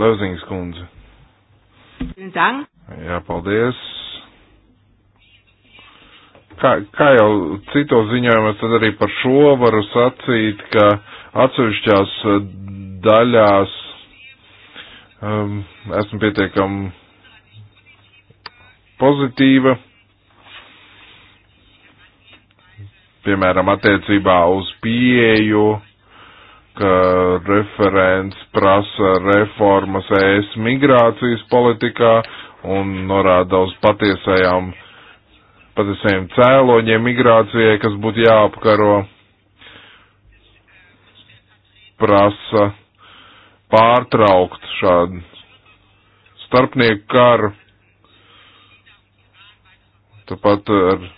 Lezings kundze. Jā, paldies kā, kā jau citos ziņojumos, tad arī par šo varu sacīt, ka atsevišķās daļās um, esmu pietiekami pozitīva. Piemēram, attiecībā uz pieeju, ka referents prasa reformas ES migrācijas politikā un norāda uz patiesajām uh, patiesiem cēloņiem migrācijai, kas būtu jāapkaro, prasa pārtraukt šādu starpnieku karu. Tāpat ar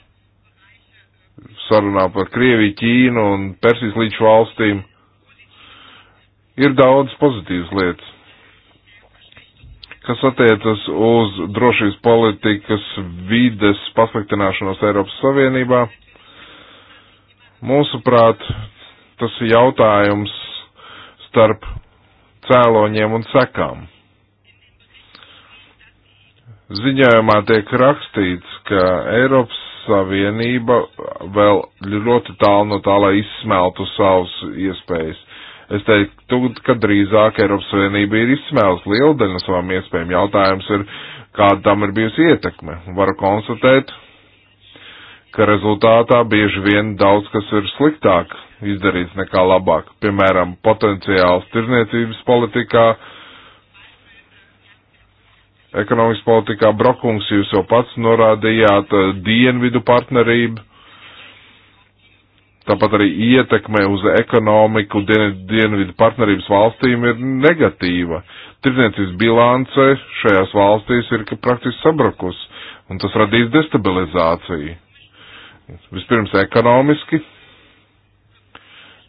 sarunā par Krieviju, Ķīnu un Persijas līču valstīm ir daudz pozitīvas lietas. Kas attiecas uz drošības politikas vides pasliktināšanos Eiropas Savienībā, mūsuprāt, tas ir jautājums starp cēloņiem un sekām. Ziņojumā tiek rakstīts, ka Eiropas Savienība vēl ļoti tālu no tā, lai izsmeltu savus iespējas. Es teiktu, ka drīzāk Eiropas Savienība ir izsmēlus lielu daļu no savām iespējām. Jautājums ir, kāda tam ir bijusi ietekme. Varu konstatēt, ka rezultātā bieži vien daudz kas ir sliktāk izdarīts nekā labāk. Piemēram, potenciāls tirzniecības politikā, ekonomikas politikā, Brokungs jūs jau pats norādījāt, dienvidu partnerību Tāpat arī ietekme uz ekonomiku dien, dienvidu partnerības valstīm ir negatīva. Tirdzniecības bilance šajās valstīs ir praktiski sabrukus, un tas radīs destabilizāciju. Vispirms ekonomiski,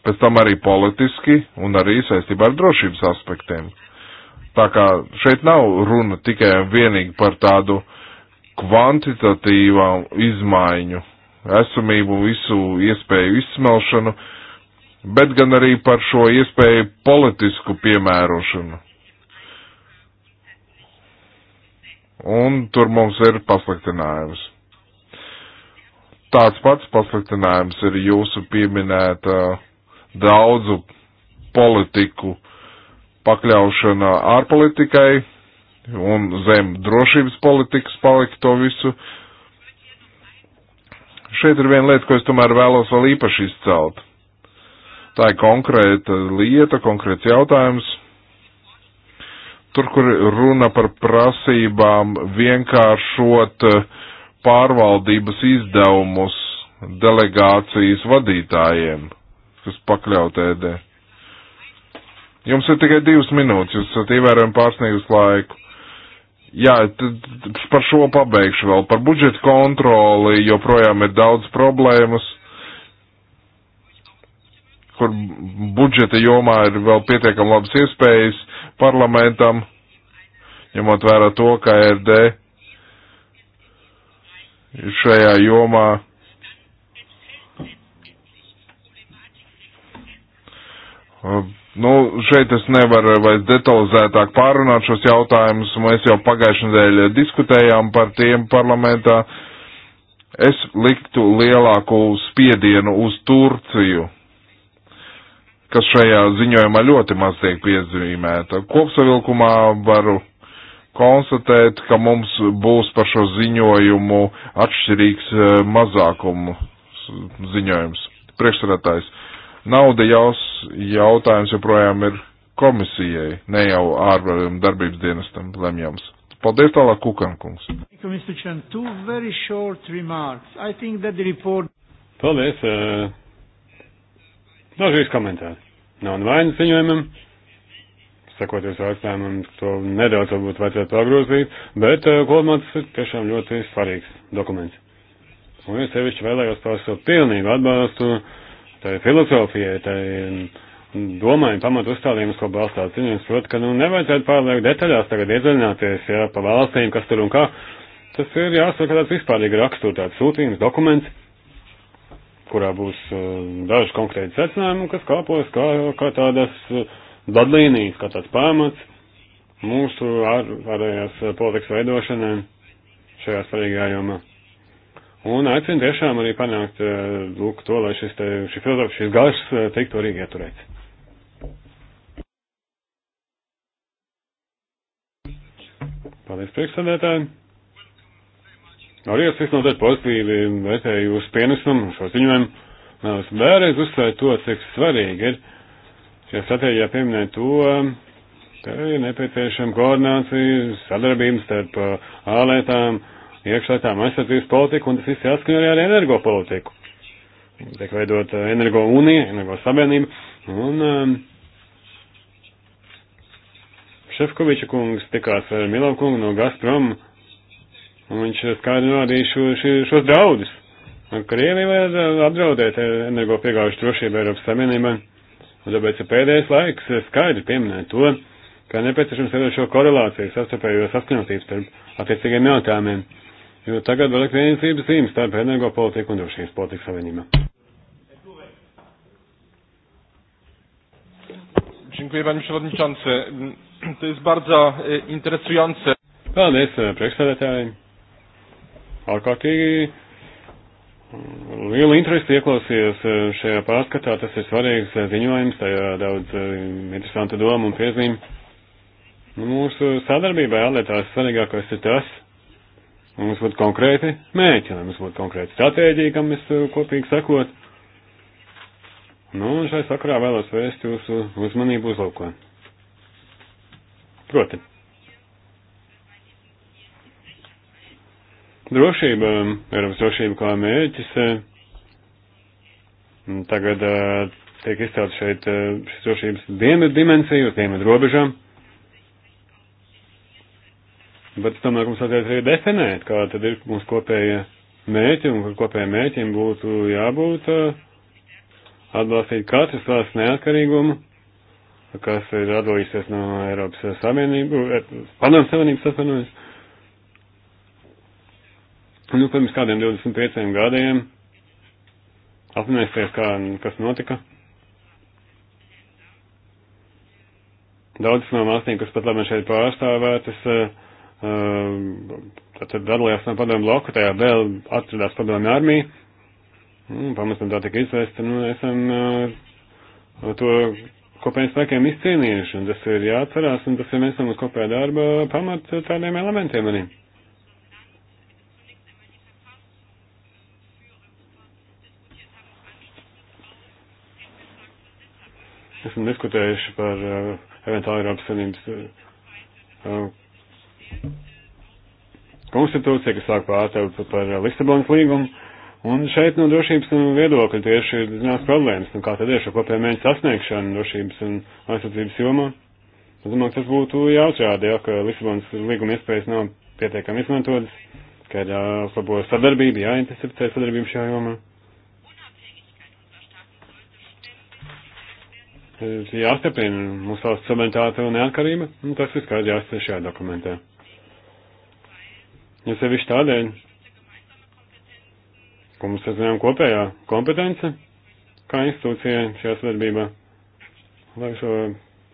pēc tam arī politiski un arī saistībā ar drošības aspektiem. Tā kā šeit nav runa tikai un vienīgi par tādu kvantitatīvu izmaiņu esamību, visu iespēju izsmelšanu, bet gan arī par šo iespēju politisku piemērošanu. Un tur mums ir pasliktinājums. Tāds pats pasliktinājums ir jūsu pieminēta daudzu politiku pakļaušana ārpolitikai un zem drošības politikas palikt to visu, uh, Šeit ir viena lieta, ko es tomēr vēlos vēl īpaši izcelt. Tā ir konkrēta lieta, konkrēts jautājums. Tur, kur runa par prasībām vienkāršot pārvaldības izdevumus delegācijas vadītājiem, kas pakļaut ēdē. Jums ir tikai divas minūtes, jūs esat ievērojami pārsniegus laiku. Jā, par šo pabeigšu vēl. Par budžeta kontroli joprojām ir daudz problēmas, kur budžeta jomā ir vēl pietiekam labas iespējas parlamentam, ņemot vērā to, ka RD šajā jomā uh, Nu, šeit es nevaru vairs detalizētāk pārunāt šos jautājumus, mēs jau pagājušajā nedēļā diskutējām par tiem parlamentā. Es liktu lielāku spiedienu uz Turciju, kas šajā ziņojumā ļoti maz tiek piezīmēta. Kopsavilkumā varu konstatēt, ka mums būs par šo ziņojumu atšķirīgs eh, mazākumu ziņojums. Priekšsarētājs. Nauda jaus jautājums joprojām ir komisijai, ne jau ārvariem darbības dienestam lemjams. Paldies tālāk, Kukankungs. Paldies. Eh, Dažreiz komentāri. Nav nevainas ziņojumam sekoties jautājumam, to nedaudz varbūt vajadzētu pagrozīt, bet uh, eh, Goldmans ir tiešām ļoti svarīgs dokuments. Un es sevišķi vēlējos paust savu pilnīgu atbalstu tai filozofijai, tai domai un pamatu uzstādījumus, ko balstās ziņojums, proti, ka nu nevajadzētu pārlieku detaļās tagad iedziļināties, jā, pa valstīm, kas tur un kā. Tas ir jāsaka tāds vispārīgi rakstur, tāds sūtījums, dokuments, kurā būs uh, daži konkrēti secinājumi, kas kalpos kā, kā tādas vadlīnijas, uh, kā tāds pamats mūsu ārējās ar, uh, politikas veidošanai šajā svarīgajā jomā. Un aicinu tiešām arī panākt eh, lūk, to, lai šis, te, šī filozofija, šis gars eh, tiktu arī ieturēts. Paldies, priekšsēdētāji! Arī es visnotaļ pozitīvi vērtēju jūsu pienesumu šo ziņojumu. Mēs vēlreiz uzsvērt to, cik svarīgi ir šajā stratēģijā pieminēt to, ka ir nepieciešama koordinācija, sadarbības starp eh, ārlietām. Uh, iekšlietām aizsardzības politiku, un tas viss jāskan arī ar energopolitiku. Tiek veidot eh, energo unija, energo savienība, un um, Šefkoviča kungs tikās ar Milau kungu no Gazprom, un viņš skaidri norādīja šo, šo, šos draudus. Krievija var eh, apdraudēt energo piegājušu drošību Eiropas Savienībā, un tāpēc ir pēdējais laiks skaidri pieminēt to, ka nepieciešams arī šo korelāciju sastapējo saskaņotību starp attiecīgiem jautājumiem jo tagad vēl ir vienības zīmes starp energopolitiku un drošības politikas savienībā. Dziękuję Panie Przewodniczący. To jest bardzo e, interesujące. Paldies, e, priekšsēdētāji. Ārkārtīgi mm, liela interese ieklausījos e, šajā pārskatā. Tas ir svarīgs ziņojums, tajā daudz interesanta doma un piezīme. Mūsu sadarbībā jālietās svarīgākais ir tas, Mums būtu konkrēti mērķi, lai mums būtu konkrēti stratēģija, kam mēs eh, kopīgi sakot. Nu, un šai sakarā vēlos vērst jūsu uzmanību uzlauko. Proti. Drošība, Eiropas drošība kā mērķis, eh, tagad eh, tiek izcelts šeit šis drošības dienvidu dimensiju uz dienvidu robežām bet tomēr mums vajadzētu arī definēt, kā tad ir mūsu kopējie mērķi, un kopējiem mērķiem būtu jābūt atbalstīt katras valsts neatkarīgumu, kas ir atdalīsies no Eiropas Savienības, eh, Padomu Savienības atvainojas. Nu, pirms kādiem 25 gadiem apmēsties, kā, kas notika. Daudzas no valstīm, kas pat labi šeit pārstāvētas, uh, Ehm, tad dalījās no padomu bloku, tajā vēl atradās padomu armija, un nu, pamestam tā tika izvesta, nu, esam uh, to kopējiem spēkiem izcīnījuši, un tas ir jāatcerās, un tas ir mēs no kopējā darba pamat tādiem elementiem arī. Esam diskutējuši par uh, eventuāli Eiropas Savienības uh, konstitūcija, kas sāk pārtaukt par Lisabonas līgumu. Un šeit no nu, drošības viedokļa tieši ir zināmas problēmas, nu kā tad ir šo kopējo mērķu sasniegšanu drošības un aizsardzības jomā. Es domāju, ka tas būtu jāuzrāda, ja, ka Lisabonas līguma iespējas nav pietiekami izmantotas, ka ir jāuzlabo sadarbība, jāintensificē sadarbība šajā jomā. jāstiprina mūsu valsts suverenitāte un neatkarība, un tas ir skaidrs jāsaka šajā dokumentā. Jo sevišķi tādēļ, ko mums atzinām kopējā kompetence, kā institūcija šajā sadarbībā, lai šo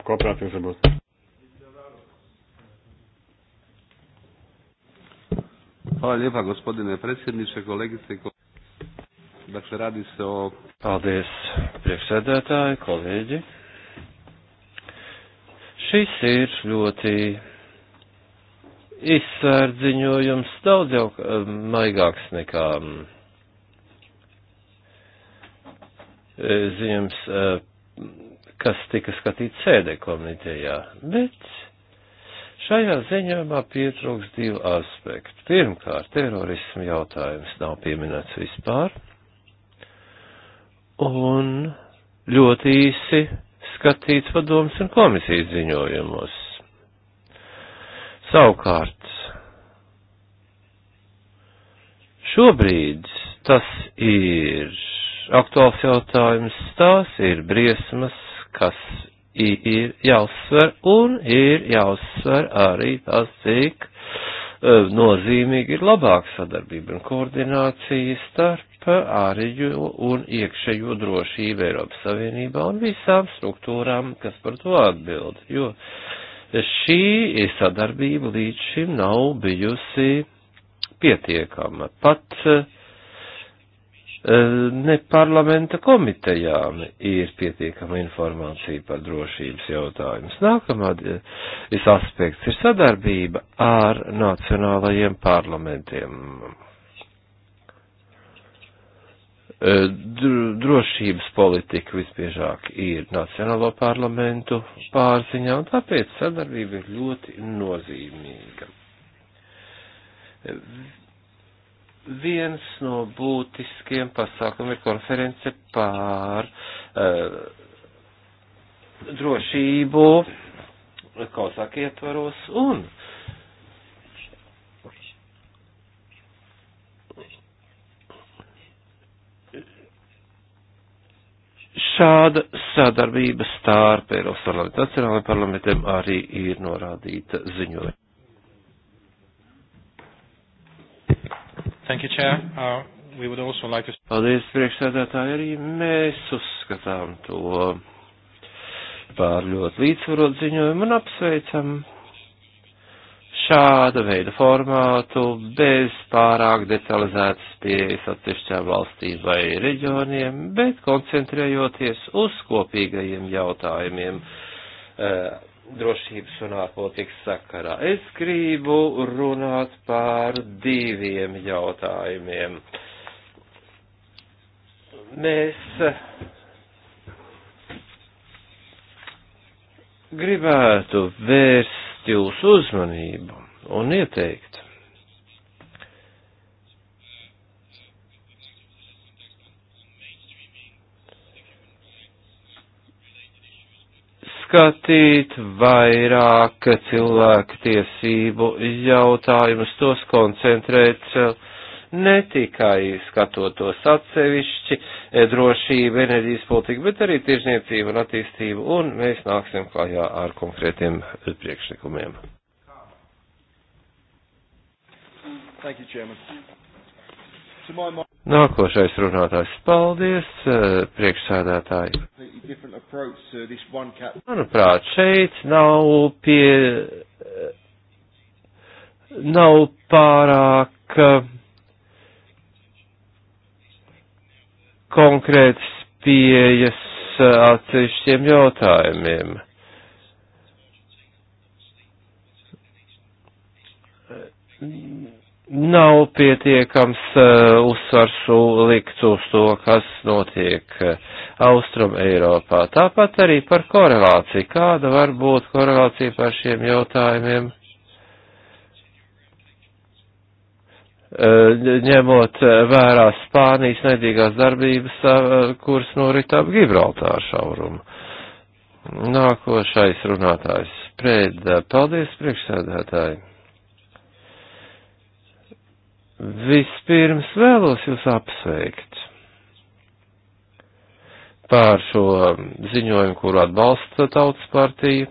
kooperāciju uzlabotu. Hvala lijepa gospodine predsjedniče, kolegice i kolege. Dakle, radi se o... Paldies, priekšsēdētāji, kolēģi. Šis ir ļoti izsvērdziņojums daudz jau um, maigāks nekā um, e, ziņojums, e, kas tika skatīts sēdē komitejā, bet šajā ziņojumā pietrūks divu aspektu. Pirmkārt, terorismu jautājums nav pieminēts vispār, un ļoti īsi skatīts padoms un komisijas ziņojumos Savukārt, šobrīd tas ir aktuāls jautājums, tās ir briesmas, kas ir jāuzsver un ir jāuzsver arī tas, cik e, nozīmīgi ir labāka sadarbība un koordinācija starp ārējo un iekšējo drošību Eiropas Savienībā un visām struktūrām, kas par to atbild. Jo uh, Šī sadarbība līdz šim nav bijusi pietiekama. Pat eh, ne parlamenta komitejām ir pietiekama informācija par drošības jautājumus. Nākamā eh, aspekts ir sadarbība ar nacionālajiem parlamentiem Eh, drošības politika visbiežāk ir Nacionālo parlamentu pārziņā, un tāpēc sadarbība ir ļoti nozīmīga. Eh, viens no būtiskiem pasākumiem ir konference pār uh, drošību, kaut kā ietvaros, un Šāda sadarbība starp Eiropas parlamentu nacionālajiem parlamentiem arī ir norādīta ziņojumā. Thank you, Chair. Uh, we would also like to... Paldies, priekšsēdētāji, arī mēs uzskatām to pār ļoti līdzsvarot ziņojumu un apsveicam šāda veida formātu bez pārāk detalizētas pieejas atsevišķām valstīm vai reģioniem, bet koncentrējoties uz kopīgajiem jautājumiem eh, drošības un ārpolitikas sakarā. Es gribu runāt par diviem jautājumiem. Mēs eh, gribētu vērst vērst jūsu uzmanību un ieteikt. skatīt vairāk cilvēku tiesību jautājumus, tos koncentrēt uh, ne tikai skatotos atsevišķi e, drošība, enerģijas politika, bet arī tirzniecība un attīstība, un mēs nāksim klajā ar konkrētiem priekšlikumiem. Thank you, Chairman. To my mind... Nākošais runātājs. Paldies, e, priekšsēdētāji. Manuprāt, šeit nav pie. E, nav pārāk konkrētas pieejas uh, atsevišķiem jautājumiem. Nav pietiekams uh, uzsvars likt uz to, kas notiek uh, Austrum Eiropā. Tāpat arī par korelāciju. Kāda var būt korelācija par šiem jautājumiem? Eh, ņemot eh, vērā Spānijas nedīgās darbības, eh, kuras norit ap Gibraltāru šaurumu. Nākošais runātājs Prēda. Paldies, priekšsēdētāji! Vispirms vēlos jūs apsveikt pār šo ziņojumu, kuru atbalsta Tautas partija.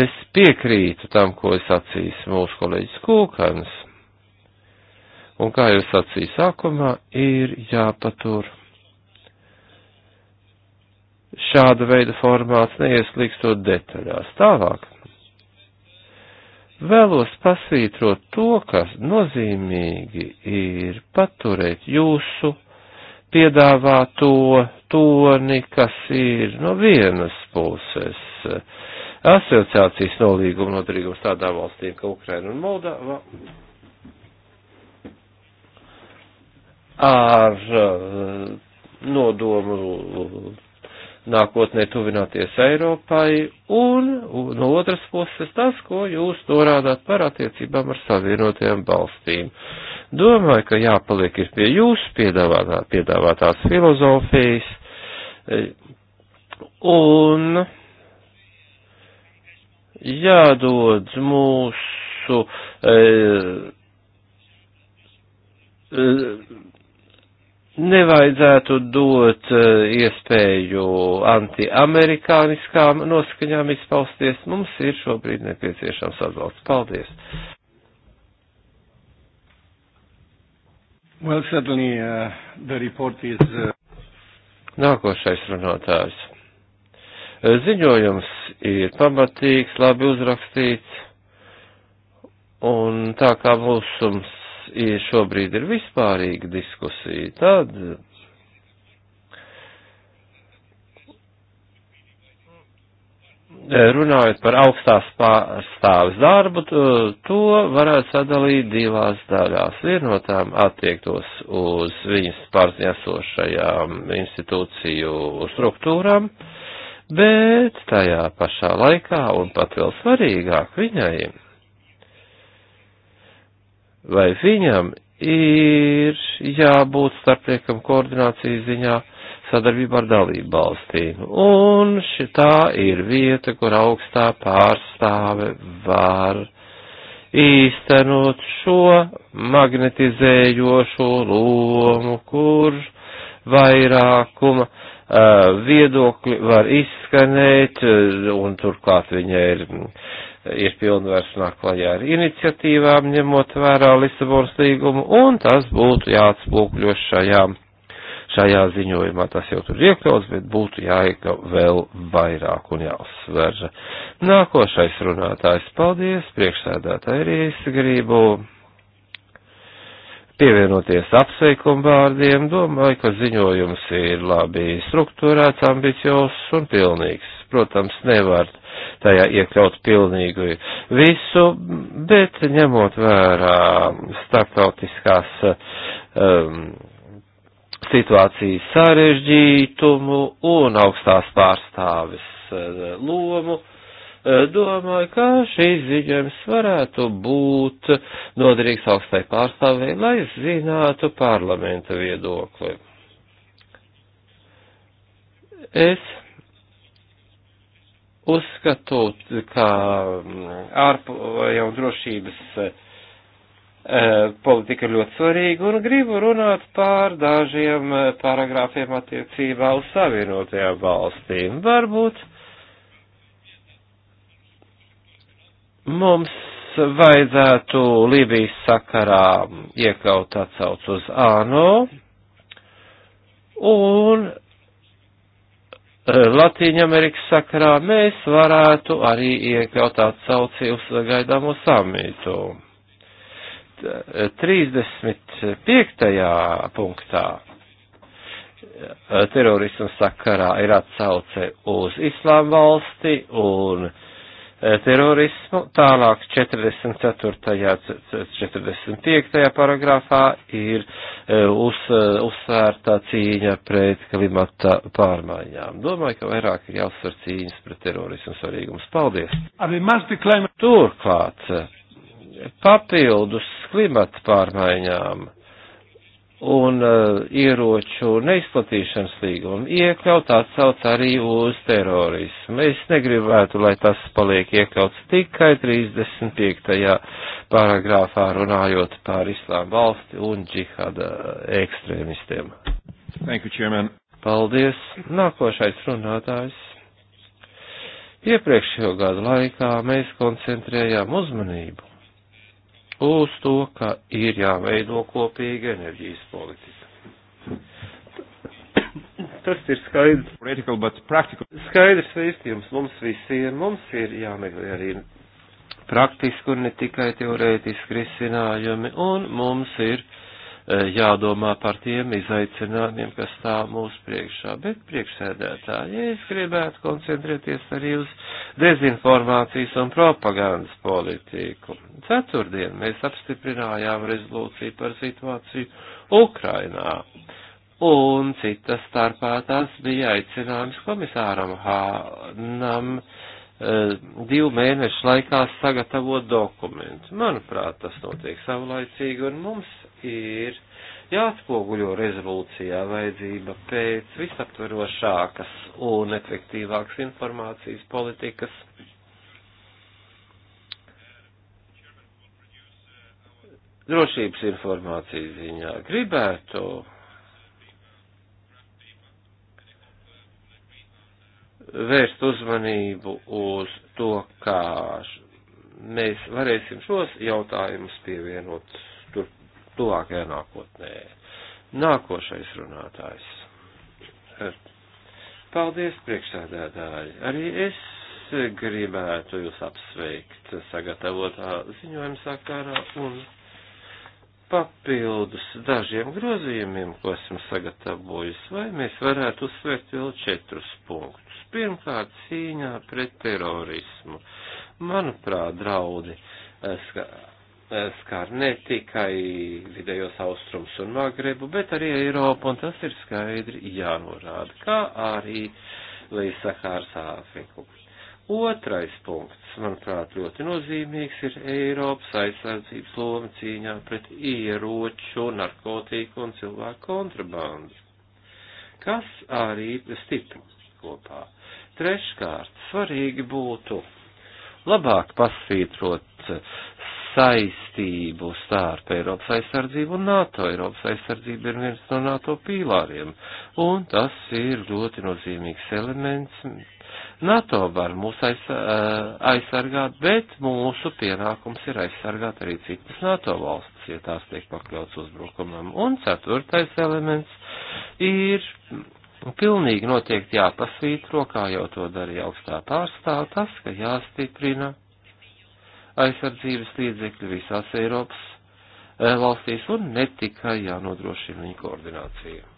Es piekrītu tam, ko es acīs mūsu kolēģis Kūkans Un kā jau sacīju sākumā, ir jāpatur šāda veida formāts neieslīkstot detaļās. Tālāk vēlos pasvītrot to, kas nozīmīgi ir paturēt jūsu piedāvāto toni, kas ir no vienas puses asociācijas nolīguma nodarīgums tādām valstīm kā Ukraina un Moldova, ar eh, nodomu nākotnē tuvināties Eiropai, un no otras puses tas, ko jūs norādāt par attiecībām ar savienotajām valstīm. Domāju, ka jāpaliek ir pie jūsu piedāvātā, piedāvātās filozofijas, eh, un jādod mūsu e, e, nevajadzētu dot eh, iespēju antiamerikāniskām noskaņām izpausties. Mums ir šobrīd nepieciešams atbalsts. Paldies! Well, certainly, uh, the report is, uh... Nākošais runātājs. Eh, ziņojums ir pamatīgs, labi uzrakstīts, un tā kā mūsums ir šobrīd ir vispārīga diskusija, tad eh, runājot par augstās pārstāvis darbu, to varētu sadalīt divās daļās. Viena no tām attiektos uz viņas pārņesošajām institūciju struktūrām, bet tajā pašā laikā un pat vēl svarīgāk viņai vai viņam ir jābūt starpniekam koordinācijas ziņā sadarbībā ar dalību valstīm. Un šitā ir vieta, kur augstā pārstāve var īstenot šo magnetizējošo lomu, kur vairākuma uh, viedokļi var izskanēt, eh, un turklāt viņa ir uh, ir pilnvars nāk klajā ar iniciatīvām, ņemot vērā Lisabonas līgumu, un tas būtu jāatspūkļo šajā, šajā ziņojumā. Tas jau tur ir iekļauts, bet būtu jāiekļau vēl vairāk un jāuzsver. Nākošais runātājs, paldies, priekšsēdētāji, arī es gribu pievienoties apsveikumu vārdiem, domāju, ka ziņojums ir labi strukturēts, ambiciozs un pilnīgs. Protams, nevar tajā iekļaut pilnīgu visu, bet ņemot vērā starptautiskās um, situācijas sarežģītumu un augstās pārstāvis uh, lomu, uh, domāju, ka šīs ziņojums varētu būt noderīgs augstai pārstāvēji, lai zinātu parlamenta viedokli. Es uzskatot, ka mm, ārpējā un drošības eh, politika ir ļoti svarīga un gribu runāt pār dažiem eh, paragrāfiem attiecībā uz savienotajām valstīm. Varbūt mums vajadzētu Libijas sakarā iekļaut atsauc uz ANO un Eh, Latīņa Amerikas sakarā mēs varētu arī iekļaut atsauci uz gaidāmo samītu. 35. Eh, punktā eh, terorismu sakarā ir atsauce uz Islām valsti un uh, Eh, terorismu. Tālāk 44. 45. paragrāfā ir eh, uz, eh, uzsvērta cīņa pret klimata pārmaiņām. Domāju, ka vairāk ir jāuzsver cīņas pret terorismu svarīgums. Paldies! Turklāt, papildus klimata pārmaiņām un uh, ieroču neizplatīšanas līgumu iekļaut atsauc arī uz terorismu. Es negribētu, lai tas paliek iekļauts tikai 35. paragrāfā runājot par islāmu valsti un džihada ekstrēmistiem. Thank you, Chairman. Paldies. Nākošais runātājs. Iepriekšējo gadu laikā mēs koncentrējām uzmanību uz to, ka ir jāveido kopīga enerģijas politika. Tas ir skaidrs. Skaidrs veistījums mums visiem. Mums ir jāmeklē arī praktiski un ne tikai teorētiski risinājumi, un mums ir Eh, jādomā par tiem izaicinājumiem, kas stāv mūsu priekšā. Bet priekšsēdētāji, es gribētu koncentrēties arī uz dezinformācijas un propagandas politiku. Ceturtdien mēs apstiprinājām rezolūciju par situāciju Ukrainā. Un citas starpā tās bija aicinājums komisāram Hānam Eh, divu mēnešu laikā sagatavot dokumentu. Manuprāt, tas notiek savlaicīgi, un mums ir jāatspoguļo rezolūcijā vajadzība pēc visaptverošākas un efektīvākas informācijas politikas. Drošības informācijas ziņā gribētu vērst uzmanību uz to, kā mēs varēsim šos jautājumus pievienot tur tuvākajā nākotnē. Nākošais runātājs. Paldies, priekšsēdētāji. Arī es gribētu jūs apsveikt sagatavotā ziņojuma sakarā un papildus dažiem grozījumiem, ko esam sagatavojusi, vai mēs varētu uzsvērt vēl četrus punktus. Pirmkārt, cīņā pret terorismu. Manuprāt, draudi eh, eh, skar ne tikai vidējos austrums un Magrebu, bet arī Eiropu, un tas ir skaidri jānorāda, kā arī Līsahārs Āfriku. Otrais punkts, manuprāt, ļoti nozīmīgs ir Eiropas aizsardzības loma cīņā pret ieroču, narkotiku un cilvēku kontrabandu, kas arī stipri kopā. Treškārt, svarīgi būtu labāk pasvītrot saistību starp Eiropas aizsardzību un NATO. Eiropas aizsardzība ir viens no NATO pīlāriem, un tas ir ļoti nozīmīgs elements NATO var mūs aiz, eh, aizsargāt, bet mūsu pienākums ir aizsargāt arī citas NATO valstis, ja tās tiek pakļauts uzbrukumam. Un ceturtais elements ir pilnīgi noteikti jāpasvītro, kā jau to darīja augstā pārstāv, tas, ka jāstiprina aizsardzības līdzekļi visās Eiropas eh, valstīs un ne tikai jānodrošina viņa koordinācija.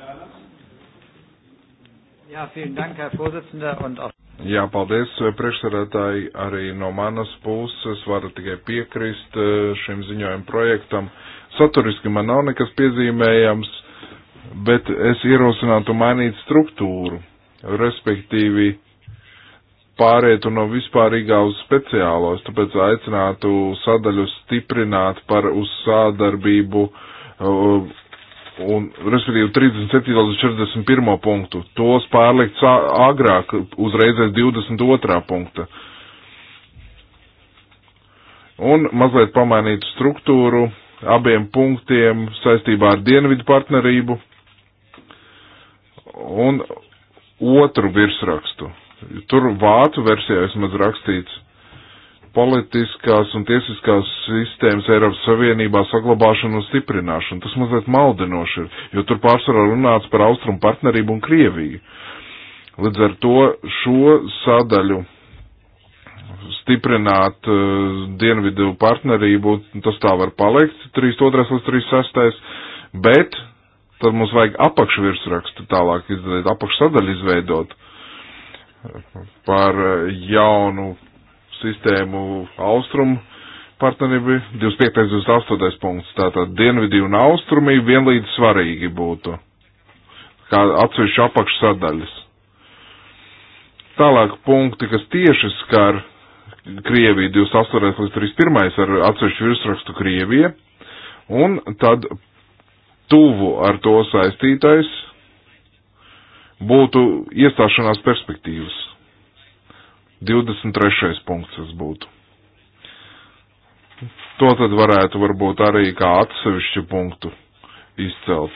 Gādas. Jā, dank, un... Jā, paldies, priekšsarētāji, arī no manas puses varu tikai piekrist eh, šim ziņojumu projektam. Saturiski man nav nekas piezīmējams, bet es ierosinātu mainīt struktūru, respektīvi pārietu no vispārīgā uz speciālos, tāpēc aicinātu sadaļu stiprināt par uz sādarbību eh, un, respektīvi, 37 līdz 41 punktu. Tos pārlikt agrāk, uzreiz aiz 22 punkta. Un mazliet pamainīt struktūru abiem punktiem saistībā ar dienvidu partnerību un otru virsrakstu. Tur vācu versijā esmaz rakstīts, politiskās un tiesiskās sistēmas Eiropas Savienībā saglabāšanu un stiprināšanu. Tas mazliet maldinoši ir, jo tur pārsvarā runāts par austrumu partnerību un Krieviju. Līdz ar to šo sadaļu stiprināt uh, dienvidu partnerību, tas tā var palikt, 3.2. līdz 3.6. Bet tad mums vajag apakšvirsrakstu tālāk izdarīt, apakšsadaļu izveidot par eh, jaunu sistēmu austrumu partnerību, 25. un 28. punkts, tātad dienvidī un austrumī vienlīdz svarīgi būtu, kā atsevišķi apakšsadaļas. Tālāk punkti, kas tieši skar Krieviju 28. līdz 31. ar atsevišķu virsrakstu Krievija, un tad tuvu ar to saistītais būtu iestāšanās perspektīvas. 23. punkts tas būtu. To tad varētu varbūt arī kā atsevišķu punktu izcelt.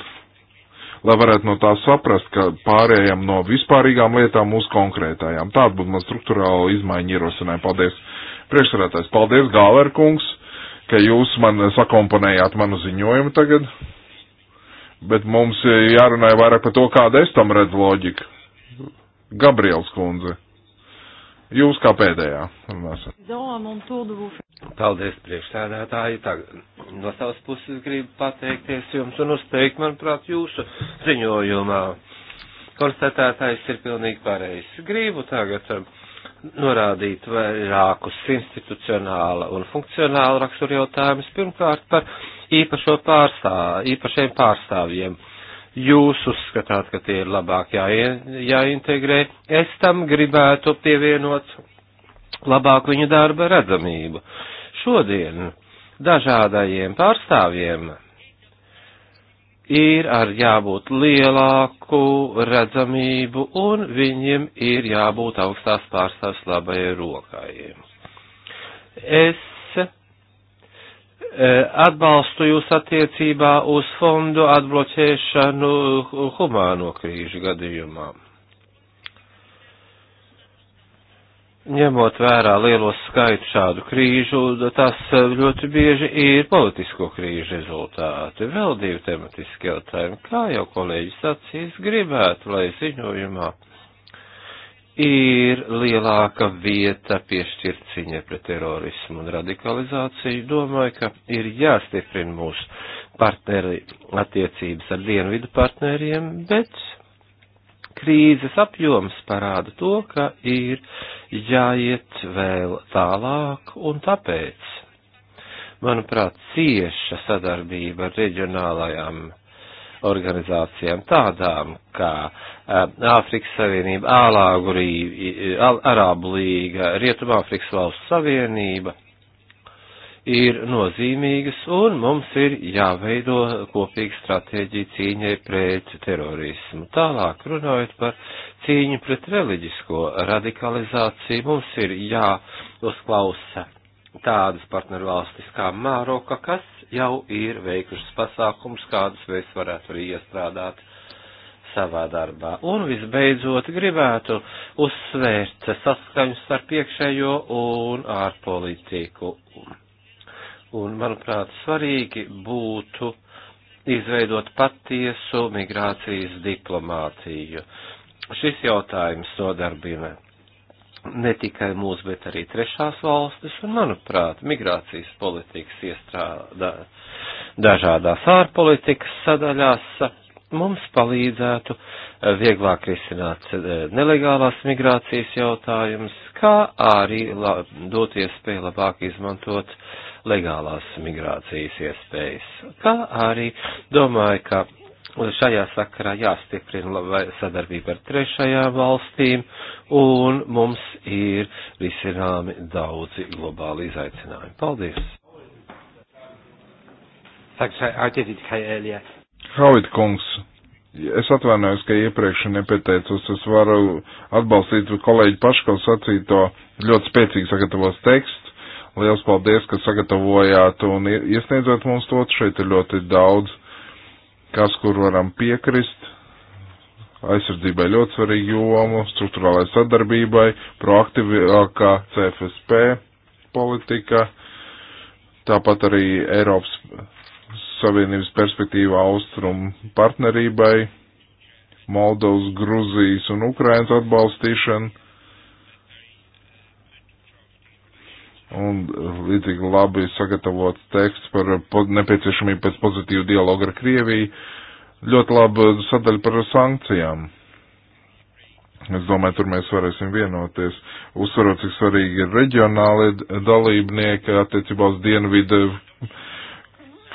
Lai varētu no tā saprast, ka pārējām no vispārīgām lietām uz konkrētājām. Tāda būtu man struktūrāla izmaiņa ierosinājuma. Paldies, priekšsarētājs. Paldies, Gālerkungs, ka jūs man sakomponējāt manu ziņojumu tagad. Bet mums eh, jārunāja vairāk par to, kāda es tam redzu loģiku. Gabriels kundze. Jūs kā pēdējā runāsiet. Paldies, priekšsēdētāji. Tagad no savas puses gribu pateikties jums un uzteikt, manuprāt, jūsu ziņojumā. Konstatētājs ir pilnīgi pareizs. Gribu tagad um, norādīt vairākus institucionāla un funkcionāla raksturjautājumus. Pirmkārt par īpašo pārstāv, īpašiem pārstāvjiem. Uh, jūs uzskatāt, ka tie ir labāk jāie, jāintegrē. Es tam gribētu pievienot labāk viņu darba redzamību. Šodien dažādajiem pārstāvjiem ir ar jābūt lielāku redzamību un viņiem ir jābūt augstās pārstāvs labajai rokai. Es Eh, atbalstu jūs attiecībā uz fondu atbloķēšanu humāno krīžu gadījumā. Ņemot vērā lielo skaitu šādu krīžu, tas ļoti bieži ir politisko krīžu rezultāti. Vēl divi tematiski jautājumi. Kā jau kolēģis sacīs, gribētu, lai ziņojumā ir lielāka vieta piešķirt ciņai pret terorismu un radikalizāciju. Domāju, ka ir jāstiprina mūsu partneri attiecības ar dienvidu partneriem, bet krīzes apjoms parāda to, ka ir jāiet vēl tālāk un tāpēc, manuprāt, cieša sadarbība ar reģionālajām organizācijām tādām kā eh, Āfrikas Savienība, Ālāgu Rīga, Arābu Līga, Rietumāfrikas Valsts Savienība ir nozīmīgas un mums ir jāveido kopīga stratēģija cīņai pret terorismu. Tālāk runājot par cīņu pret reliģisko radikalizāciju, mums ir jāuzklausa tādas partnervalstis kā Māroka, kas jau ir veikušas pasākums, kādus mēs varētu arī iestrādāt savā darbā. Un visbeidzot gribētu uzsvērt saskaņu starp iekšējo un ārpolitiku. Un, manuprāt, svarīgi būtu izveidot patiesu migrācijas diplomātiju. Šis jautājums nodarbina ne tikai mūsu, bet arī trešās valstis, un, manuprāt, migrācijas politikas iestrādā dažādās ārpolitikas sadaļās mums palīdzētu vieglāk risināt eh, nelegālās migrācijas jautājumus, kā arī dot iespēju labāk izmantot legālās migrācijas iespējas, kā arī domāju, ka šajā sakarā jāstiprina sadarbība ar trešajām valstīm, un mums ir risināmi daudzi globāli izaicinājumi. Paldies! Havid kungs, es atvainojos, ka iepriekš nepieteicos, es varu atbalstīt kolēģi Paško sacīto ļoti spēcīgi sagatavos tekstu. Liels paldies, ka sagatavojāt un iesniedzat mums to, šeit ir ļoti daudz kas, kur varam piekrist. Aizsardzībai ļoti svarīgi jomu, struktūrālai sadarbībai, proaktīvākā CFSP politika, tāpat arī Eiropas Savienības perspektīvā austrumu partnerībai, Moldovas, Gruzijas un Ukrainas atbalstīšana un eh, līdzīgi labi sagatavots teksts par eh, nepieciešamību pēc pozitīvu dialogu ar Krieviju, ļoti laba sadaļa par sankcijām. Es domāju, tur mēs varēsim vienoties, uzsverot, cik svarīgi ir reģionāli dalībnieki attiecībā uz dienvidu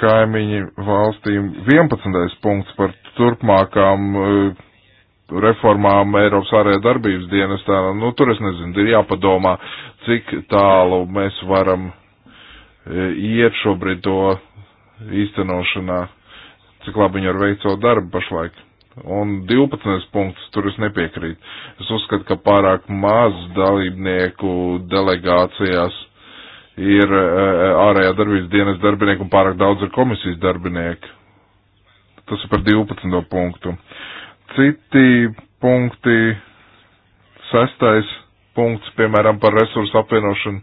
kaimiņu valstīm. 11. punkts par turpmākām uh, reformām Eiropas ārējā darbības dienestā, nu tur es nezinu, ir jāpadomā, cik tālu mēs varam e, iet šobrīd to īstenošanā, cik labi viņi var veikt savu darbu pašlaik. Un 12. punkts, tur es nepiekrītu. Es uzskatu, ka pārāk maz dalībnieku delegācijās ir e, e, ārējā darbības dienas darbinieku un pārāk daudz ir komisijas darbinieku. Tas ir par 12. punktu. Citi punkti, sestais punkts, piemēram, par resursu apvienošanu.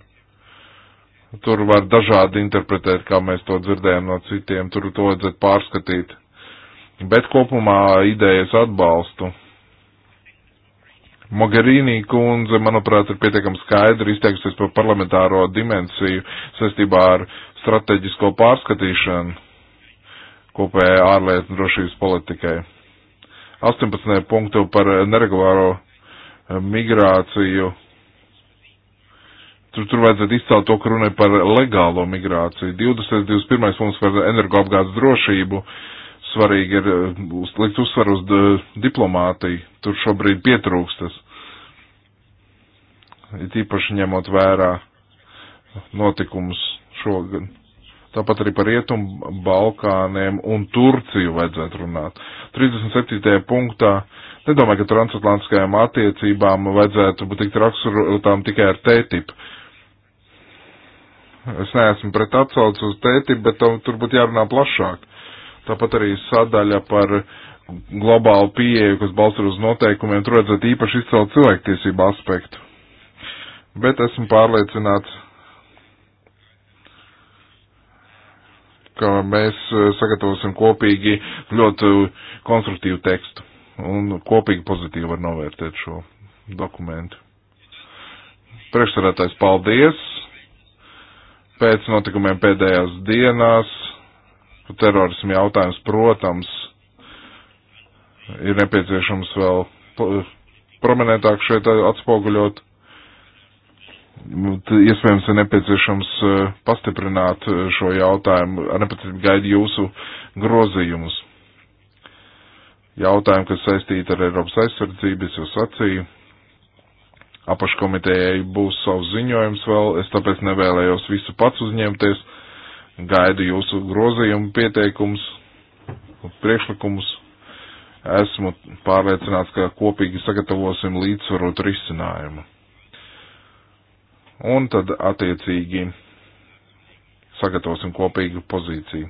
Tur var dažādi interpretēt, kā mēs to dzirdējam no citiem, tur to vajadzētu pārskatīt. Bet kopumā idejas atbalstu. Mogherīnī kundze, manuprāt, ir pietiekami skaidri izteikusies par parlamentāro dimensiju saistībā ar strateģisko pārskatīšanu kopējai ārlietu un drošības politikai. 18. punktu par neregulāro migrāciju. Tur, tur vajadzētu izcelt to, ka runāja par legālo migrāciju. 2021. mums par energoapgādes drošību svarīgi ir uh, likt uzsvaru uz uh, diplomātiju. Tur šobrīd pietrūkstas. It īpaši ņemot vērā notikumus šogad. Tāpat arī par Rietumu, Balkāniem un Turciju vajadzētu runāt. 37. punktā nedomāju, ka transatlantiskajām attiecībām vajadzētu tikt raksturotām tikai ar tētipu. Es neesmu pret atsaucu uz tētipu, bet tam tur būtu jārunā plašāk. Tāpat arī sadaļa par globālu pieeju, kas balstur uz noteikumiem, tur vajadzētu īpaši izcelt cilvēktiesību aspektu. Bet esmu pārliecināts, ka mēs eh, sagatavosim kopīgi ļoti konstruktīvu tekstu un kopīgi pozitīvi var novērtēt šo dokumentu. Priekšsarētājs paldies! Pēc notikumiem pēdējās dienās terorismu jautājums, protams, ir nepieciešams vēl prominentāk šeit atspoguļot. Iespējams, ir nepieciešams e, pastiprināt e, šo jautājumu. Ar nepacietību gaidu jūsu grozījumus. Jautājumu, kas saistīti ar Eiropas aizsardzību, es jau sacīju. Apaškomitejai būs savs ziņojums vēl, es tāpēc nevēlējos visu pats uzņemties. Gaidu jūsu grozījumu pieteikums, priekšlikumus esmu pārliecināts, ka kopīgi sagatavosim līdzsvarot risinājumu un tad attiecīgi sagatavosim kopīgu pozīciju.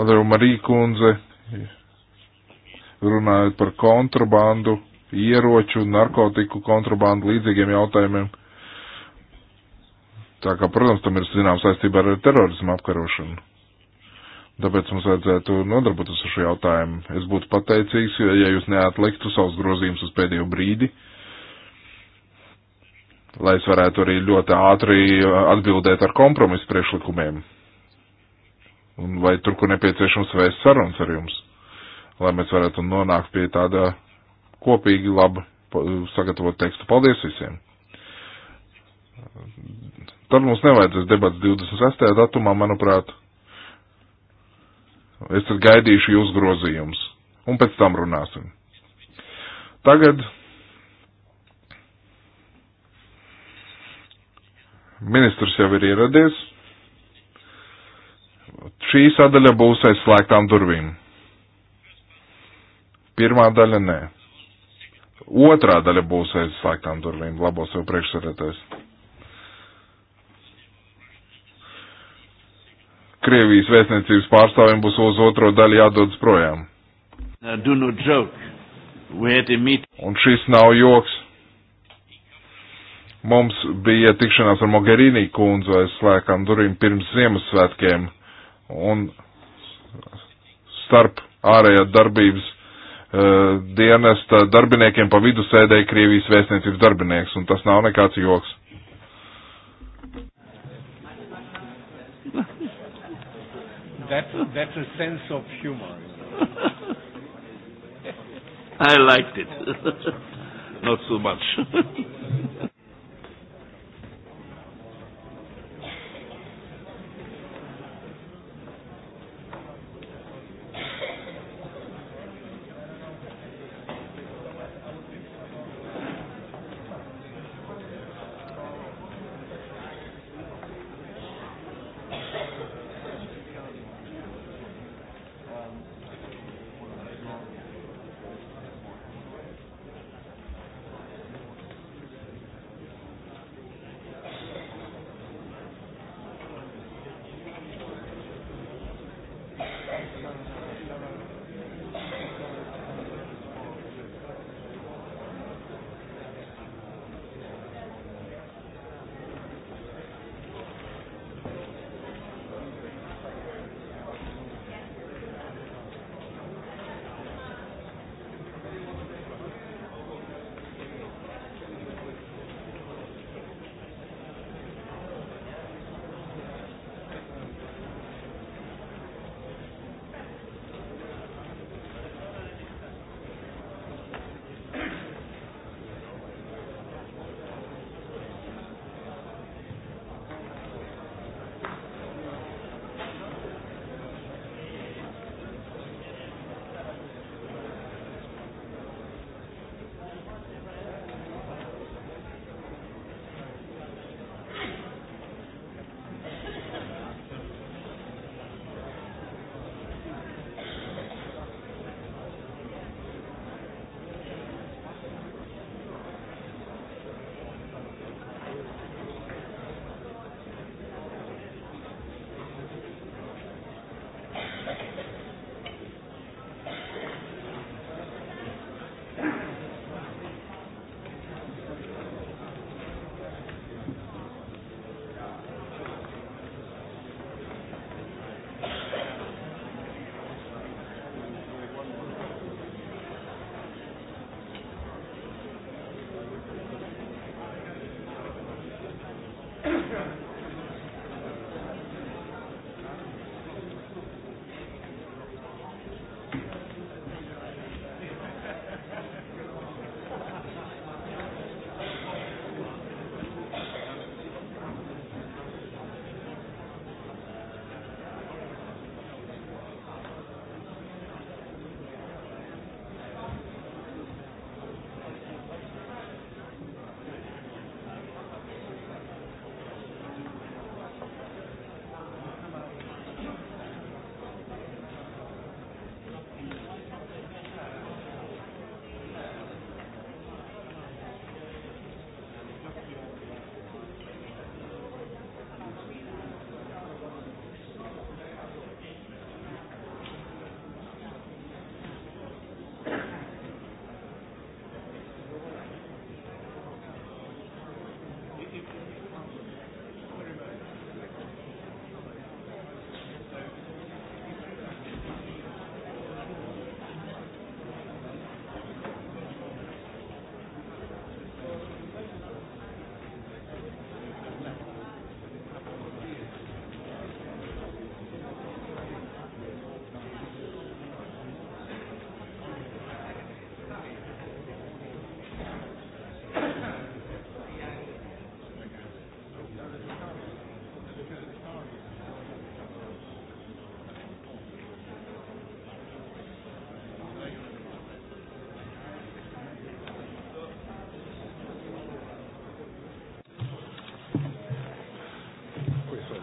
Adara Marija kundze, runājot par kontrabandu, ieroču, narkotiku kontrabandu, līdzīgiem jautājumiem. Tā kā, protams, tam ir zināms saistībā ar terorismu apkarošanu. Tāpēc mums vajadzētu nodarboties ar šo jautājumu. Es būtu pateicīgs, ja jūs neatliktu savus grozījumus uz pēdējo brīdi, lai es varētu arī ļoti ātri uh, atbildēt ar kompromisu priekšlikumiem. Un vai tur, kur nepieciešams, vēst sarunas ar jums, lai mēs varētu nonākt pie tāda kopīgi laba sagatavot tekstu. Paldies visiem! Tad mums nevajadzēs debats 26. datumā, manuprāt. Es tad gaidīšu jūs grozījums. Un pēc tam runāsim. Tagad ministrs jau ir ieradies. Šī sadaļa būs aiz slēgtām durvīm. Pirmā daļa nē. Otrā daļa būs aiz slēgtām durvīm, labos jau priekšsarētājs. Krievijas vēstniecības pārstāvjiem būs uz otro daļu jādodas projām. Un šis nav joks. Mums bija tikšanās ar Mogherini kundzu aiz slēgtām durvīm pirms Ziemassvētkiem, un starp ārējā darbības uh, dienesta darbiniekiem pa vidu sēdēja Krievijas vēstniecības darbinieks, un tas nav nekāds joks. that's, that's a sense of humor. I liked it. Not so much.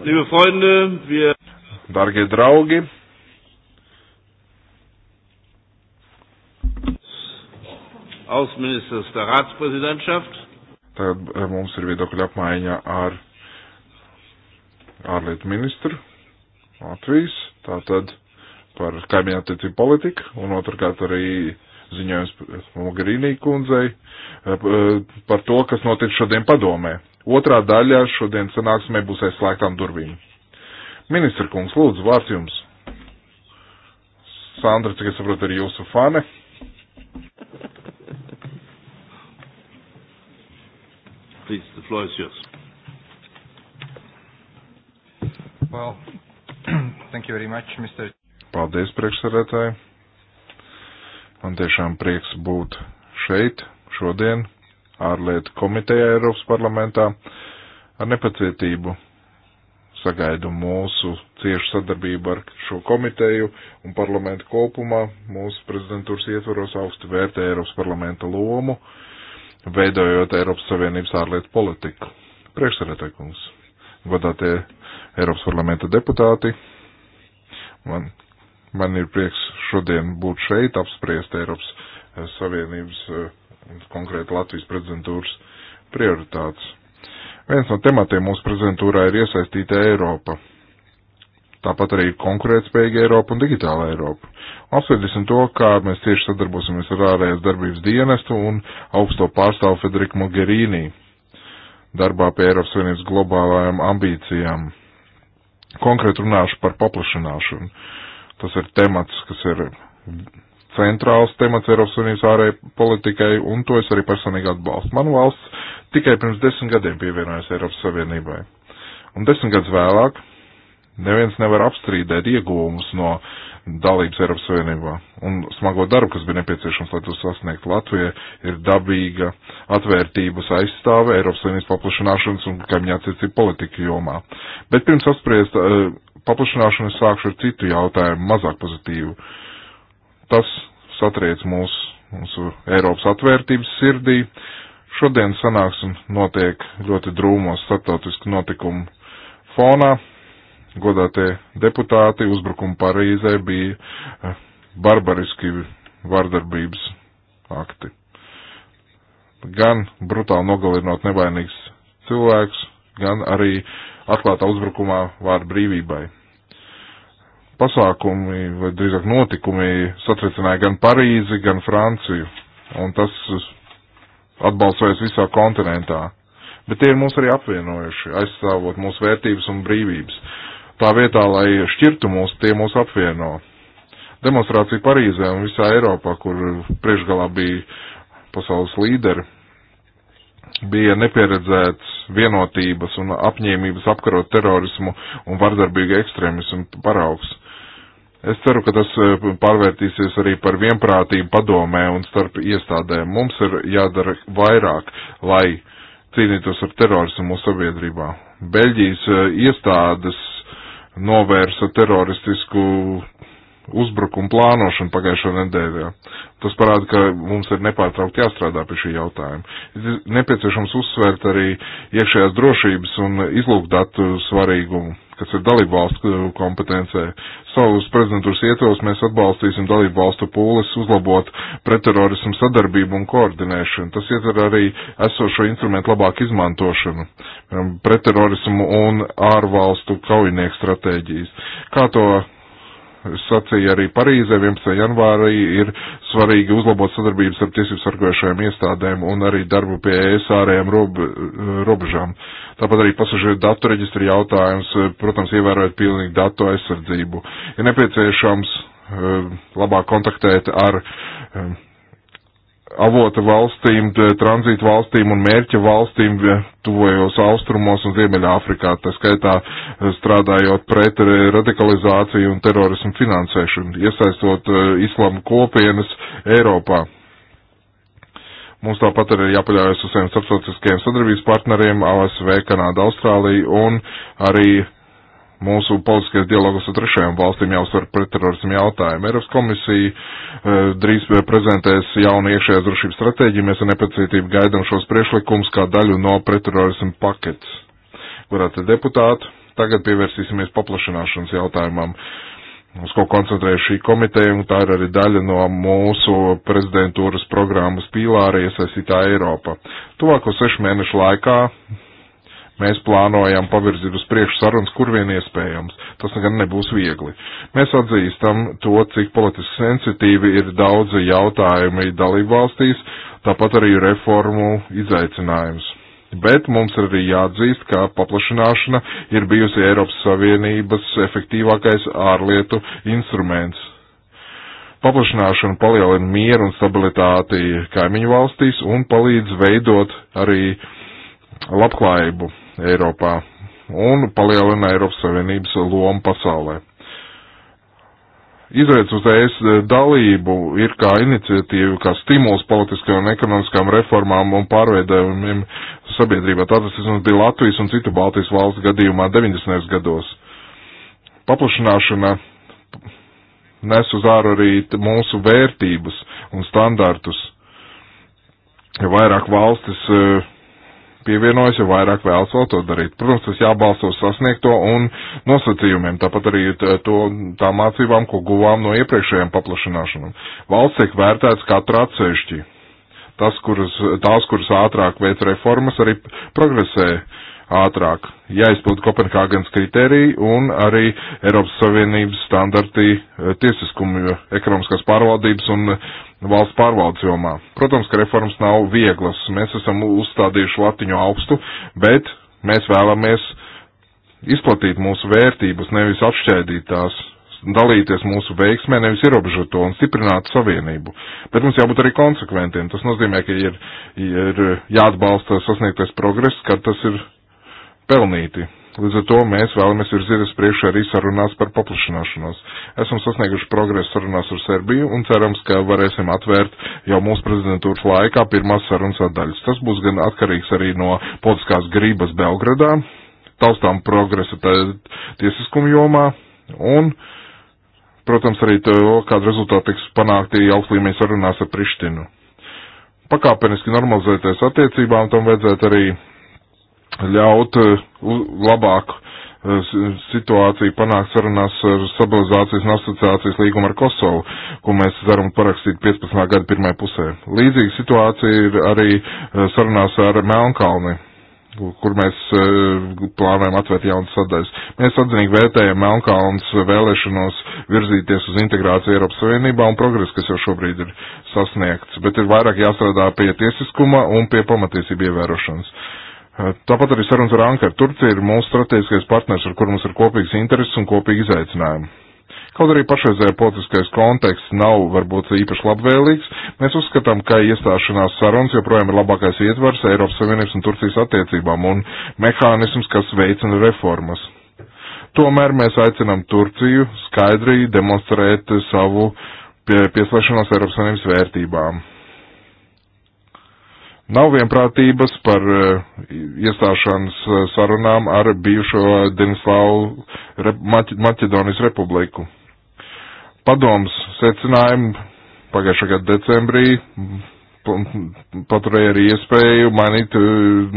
Liebe Freunde, wir. Dargie draugi. Außenministers der Ratspräsidentschaft. Tad eh, mums ir viedokļa apmaiņa ar ārlietu ministru Latvijas, tātad par kaimiņu attiecību politiku un otrkārt arī ziņojums Mogherīnī kundzei eh, par to, kas notiek šodien padomē. Otrā daļa šodien sanāksmē būs aizslēgtām durvīm. Ministra kungs, lūdzu, vārds jums. Sandra, cik es saprotu, ir jūsu fane. Please, the floor is yours. Well, thank you very much, Mr. Paldies, priekšsarētāji. Man tiešām prieks būt šeit šodien ārlietu komitejā Eiropas parlamentā. Ar nepacietību sagaidu mūsu ciešu sadarbību ar šo komiteju un parlamentu kopumā. Mūsu prezidentūras ietvaros augstu vērtē Eiropas parlamenta lomu, veidojot Eiropas Savienības ārlietu politiku. Priekšsēdētājkungs, godātie Eiropas parlamenta deputāti, man, man ir prieks šodien būt šeit, apspriest Eiropas Savienības uh, konkrēti Latvijas prezidentūras prioritātes. Viens no tematiem mūsu prezidentūrā ir iesaistīta Eiropa. Tāpat arī konkurētspējīga Eiropa un digitāla Eiropa. Apsveidīsim to, kā mēs tieši sadarbosimies ar ārējās darbības dienestu un augsto pārstāvu Federiku Mogherini darbā pie Eiropas Savienības globālajām ambīcijām. Konkrēt runāšu par paplašanāšanu. Tas ir temats, kas ir centrāls temats Eiropas Savienības ārēja politikai, un to es arī personīgi atbalstu. Man valsts tikai pirms desmit gadiem pievienojas Eiropas Savienībai. Un desmit gadus vēlāk neviens nevar apstrīdēt ieguvumus no dalības Eiropas Savienībā un smago darbu, kas bija nepieciešams, lai to sasniegtu. Latvija ir dabīga atvērtības aizstāve Eiropas Savienības paplašanāšanas un kaimiņā cīcību politika jomā. Bet pirms apspriest eh, paplašanāšanu es sākšu ar citu jautājumu, mazāk pozitīvu. Tas satriec mūsu, mūsu Eiropas atvērtības sirdī. Šodien sanāksim notiek ļoti drūmos startautisku notikumu fonā. Godātie deputāti uzbrukumu Parīzē bija eh, barbariski vardarbības akti. Gan brutāli nogalinot nevainīgs cilvēks, gan arī atklātā uzbrukumā vārdu brīvībai pasākumi, vai drīzāk notikumi satricināja gan Parīzi, gan Franciju. Un tas atbalsojas visā kontinentā. Bet tie ir mūs arī apvienojuši, aizstāvot mūsu vērtības un brīvības. Tā vietā, lai šķirtu mūs, tie mūs apvieno. Demonstrācija Parīzē un visā Eiropā, kur priekšgalā bija pasaules līderi, bija nepieredzēts vienotības un apņēmības apkarot terorismu un vardarbīgu ekstrēmismu paraugs. Es ceru, ka tas eh, pārvērtīsies arī par vienprātību padomē un starp iestādēm. Mums ir jādara vairāk, lai cīnītos ar terorismu mūsu sabiedrībā. Beļģijas eh, iestādes novērsa teroristisku uzbrukumu plānošanu pagājušo nedēļā. Tas parāda, ka mums ir nepārtraukti jāstrādā pie šī jautājuma. Ir nepieciešams uzsvērt arī iekšējās drošības un izlūkdatu svarīgumu, kas ir dalību valstu kompetencē. Savus prezidentūras ietvaros mēs atbalstīsim dalību valstu pūles uzlabot pretterorismu sadarbību un koordinēšanu. Tas ietver arī esošo instrumentu labāku izmantošanu, pretterorismu un ārvalstu kaujinieku stratēģijas. Kā to sacīja arī Parīzē 11. janvārī, ir svarīgi uzlabot sadarbības ar tiesību sargojušajām iestādēm un arī darbu pie ES ārējām rob, robežām. Tāpat arī pasažieru datu reģistra jautājums, protams, ievērojot pilnīgi datu aizsardzību. Ir nepieciešams eh, labāk kontaktēt ar eh, avota valstīm, tranzītu valstīm un mērķa valstīm tuvojos austrumos un Ziemeļā Afrikā, tā skaitā eh, strādājot pret radikalizāciju un terorismu finansēšanu, iesaistot eh, islama kopienas Eiropā. Mums tāpat arī jāpaļaujas uz saviem starptautiskajiem sadarbības partneriem ASV, Kanāda, Austrālija un arī mūsu politiskais dialogs ar trešajām valstīm jāuzsver pretterorismu jautājumu. Eiropas komisija uh, drīz eh, prezentēs jaunu iekšējās drošības stratēģiju. Mēs ar nepacietību gaidām šos priešlikumus kā daļu no pretterorismu paketes. Varētu deputāti, tagad pievērsīsimies paplašināšanas jautājumam, uz ko koncentrēja šī komiteja, un tā ir arī daļa no mūsu prezidentūras programmas pīlāra iesaistītā Eiropa. Tuvāko sešu mēnešu laikā Mēs plānojam pavirzīt uz priekšu sarunas, kur vien iespējams. Tas gan nebūs viegli. Mēs atzīstam to, cik politiski sensitīvi ir daudzi jautājumi dalību valstīs, tāpat arī reformu izaicinājums. Bet mums ir arī jāatzīst, ka paplašināšana ir bijusi Eiropas Savienības efektīvākais ārlietu instruments. Paplašināšana palielina mieru un stabilitāti kaimiņu valstīs un palīdz veidot arī labklājību Eiropā un palielina Eiropas Savienības lomu pasaulē. Izveicot ES dalību ir kā iniciatīva, kā stimuls politiskajām un ekonomiskām reformām un pārveidējumiem sabiedrībā. Tādas vismaz bija Latvijas un citu Baltijas valsts gadījumā 90. gados. Paplašanāšana nes uz āru arī mūsu vērtības un standartus. Vairāk valstis uh, pievienojas, jo vairāk vēlas vēl to darīt. Protams, tas jābalsta uz sasniegto un nosacījumiem, tāpat arī to, tā mācībām, ko guvām no iepriekšējām paplašināšanām. Valsts tiek vērtēts katra atsevišķi. Tas, kuras, tās, kuras ātrāk veic reformas, arī progresē ātrāk. Jāizpild Kopenhāgens kriteriji un arī Eiropas Savienības standarti e, tiesiskuma, ekonomiskās pārvaldības un uh, valsts pārvaldes jomā. Protams, ka reformas nav vieglas. Mēs esam uzstādījuši latiņu augstu, bet mēs vēlamies izplatīt mūsu vērtības, nevis atšķēdīt tās, dalīties mūsu veiksmē, nevis ierobežot to un stiprināt savienību. Bet mums jābūt arī konsekventiem. Tas nozīmē, ka ir, ir jāatbalsta sasniegtais progress, kad tas ir pelnīti. Līdz ar to mēs vēlamies virzīt uz priekšu arī sarunās par paplašināšanos. Esam sasnieguši progresu sarunās ar Serbiju un cerams, ka varēsim atvērt jau mūsu prezidentūras laikā pirmās sarunas atdaļas. Tas būs gan atkarīgs arī no politiskās grības Belgradā, taustām progresa tiesiskuma jomā un, protams, arī to, kāda rezultāta tiks panākti augstlīmeņa sarunās ar Prištinu. Pakāpeniski normalizēties attiecībām tam vajadzētu arī ļaut eh, labāk eh, situāciju panākt sarunās ar stabilizācijas un asociācijas līgumu ar Kosovu, ko mēs ceram parakstīt 15. gada pirmajā pusē. Līdzīga situācija ir arī eh, sarunās ar Melnkalni, kur mēs plānojam atvērt jaunas sadaļas. Mēs atzinīgi vērtējam Melnkalnas vēlēšanos virzīties uz integrāciju Eiropas Savienībā un progresu, kas jau šobrīd ir sasniegts, bet ir vairāk jāstrādā pie tiesiskuma un pie pamatiesību ievērošanas. Uh, Eh, tāpat arī sarunas ar Ankaru. Turcija ir mūsu strateģiskais partners, ar kur mums ir kopīgs intereses un kopīgi izaicinājumi. Kaut arī pašreizējā politiskais konteksts nav varbūt īpaši labvēlīgs, mēs uzskatām, ka iestāšanās sarunas joprojām ir labākais ietvars Eiropas Savienības un Turcijas attiecībām un mehānisms, kas veicina reformas. Tomēr mēs aicinām Turciju skaidri demonstrēt savu pie, pieslēgšanos Eiropas Savienības vērtībām Nav vienprātības par eh, iestāšanas eh, sarunām ar bijušo Dienaslāvu Maķedonijas republiku. Padoms secinājumu pagājušā gada decembrī paturēja arī iespēju mainīt e,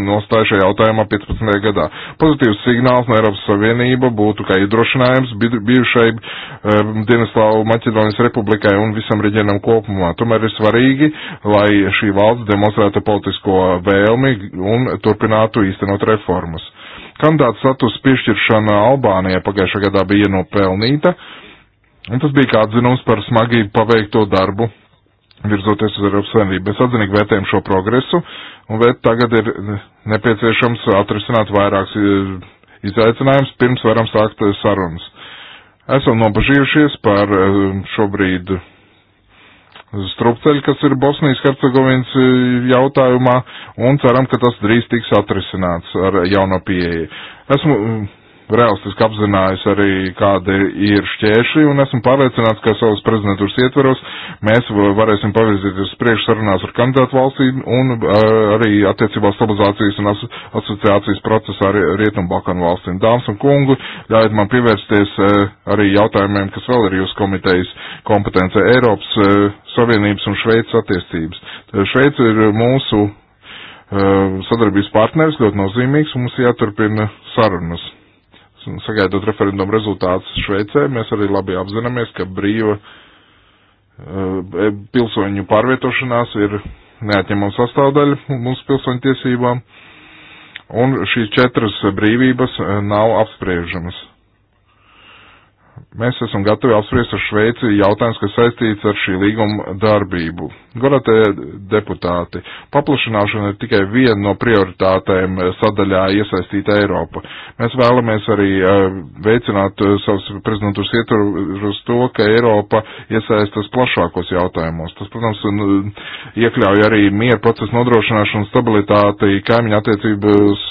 nostāju šajā jautājumā 15. gadā. Pozitīvs signāls no Eiropas Savienība būtu kā iedrošinājums bijušai um, e, Dienaslāvu Maķedonijas republikai un visam reģionam kopumā. Tomēr ir svarīgi, lai šī valsts demonstrētu politisko vēlmi un turpinātu īstenot reformas. Kandidāta status piešķiršana Albānijai pagājušā gadā bija nopelnīta, un tas bija kā atzinums par smagi paveikto darbu virzoties uz Eiropas Savienību. Mēs atzinīgi vērtējam šo progresu, un tagad ir nepieciešams atrisināt vairākus e, izaicinājumus, pirms varam sākt e, sarunas. Esam nobažījušies par e, šobrīd strupceļu, kas ir Bosnijas Hercegovinas jautājumā, un ceram, ka tas drīz tiks atrisināts ar jauno pieeju. Esmu realistiski apzinājos arī, kāda ir šķēršļi, un esmu pārliecināts, ka savas prezidentūras ietveros mēs varēsim pavirzīties priekš sarunās ar kandidātu valstīm un arī attiecībā stabilizācijas un asociācijas procesā ar Rietumbalkanu valstīm. Dāmas un kungu, ļaujiet man pievērsties arī jautājumiem, kas vēl ir jūsu komitejas kompetence Eiropas Savienības un Šveicas attiecības. Šveica ir mūsu sadarbības partneris, ļoti nozīmīgs, un mums jāturpina sarunas sagaidot referendumu rezultātus Šveicē, mēs arī labi apzināmies, ka brīva eh, pilsoņu pārvietošanās ir neatņemama sastāvdaļa mūsu pilsoņu tiesībām, un šīs četras brīvības eh, nav apspriežamas. Mēs esam gatavi apspriest ar Šveici jautājums, kas saistīts ar šī līguma darbību. Goratē deputāti, paplašināšana ir tikai viena no prioritātēm sadaļā iesaistīta Eiropa. Mēs vēlamies arī eh, veicināt eh, savus prezidentūras ietvarus to, ka Eiropa iesaistas plašākos jautājumos. Tas, protams, iekļauj arī mieru procesu nodrošināšanu, stabilitāti, kaimiņu attiecības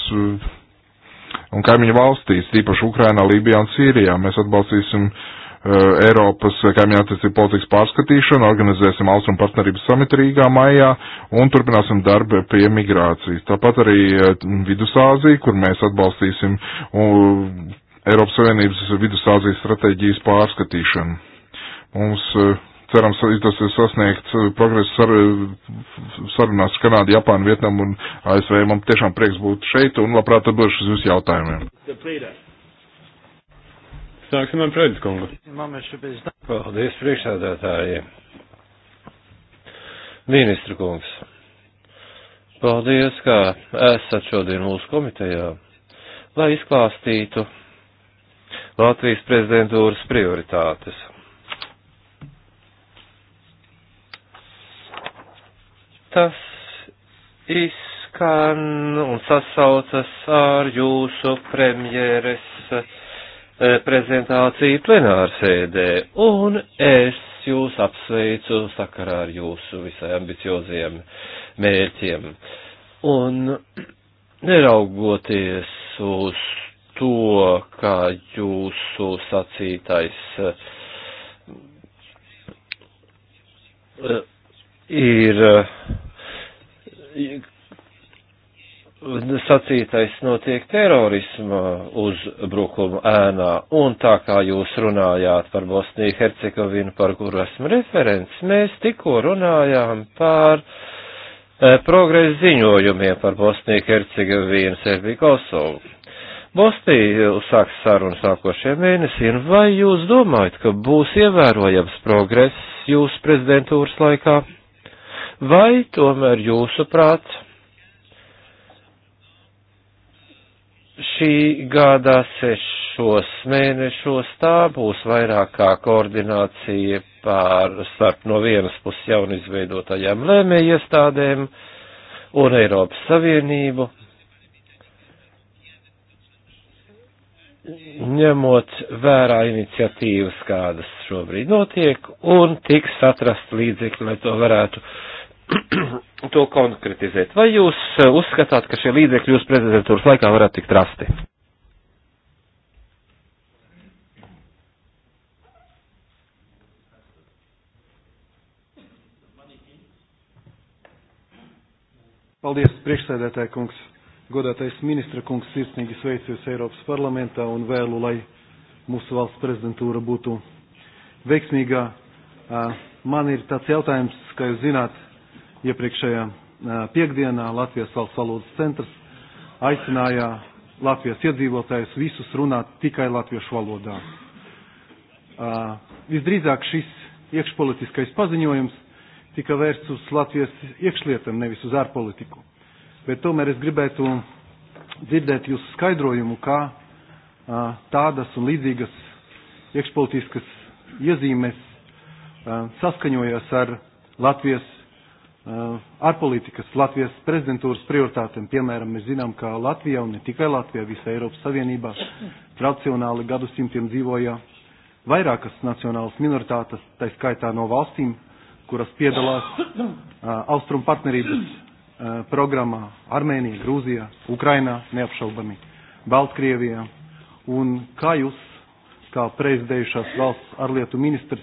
un kaimiņu valstīs, tīpaši Ukrainā, Lībijā un Sīrijā. Mēs atbalstīsim uh, Eiropas kaimiņu attiecību politikas pārskatīšanu, organizēsim Austrum partnerības samitu Rīgā maijā un turpināsim darbu pie migrācijas. Tāpat arī eh, Vidusāzija, kur mēs atbalstīsim Eiropas Savienības Vidusāzijas stratēģijas pārskatīšanu. Mums uh, cerams, tas ir sasniegts eh, progress sar, sarunās ar Kanādu, Japānu, Vietnamu un ASV. Man tiešām prieks būt šeit un labprāt atbildšu uz jūsu jautājumiem. Sāksim ar Fredas kungu. Paldies priekšsādātājiem. Ministra kungs. Paldies, ka esat šodien mūsu komitejā, lai izklāstītu Latvijas prezidentūras prioritātes. Tas izskan un sasaucas ar jūsu premjeres eh, prezentāciju plenārsēdē, un es jūs apsveicu sakarā ar jūsu visai ambiciozajiem mērķiem. Un neraugoties uz to, kā jūsu sacītais uh, ir eh, sacītais notiek terorisma uzbrukuma ēnā, un tā kā jūs runājāt par Bosniju Hercegovinu, par kuru esmu referents, mēs tikko runājām par e, eh, progresu ziņojumiem par Bosniju Hercegovinu, Serbiju, Kosovu. Bosnija sāks sarunu sākošie mēnesi, un vai jūs domājat, ka būs ievērojams progress jūsu prezidentūras laikā? vai tomēr jūsuprāt šī gada sešos mēnešos tā būs vairāk kā koordinācija pār starp no vienas puses jaunizveidotajām lēmēju iestādēm un Eiropas Savienību, ņemot vērā iniciatīvas, kādas šobrīd notiek, un tiks atrast līdzekļi, lai to varētu to konkretizēt. Vai jūs eh, uzskatāt, ka šie līdzekļi jūsu prezidentūras laikā varētu tikt rasti? Paldies, priekšsēdētāji kungs, godātais ministra kungs, sirsnīgi sveicu jūs Eiropas parlamentā un vēlu, lai mūsu valsts prezidentūra būtu veiksmīgā. Man ir tāds jautājums, kā jūs zināt, Iepriekšējā piekdienā Latvijas valsts valodas centrs aicināja Latvijas iedzīvotājus visus runāt tikai latviešu valodā. Visdrīzāk šis iekšpolitiskais paziņojums tika vērsts uz Latvijas iekšlietām, nevis uz ārpolitiku. Bet tomēr es gribētu dzirdēt jūsu skaidrojumu, kā tādas un līdzīgas iekšpolitiskas iezīmes saskaņojas ar Latvijas ārpolitikas eh, Latvijas prezidentūras prioritātēm. Piemēram, mēs zinām, ka Latvija un ne tikai Latvija, visa Eiropas Savienībā tradicionāli gadsimtiem dzīvoja vairākas nacionālas minoritātes, tā skaitā no valstīm, kuras piedalās eh, Austrum partnerības eh, programmā Armēnija, Grūzija, Ukrainā, neapšaubami, Baltkrievijā. Un kā jūs, kā prezidējušās valsts ārlietu ministrs,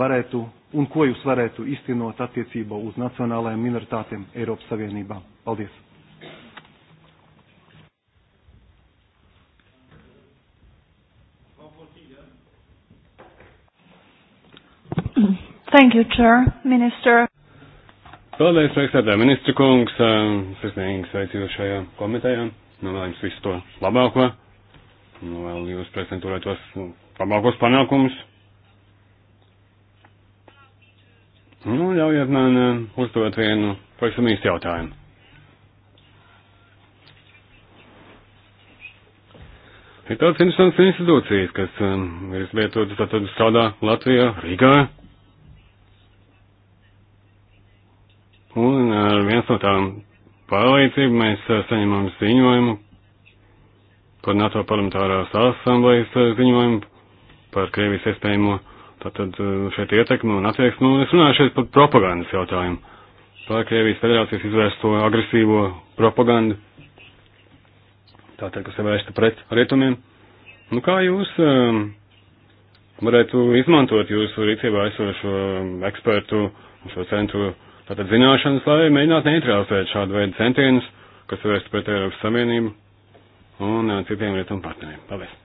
varētu un ko jūs varētu izcinot attiecībā uz nacionālajām minoritātēm Eiropas Savienībā. Paldies! Thank you, Chair, Minister. Paldies, priekšsēdā ministra kungs, um, sirsnīgi sveicu jūs šajā komitejā. Novēlu jums visu to labāko. Novēlu nu, jūs prezentūrētos labākos panākumus. Nu, ļaujiet man uh, uzdot vienu pavisam īstu jautājumu. Ir tāds interesants institūcijas, kas um, ir izvietotas tātad strādā Latvijā, Rīgā. Un ar viens no tām pārliecību mēs uh, saņemam ziņojumu par NATO parlamentārās asamblejas uh, ziņojumu par Krievijas iespējamo Tātad eh, šeit ietekme un attieksme, un nu, es runāju šeit par propagandas jautājumu. Par Krievijas federācijas izvērsto agresīvo propagandu. Tātad, kas ir vērsta pret rietumiem. Nu, kā jūs um, varētu izmantot jūsu rīcībā esošo ekspertu, šo centru, tātad zināšanas, lai mēģinātu neutralizēt šādu veidu centienus, kas vērsta pret Eiropas Savienību un uh, citiem rietumu partneriem? Paldies!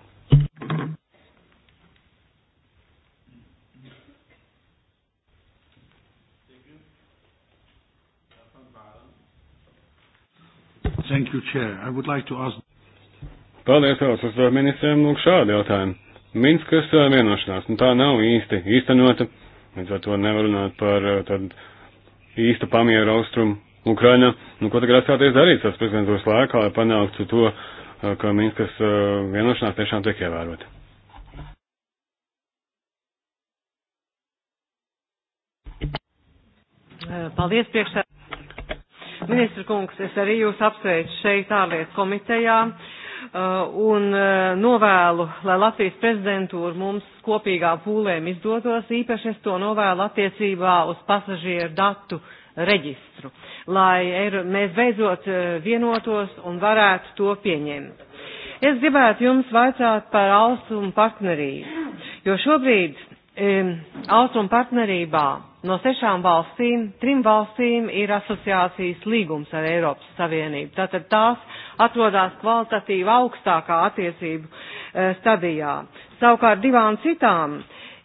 Thank you, Chair. I would like to ask. Paldies, valsts eh, ministriem, lūk šādi jautājumi. Minskas eh, vienošanās, nu tā nav īsti īstenota, līdz ar to nevar runāt par eh, tādu īstu pamieru austrumu Ukrainā. Nu, ko tagad atstāties darīt savas prezidentūras laikā, lai panāktu to, ka Minskas vienošanās tiešām tiek ievērota? Paldies, priekšsēdētāj. Ministra kungs, es arī jūs apsveicu šeit ārlietu komitejā uh, un uh, novēlu, lai Latvijas prezidentūra mums kopīgā pūlēm izdotos, īpaši es to novēlu attiecībā uz pasažieru datu reģistru, lai mēs beidzot uh, vienotos un varētu to pieņemt. Es gribētu jums vaicāt par austrumu partnerību, jo šobrīd e, um, austrumu partnerībā No sešām valstīm, trim valstīm ir asociācijas līgums ar Eiropas Savienību. Tātad tās atrodas kvalitatīvi augstākā attiecību e, stadijā. Savukārt divām citām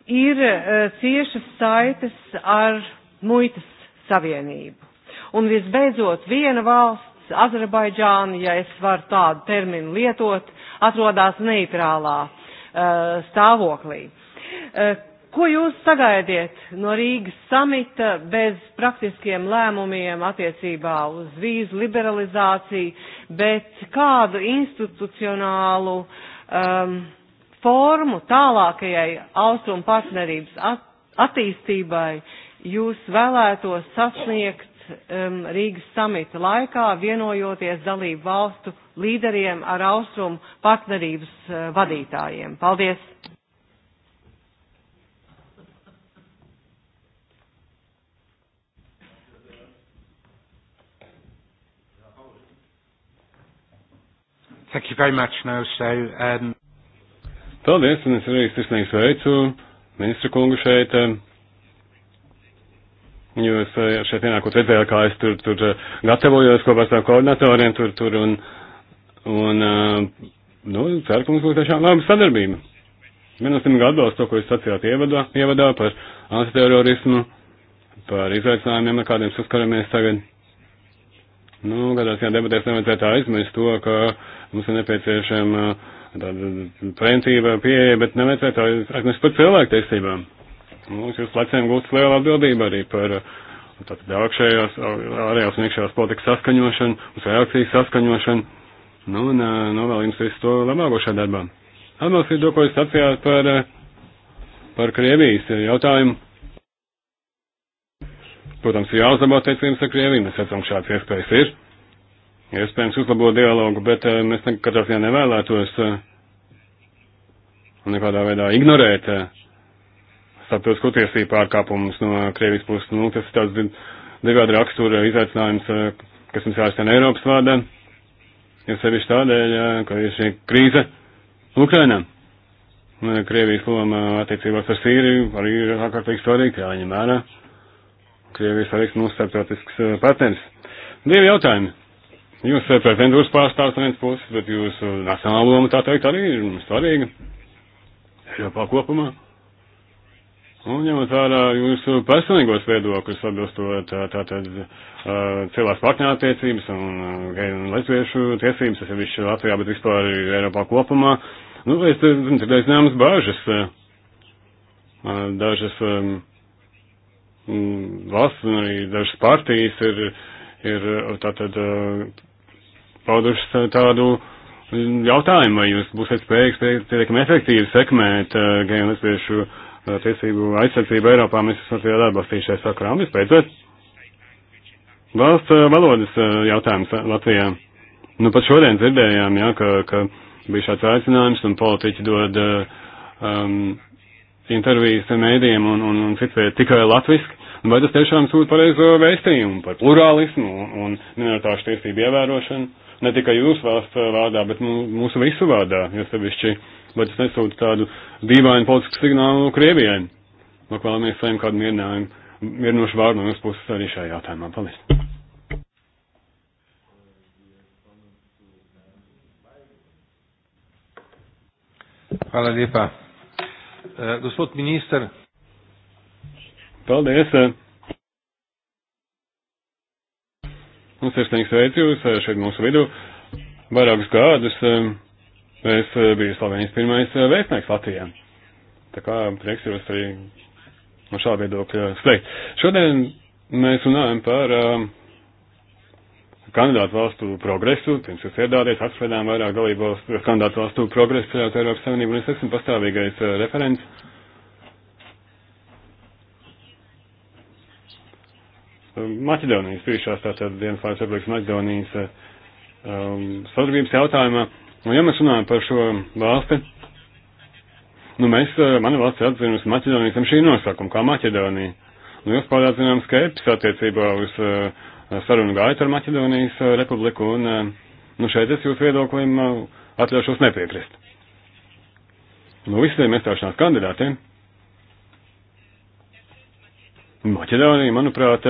ir e, ciešas saites ar muitas savienību. Un visbeidzot, viena valsts, Azerbaidžāna, ja es varu tādu terminu lietot, atrodas neitrālā e, stāvoklī. E, Ko jūs sagaidiet no Rīgas samita bez praktiskiem lēmumiem attiecībā uz vīzu liberalizāciju, bet kādu institucionālu um, formu tālākajai austrumu partnerības at attīstībai jūs vēlētos sasniegt um, Rīgas samita laikā, vienojoties dalību valstu līderiem ar austrumu partnerības uh, vadītājiem? Paldies! Thank you very much, no, so, um... Paldies, un es arī sirsnīgi sveicu ministru kungu šeit. Eh, jūs eh, šeit ienākot redzējāt, kā es tur, tur eh, gatavojos kopā ar koordinatoriem tur, tur un, un nu, ceru, ka mums būs tiešām laba sadarbība. Viennozīmīgi atbalstu to, ko jūs sacījāt ievadā, ievadā par antiterorismu, par izaicinājumiem, ar kādiem saskaramies tagad. Nu, gadās jā, debatēs nevajadzētu aizmirst to, ka mums ir nepieciešama tāda preventīva pieeja, bet nevajadzētu aizmirst par cilvēktiesībām. Mums uz pleciem gūst liela atbildība arī par uh, tātad ārējās, ārējās un iekšējās politikas saskaņošanu, uz reakcijas saskaņošanu. Nu, un uh, novēl jums visu to labāko šajā darbā. Atbalstīt to, ko jūs sacījāt par, uh, par Krievijas jautājumu. Protams, ir jāuzlabo attiecības ar Krieviju, mēs redzam, šāds iespējas ir. Iespējams uzlabot dialogu, bet eh, mēs katrā ziņā nevēlētos eh, nekādā veidā ignorēt eh, starptautisko tiesību pārkāpumus no Krievijas puses. Nu, tas ir tāds divādi rakstura izaicinājums, kas mums jāiztena Eiropas vārdā, jo sevišķi tādēļ, ka ir šī krīze Ukrainā. Nu, Krievijas loma attiecībās ar Sīriju arī ir ārkārtīgi svarīga, jāņem vērā. Ja Krievijas arī mūsu starptautisks eh, partneris. Divi jautājumi. Jūs eh, pretendūras pārstāvs no vienas puses, bet jūsu nacionāla loma tā teikt arī ir svarīga. Eiropā kopumā. Un ņemot vērā jūsu personīgos viedokļus, atbilstot tātad eh, cilvēks partneru attiecības un geju un lesbiešu tiesības, tas ir viss Latvijā, bet vispār Eiropā kopumā. Nu, es dzirdēju zināmas bāžas, dažas. Um, Mm, valsts un arī dažas partijas ir, ir tātad uh, paudušas tādu jautājumu, vai jūs būsiet spējīgs pietiekami efektīvi sekmēt uh, geju un lesbiešu uh, tiesību aizsardzību Eiropā, mēs esam tajā atbalstījušai sakarā. Un vispēcot, valsts valodas jautājums Latvijā. Nu, pat šodien dzirdējām, jā, ka, ka bija šāds aicinājums un politiķi dod um, intervijas ar mēdījiem un, un, un citviet tikai latviski, vai tas tiešām sūta pareizo vēstījumu par plurālismu un, un minoritāšu tiesību ievērošanu, ne tikai jūsu valsts vārdā, bet mūsu visu vārdā, jo sevišķi, vai tas nesūta tādu dīvainu politisku signālu Krievijai. Lūk, vēlamies saņemt kādu mierinājumu, mierinošu vārdu no jūsu puses arī šajā jautājumā. Paldies! Hvala lijepa. Eh, gospod minister. Paldies. Eh. Un nu, sirsnīgi sveicu jūs eh, šeit mūsu vidū. Vairākus gadus es biju Slovenijas pirmais vēstnieks Latvijā. Tā kā prieks jūs arī no šā viedokļa sveikt. Šodien mēs runājam par uh, kandidātu valstu progresu, pirms jūs iedāties, atspēdām vairāk dalību valstu, kandidātu valstu progresu ceļot Eiropas Savienību, un es esmu pastāvīgais uh, referents. Um, Maķedonijas bijušās tātad Dienvidslāvijas republikas Maķedonijas eh, um, sadarbības jautājumā. Un ja mēs runājam par šo valsti, nu mēs, eh, mana valsts ir atzinusi Maķedonijas un šī nosakuma kā Maķedonija. Nu, jūs pārādzinām skepsi attiecībā uz uh, sarunu gaitu ar Maķedonijas eh, republiku, un eh, nu, šeit es jūsu viedoklim eh, atļaušos nepiekrist. Nu, visiem iestāšanās kandidātiem. Maķedonija, manuprāt,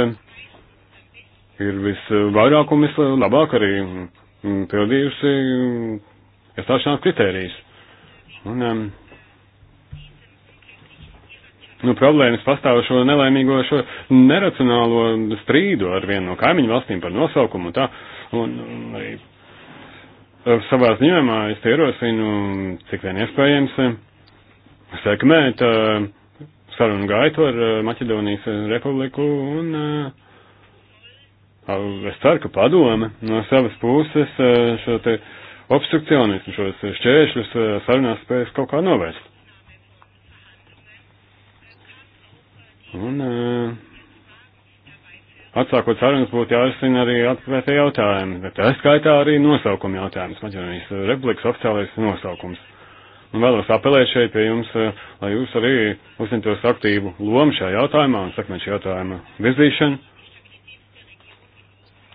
ir visvairāk un vislabāk arī mm, mm, pildījusi mm, iestāšanās kritērijas. Un, um, nu, problēmas pastāv šo nelaimīgo, šo neracionālo strīdu ar vienu no kaimiņu valstīm par nosaukumu un tā. Un, un arī eh, savā ziņojumā es ierosinu, cik vien iespējams, eh, sekmēt uh, sarunu gaitu ar uh, Maķedonijas republiku un uh, es ceru, ka padome no savas puses uh, šo te obstrukcionismu, šos šķēršļus uh, sarunās spēs kaut kā novērst. Un atsākot sarunas būtu jārisina arī atvērtie jautājumi, bet tā skaitā arī nosaukuma jautājums, Maķedonijas republikas oficiālais nosaukums. Un vēlos apelēt šeit pie jums, lai jūs arī uzņemtos aktīvu lomu šajā jautājumā un sakmēt šī jautājuma virzīšanu.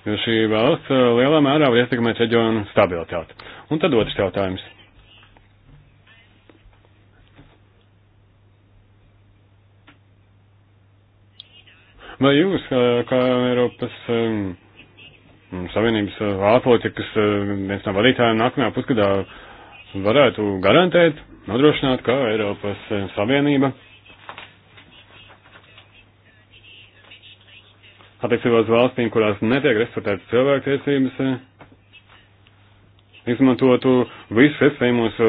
Jo šī valsts lielā mērā var ietekmēt reģionu stabilitāti. Un tad otrs jautājums. Vai jūs, kā, kā Eiropas um, Savienības eh, ārpolitikas viens no vadītājiem nākamajā pusgadā varētu garantēt, nodrošināt, ka Eiropas Savienība attiecībā uz valstīm, kurās netiek respektētas cilvēktiesības, eh, izmantotu visus iespējamos uh,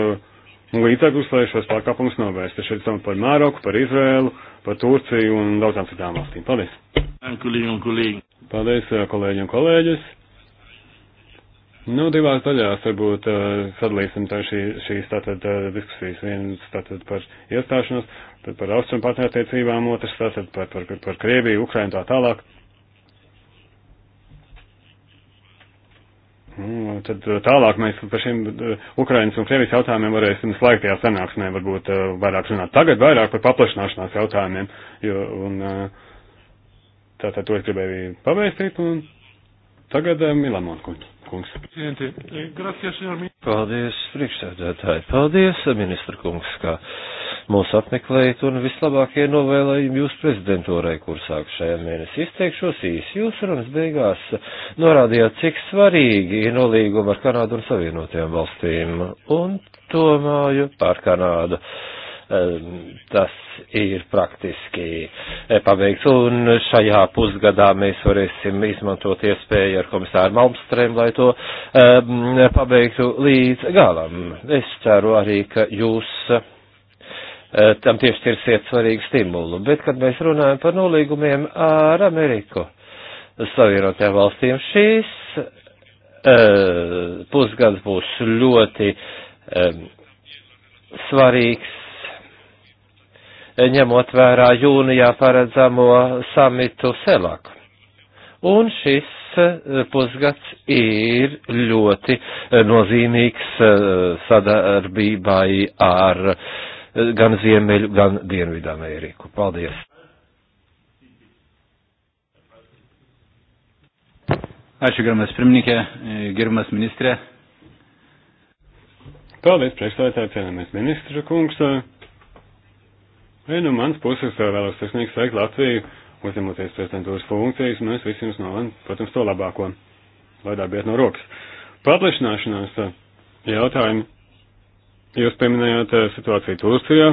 līdzekļus, lai šos pārkāpumus novērstu. Šeit esam par Māroku, par Izrēlu, par Turciju un daudzām citām valstīm. Paldies! Paldies, eh, kolēģi un kolēģis! Nu, divās daļās varbūt uh, sadalīsim tā šī, šīs tātad uh, diskusijas. Viens tātad par iestāšanos, tad par austrumu partnerattiecībām, otrs tātad par, par, par Krieviju, Ukrainu tā tālāk. Nu, tad eh, tālāk mēs par šiem eh, Ukrainas un Krievijas jautājumiem varēsim slēgtajā sanāksmē varbūt eh, vairāk runāt. Tagad vairāk par paplašināšanās jautājumiem, jo, un tā, tā to es gribēju pavēstīt, un tagad Milamon kungs. Paldies, priekšsēdētāji, paldies, ministra kungs, kā mūs apmeklējat un vislabākie novēlējumi jūsu prezidentūrai, kur sāk šajā mēnesī. Izteikšos īsi. Jūs runas beigās norādījāt, cik svarīgi ir nolīguma ar Kanādu un Savienotajām valstīm. Un domāju par Kanādu. Ehm, tas ir praktiski eh, pabeigts, un šajā pusgadā mēs varēsim izmantot iespēju ar komisāru Malmstrēm, lai to ehm, pabeigtu līdz galam. Es ceru arī, ka jūs Eh, tam piešķirsiet svarīgu stimulu. Bet, kad mēs runājam par nolīgumiem ar Ameriku Savienotajām valstīm, šīs uh, eh, pusgads būs ļoti um, svarīgs, ņemot vērā jūnijā paredzamo samitu Selaku. Un šis pusgads ir ļoti nozīmīgs sadarbībai ar uh, gan Ziemeļu, gan Dienvidu Ameriku. Paldies! Ačiū, gerbiamas pirmininkė, gerbiamas ministrė. Paldies, priekšstādātāji, cienāmies ministra kungs. Vai nu mans puses vēlos sirsnīgi sveikt Latviju, uzņemoties prezidentūras funkcijas, mēs visi jums novēlam, protams, to labāko, lai darbiet no rokas. Paplašināšanās jautājumi Jūs pieminējāt eh, situāciju Turcijā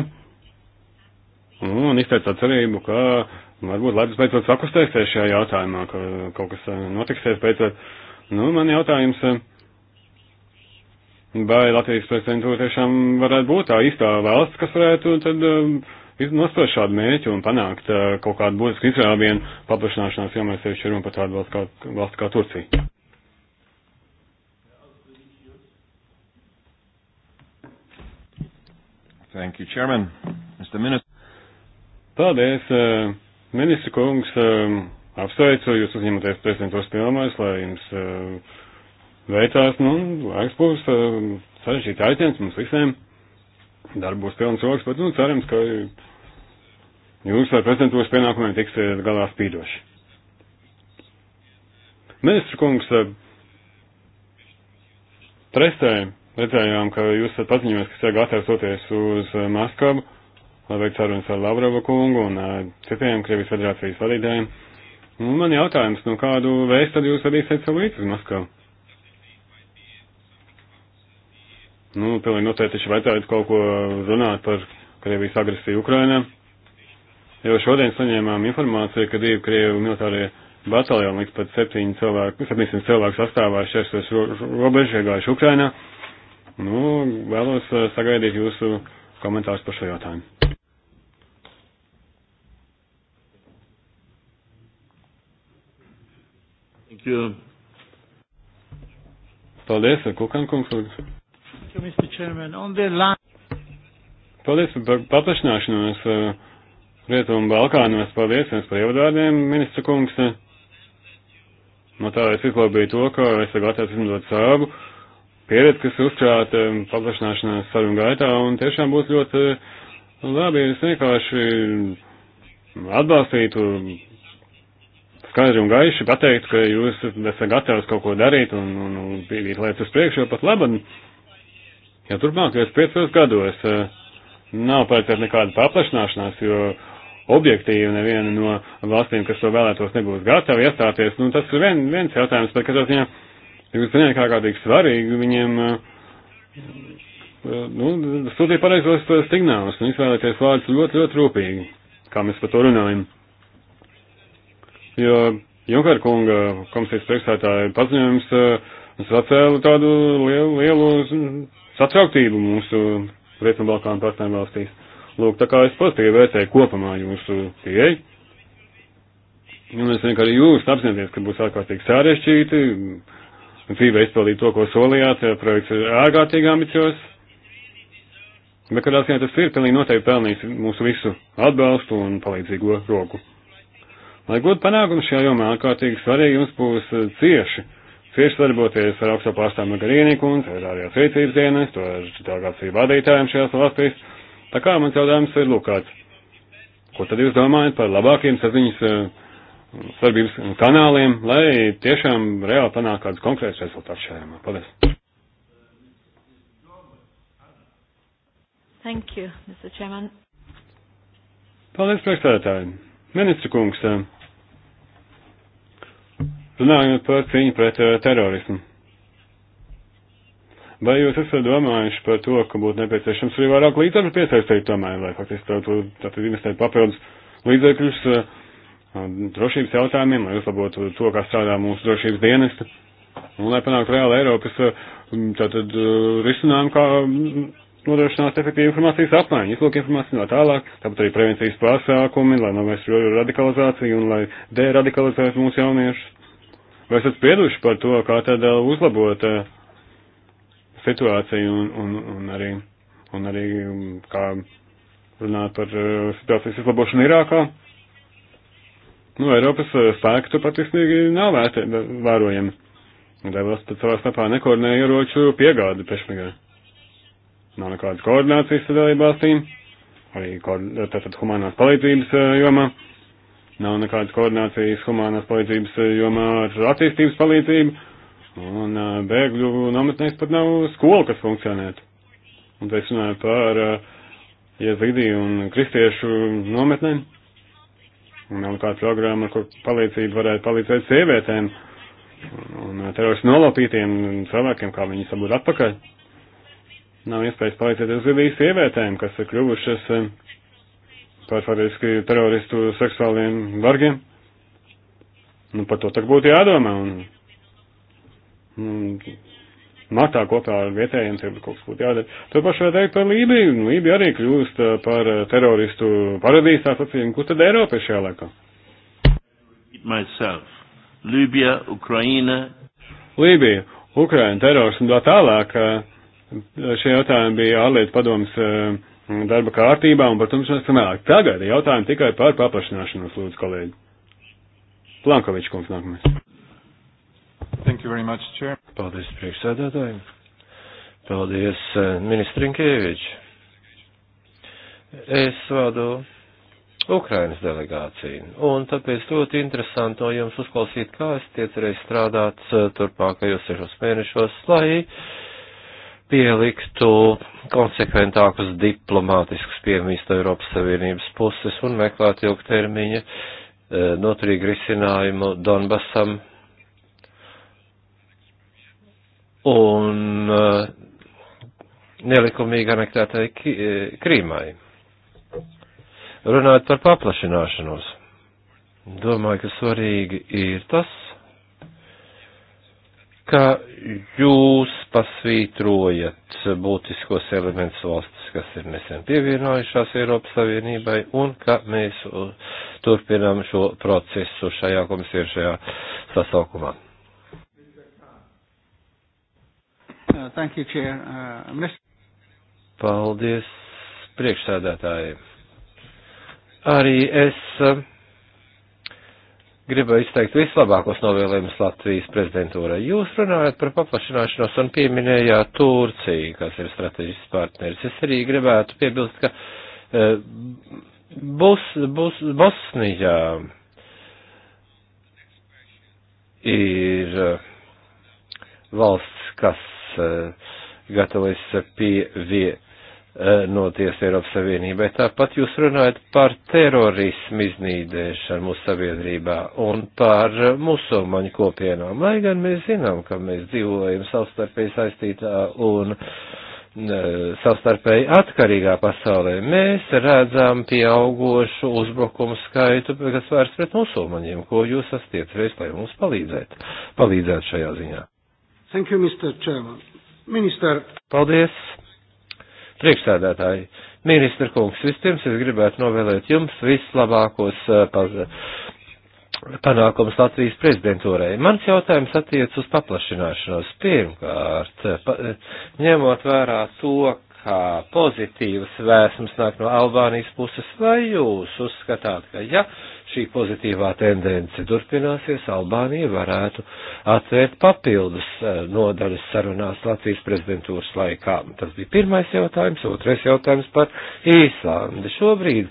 nu, un izteicāt cerību, ka varbūt Latvijas beidzot sakustēsies šajā jautājumā, ka kaut kas eh, notiksies beidzot. Nu, man jautājums, eh, vai Latvijas prezidentūra tiešām varētu būt tā īstā valsts, kas varētu tad nosprāst šādu mēķu un panākt kaut kādu būtisku izrāvienu paplašināšanās, jo mēs sevišķi runājam par tādu valsts kā, valsts kā Turcija. Thank you, Chairman. Mr. Minister. Paldies, uh, ministra kungs. Um, apsveicu jūs uzņemoties prezidentos pilnvairs, lai jums uh, veicās. Nu, laiks būs uh, sarežģīti aiciens mums visiem. Darbūs pilns rokas, bet, nu, cerams, ka jūs ar prezidentos pienākumiem tiksiet galā spīdoši. Ministra kungs, trestē redzējām, ka jūs esat paziņojis, ka esat gatavs doties uz eh, Maskavu, lai veiktu sarunas ar Lavrova kungu un eh, citiem Krievijas federācijas vadītājiem. Un man jautājums, nu kādu vēstu tad jūs vadīsiet sev līdzi uz Maskavu? Nu, pilnīgi noteikti taču vajadzētu kaut ko runāt par Krievijas agresiju Ukrainā. Jo šodien saņēmām informāciju, ka divi Krievu militārie bataljoni līdz pat 700 cilvēku, 700 cilvēku sastāvā šķērsos robežu iegājuši Ukrainā. Nu, vēlos eh, sagaidīt jūsu komentārus par šo jautājumu. you. Paldies, eh, Kukan kungs. Thank you, Mr. Chairman. On the line. Paldies par paplašināšanos eh, Rietumu Balkānos. Paldies jums par ievadādiem, ministra kungs. No tā es izlabīju to, ka es esmu gatavs izmantot savu pieredze, kas uzkrāta paplašanāšanās sarunu gaitā, un tiešām būtu ļoti nu, labi, ja es vienkārši atbalstītu skaidri un gaiši pateikt, ka jūs esat gatavs kaut ko darīt un, un, un pīvīt lietas uz priekšu, jo pat labi, ja turpmākajos piecos gados eh, nav paredzēta nekāda paplašanāšanās, jo objektīvi neviena no valstīm, kas to vēlētos, nebūs gatava iestāties. Nu, tas ir vien, viens jautājums, bet katrā ziņā. Ja Jūs zināt, kā kādīgi svarīgi viņiem, eh, eh, nu, sūtīja pareizos eh, signālus un izvēlēties vārdus ļoti, ļoti rūpīgi, kā mēs par to runājam. Jo Junkar kunga komisijas priekšstādāja paziņojums sacēla tādu lielu, lielu satrauktību mūsu Rietumbalkānu partneru valstīs. Lūk, tā kā es pozitīvi vērtēju kopumā jūsu pieeju. Un es vienkārši jūs apzināties, ka būs ārkārtīgi sarežģīti, dzīvē izpildīt to, ko solījāt, eh, projekts ir ārkārtīgi ambiciozs. Bet kādā ziņā tas ir pilnīgi noteikti pelnījis mūsu visu atbalstu un palīdzīgo roku. Lai gūtu panākumu šajā jomā, ārkārtīgi svarīgi jums būs eh, cieši, cieši sadarboties ar augsto pārstāvu Magarīnī kundzi, ar ārējās rīcības dienas, to ar delegāciju vadītājiem šajās valstīs. Tā kā mans jautājums ir lūkāts. Ko tad jūs domājat par labākiem saziņas uh, sadarbības kanāliem, lai tiešām reāli panāk kādus konkrētus rezultātus šajā jomā. Paldies! Thank you, Mr. Chairman. Paldies, priekšstādātāji. Ministra kungs, eh, runājot par cīņu pret eh, terorismu. Vai jūs esat domājuši par to, ka būtu nepieciešams arī vairāk līdzekļu piesaistīt tomēr, lai faktiski tātad investētu papildus līdzekļus uh, drošības jautājumiem, lai uzlabotu to, kā strādā mūsu drošības dienesta, un lai panāktu reāli Eiropas eh, tātad eh, risinājumu, kā nodrošināt efektīvu informācijas apmaiņu, izlūk informāciju no tālāk, tāpat arī prevencijas pasākumi, lai novērstu radikalizāciju un lai deradikalizētu mūsu jauniešus. Vai esat sprieduši par to, kā tad eh, uzlabot situāciju un, un, un, arī, un arī kā runāt par situācijas uzlabošanu Irākā? nu, Eiropas eh, spēki tur patiesīgi nav vērtē, vērojami. Devils tad savā starpā nekoordinēja ieroču piegādi priekšmigā. Nav nekādas koordinācijas sadalība valstīm, arī eh, tātad humanās palīdzības eh, jomā. Nav nekādas koordinācijas humanās palīdzības jomā ar attīstības palīdzību. Un bēgļu nometnēs pat nav skola, kas funkcionētu. Un te es runāju par uh, Jezīdiju un kristiešu nometnēm. Nav kāda programma, kur palīdzību varētu palīdzēt sievietēm un uh, teroristu nolaupītiem cilvēkiem, kā viņi sabūt atpakaļ. Nav iespējas palīdzēt uzvedīs sievietēm, kas ir kļuvušas um, par faktiski teroristu seksuāliem vargiem. Nu, par to tak būtu jādomā. Un, un, matā kopā ar vietējiem, tiem kaut kas būtu jādara. To pašu var teikt par Lībiju. Nu, Lībija arī kļūst eh, par eh, teroristu paradīzes asociāciju. Kur tad Eiropa ir šajā laikā? Myself. Lībija, Ukraina. Lībija, Ukraina, terors un tā tālāk. Eh, šie jautājumi bija ārlietu padomas darba kārtībā un par to mums sanāk. Tagad jautājumi tikai par paplašināšanos, lūdzu, kolēģi. Plankovičs kungs nākamais. Thank you very much, Chair. Paldies priekšsēdētājiem. Paldies eh, ministrim Kievič. Es vadu Ukrainas delegāciju, un tāpēc ļoti interesanti no jums uzklausīt, kā es tiecerēju strādāt eh, turpākajos sešos mēnešos, lai pieliktu konsekventākus diplomātiskus piemīst Eiropas Savienības puses un meklēt ilgtermiņa eh, noturīgu risinājumu Donbasam un eh, nelikumīgi anektētai eh, Krīmai. Runājot par paplašināšanos, domāju, ka svarīgi ir tas, ka jūs pasvītrojat būtiskos elementus valstis, kas ir nesen pievienojušās Eiropas Savienībai, un ka mēs eh, turpinām šo procesu šajā komisijā, šajā sasaukumā. Uh, thank you, Chair. Uh, Mr. Paldies, priekšsēdētāji. Arī es uh, gribēju izteikt vislabākos novēlējumus Latvijas prezidentūrai. Jūs runājat par paplašināšanos un pieminējāt Turciju, kas ir strateģisks partneris. Es arī gribētu piebilst, ka uh, Bos, Bos, Bosnijā ir uh, valsts, kas Eh, gatavojas pievienoties Eiropas Savienībai. Tāpat jūs runājat par terorismu iznīdēšanu mūsu sabiedrībā un par musulmaņu kopienām, lai gan mēs zinām, ka mēs dzīvojam savstarpēji saistītā un eh, savstarpēji atkarīgā pasaulē. Mēs redzam pieaugošu uzbrukumu skaitu, kas vērsts pret musulmaņiem, ko jūs esat iecerējis, lai mums palīdzētu, palīdzētu šajā ziņā. Thank you, Mr. Chairman. Minister. Paldies, priekšsēdētāji. Ministra kungs, vispirms es gribētu novēlēt jums vislabākos eh, paz, panākums Latvijas prezidentūrai. Mans jautājums attiec uz paplašināšanos. Pirmkārt, pa, ņemot vērā to, kā pozitīvas vēsmas nāk no Albānijas puses, vai jūs uzskatāt, ka ja šī pozitīvā tendence turpināsies, Albānija varētu atvērt papildus e, nodaļas sarunās Latvijas prezidentūras laikā. Tas bija pirmais jautājums, otrais jautājums par Īslandi. Šobrīd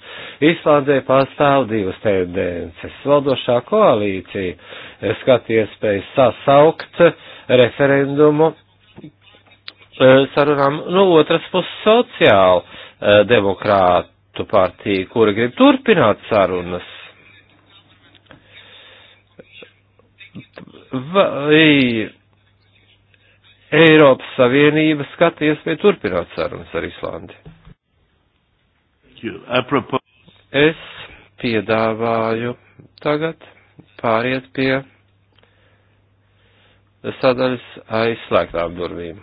Īslandē pastāv divas tendences. Valdošā koalīcija e, skata iespējas sasaukt referendumu e, sarunām, no otras puses sociāli demokrātu partija, kura grib turpināt sarunas vai Eiropas Savienība skata iespēju turpināt sarunas ar Islandi? Es piedāvāju tagad pāriet pie sadaļas aizslēgtām durvīm.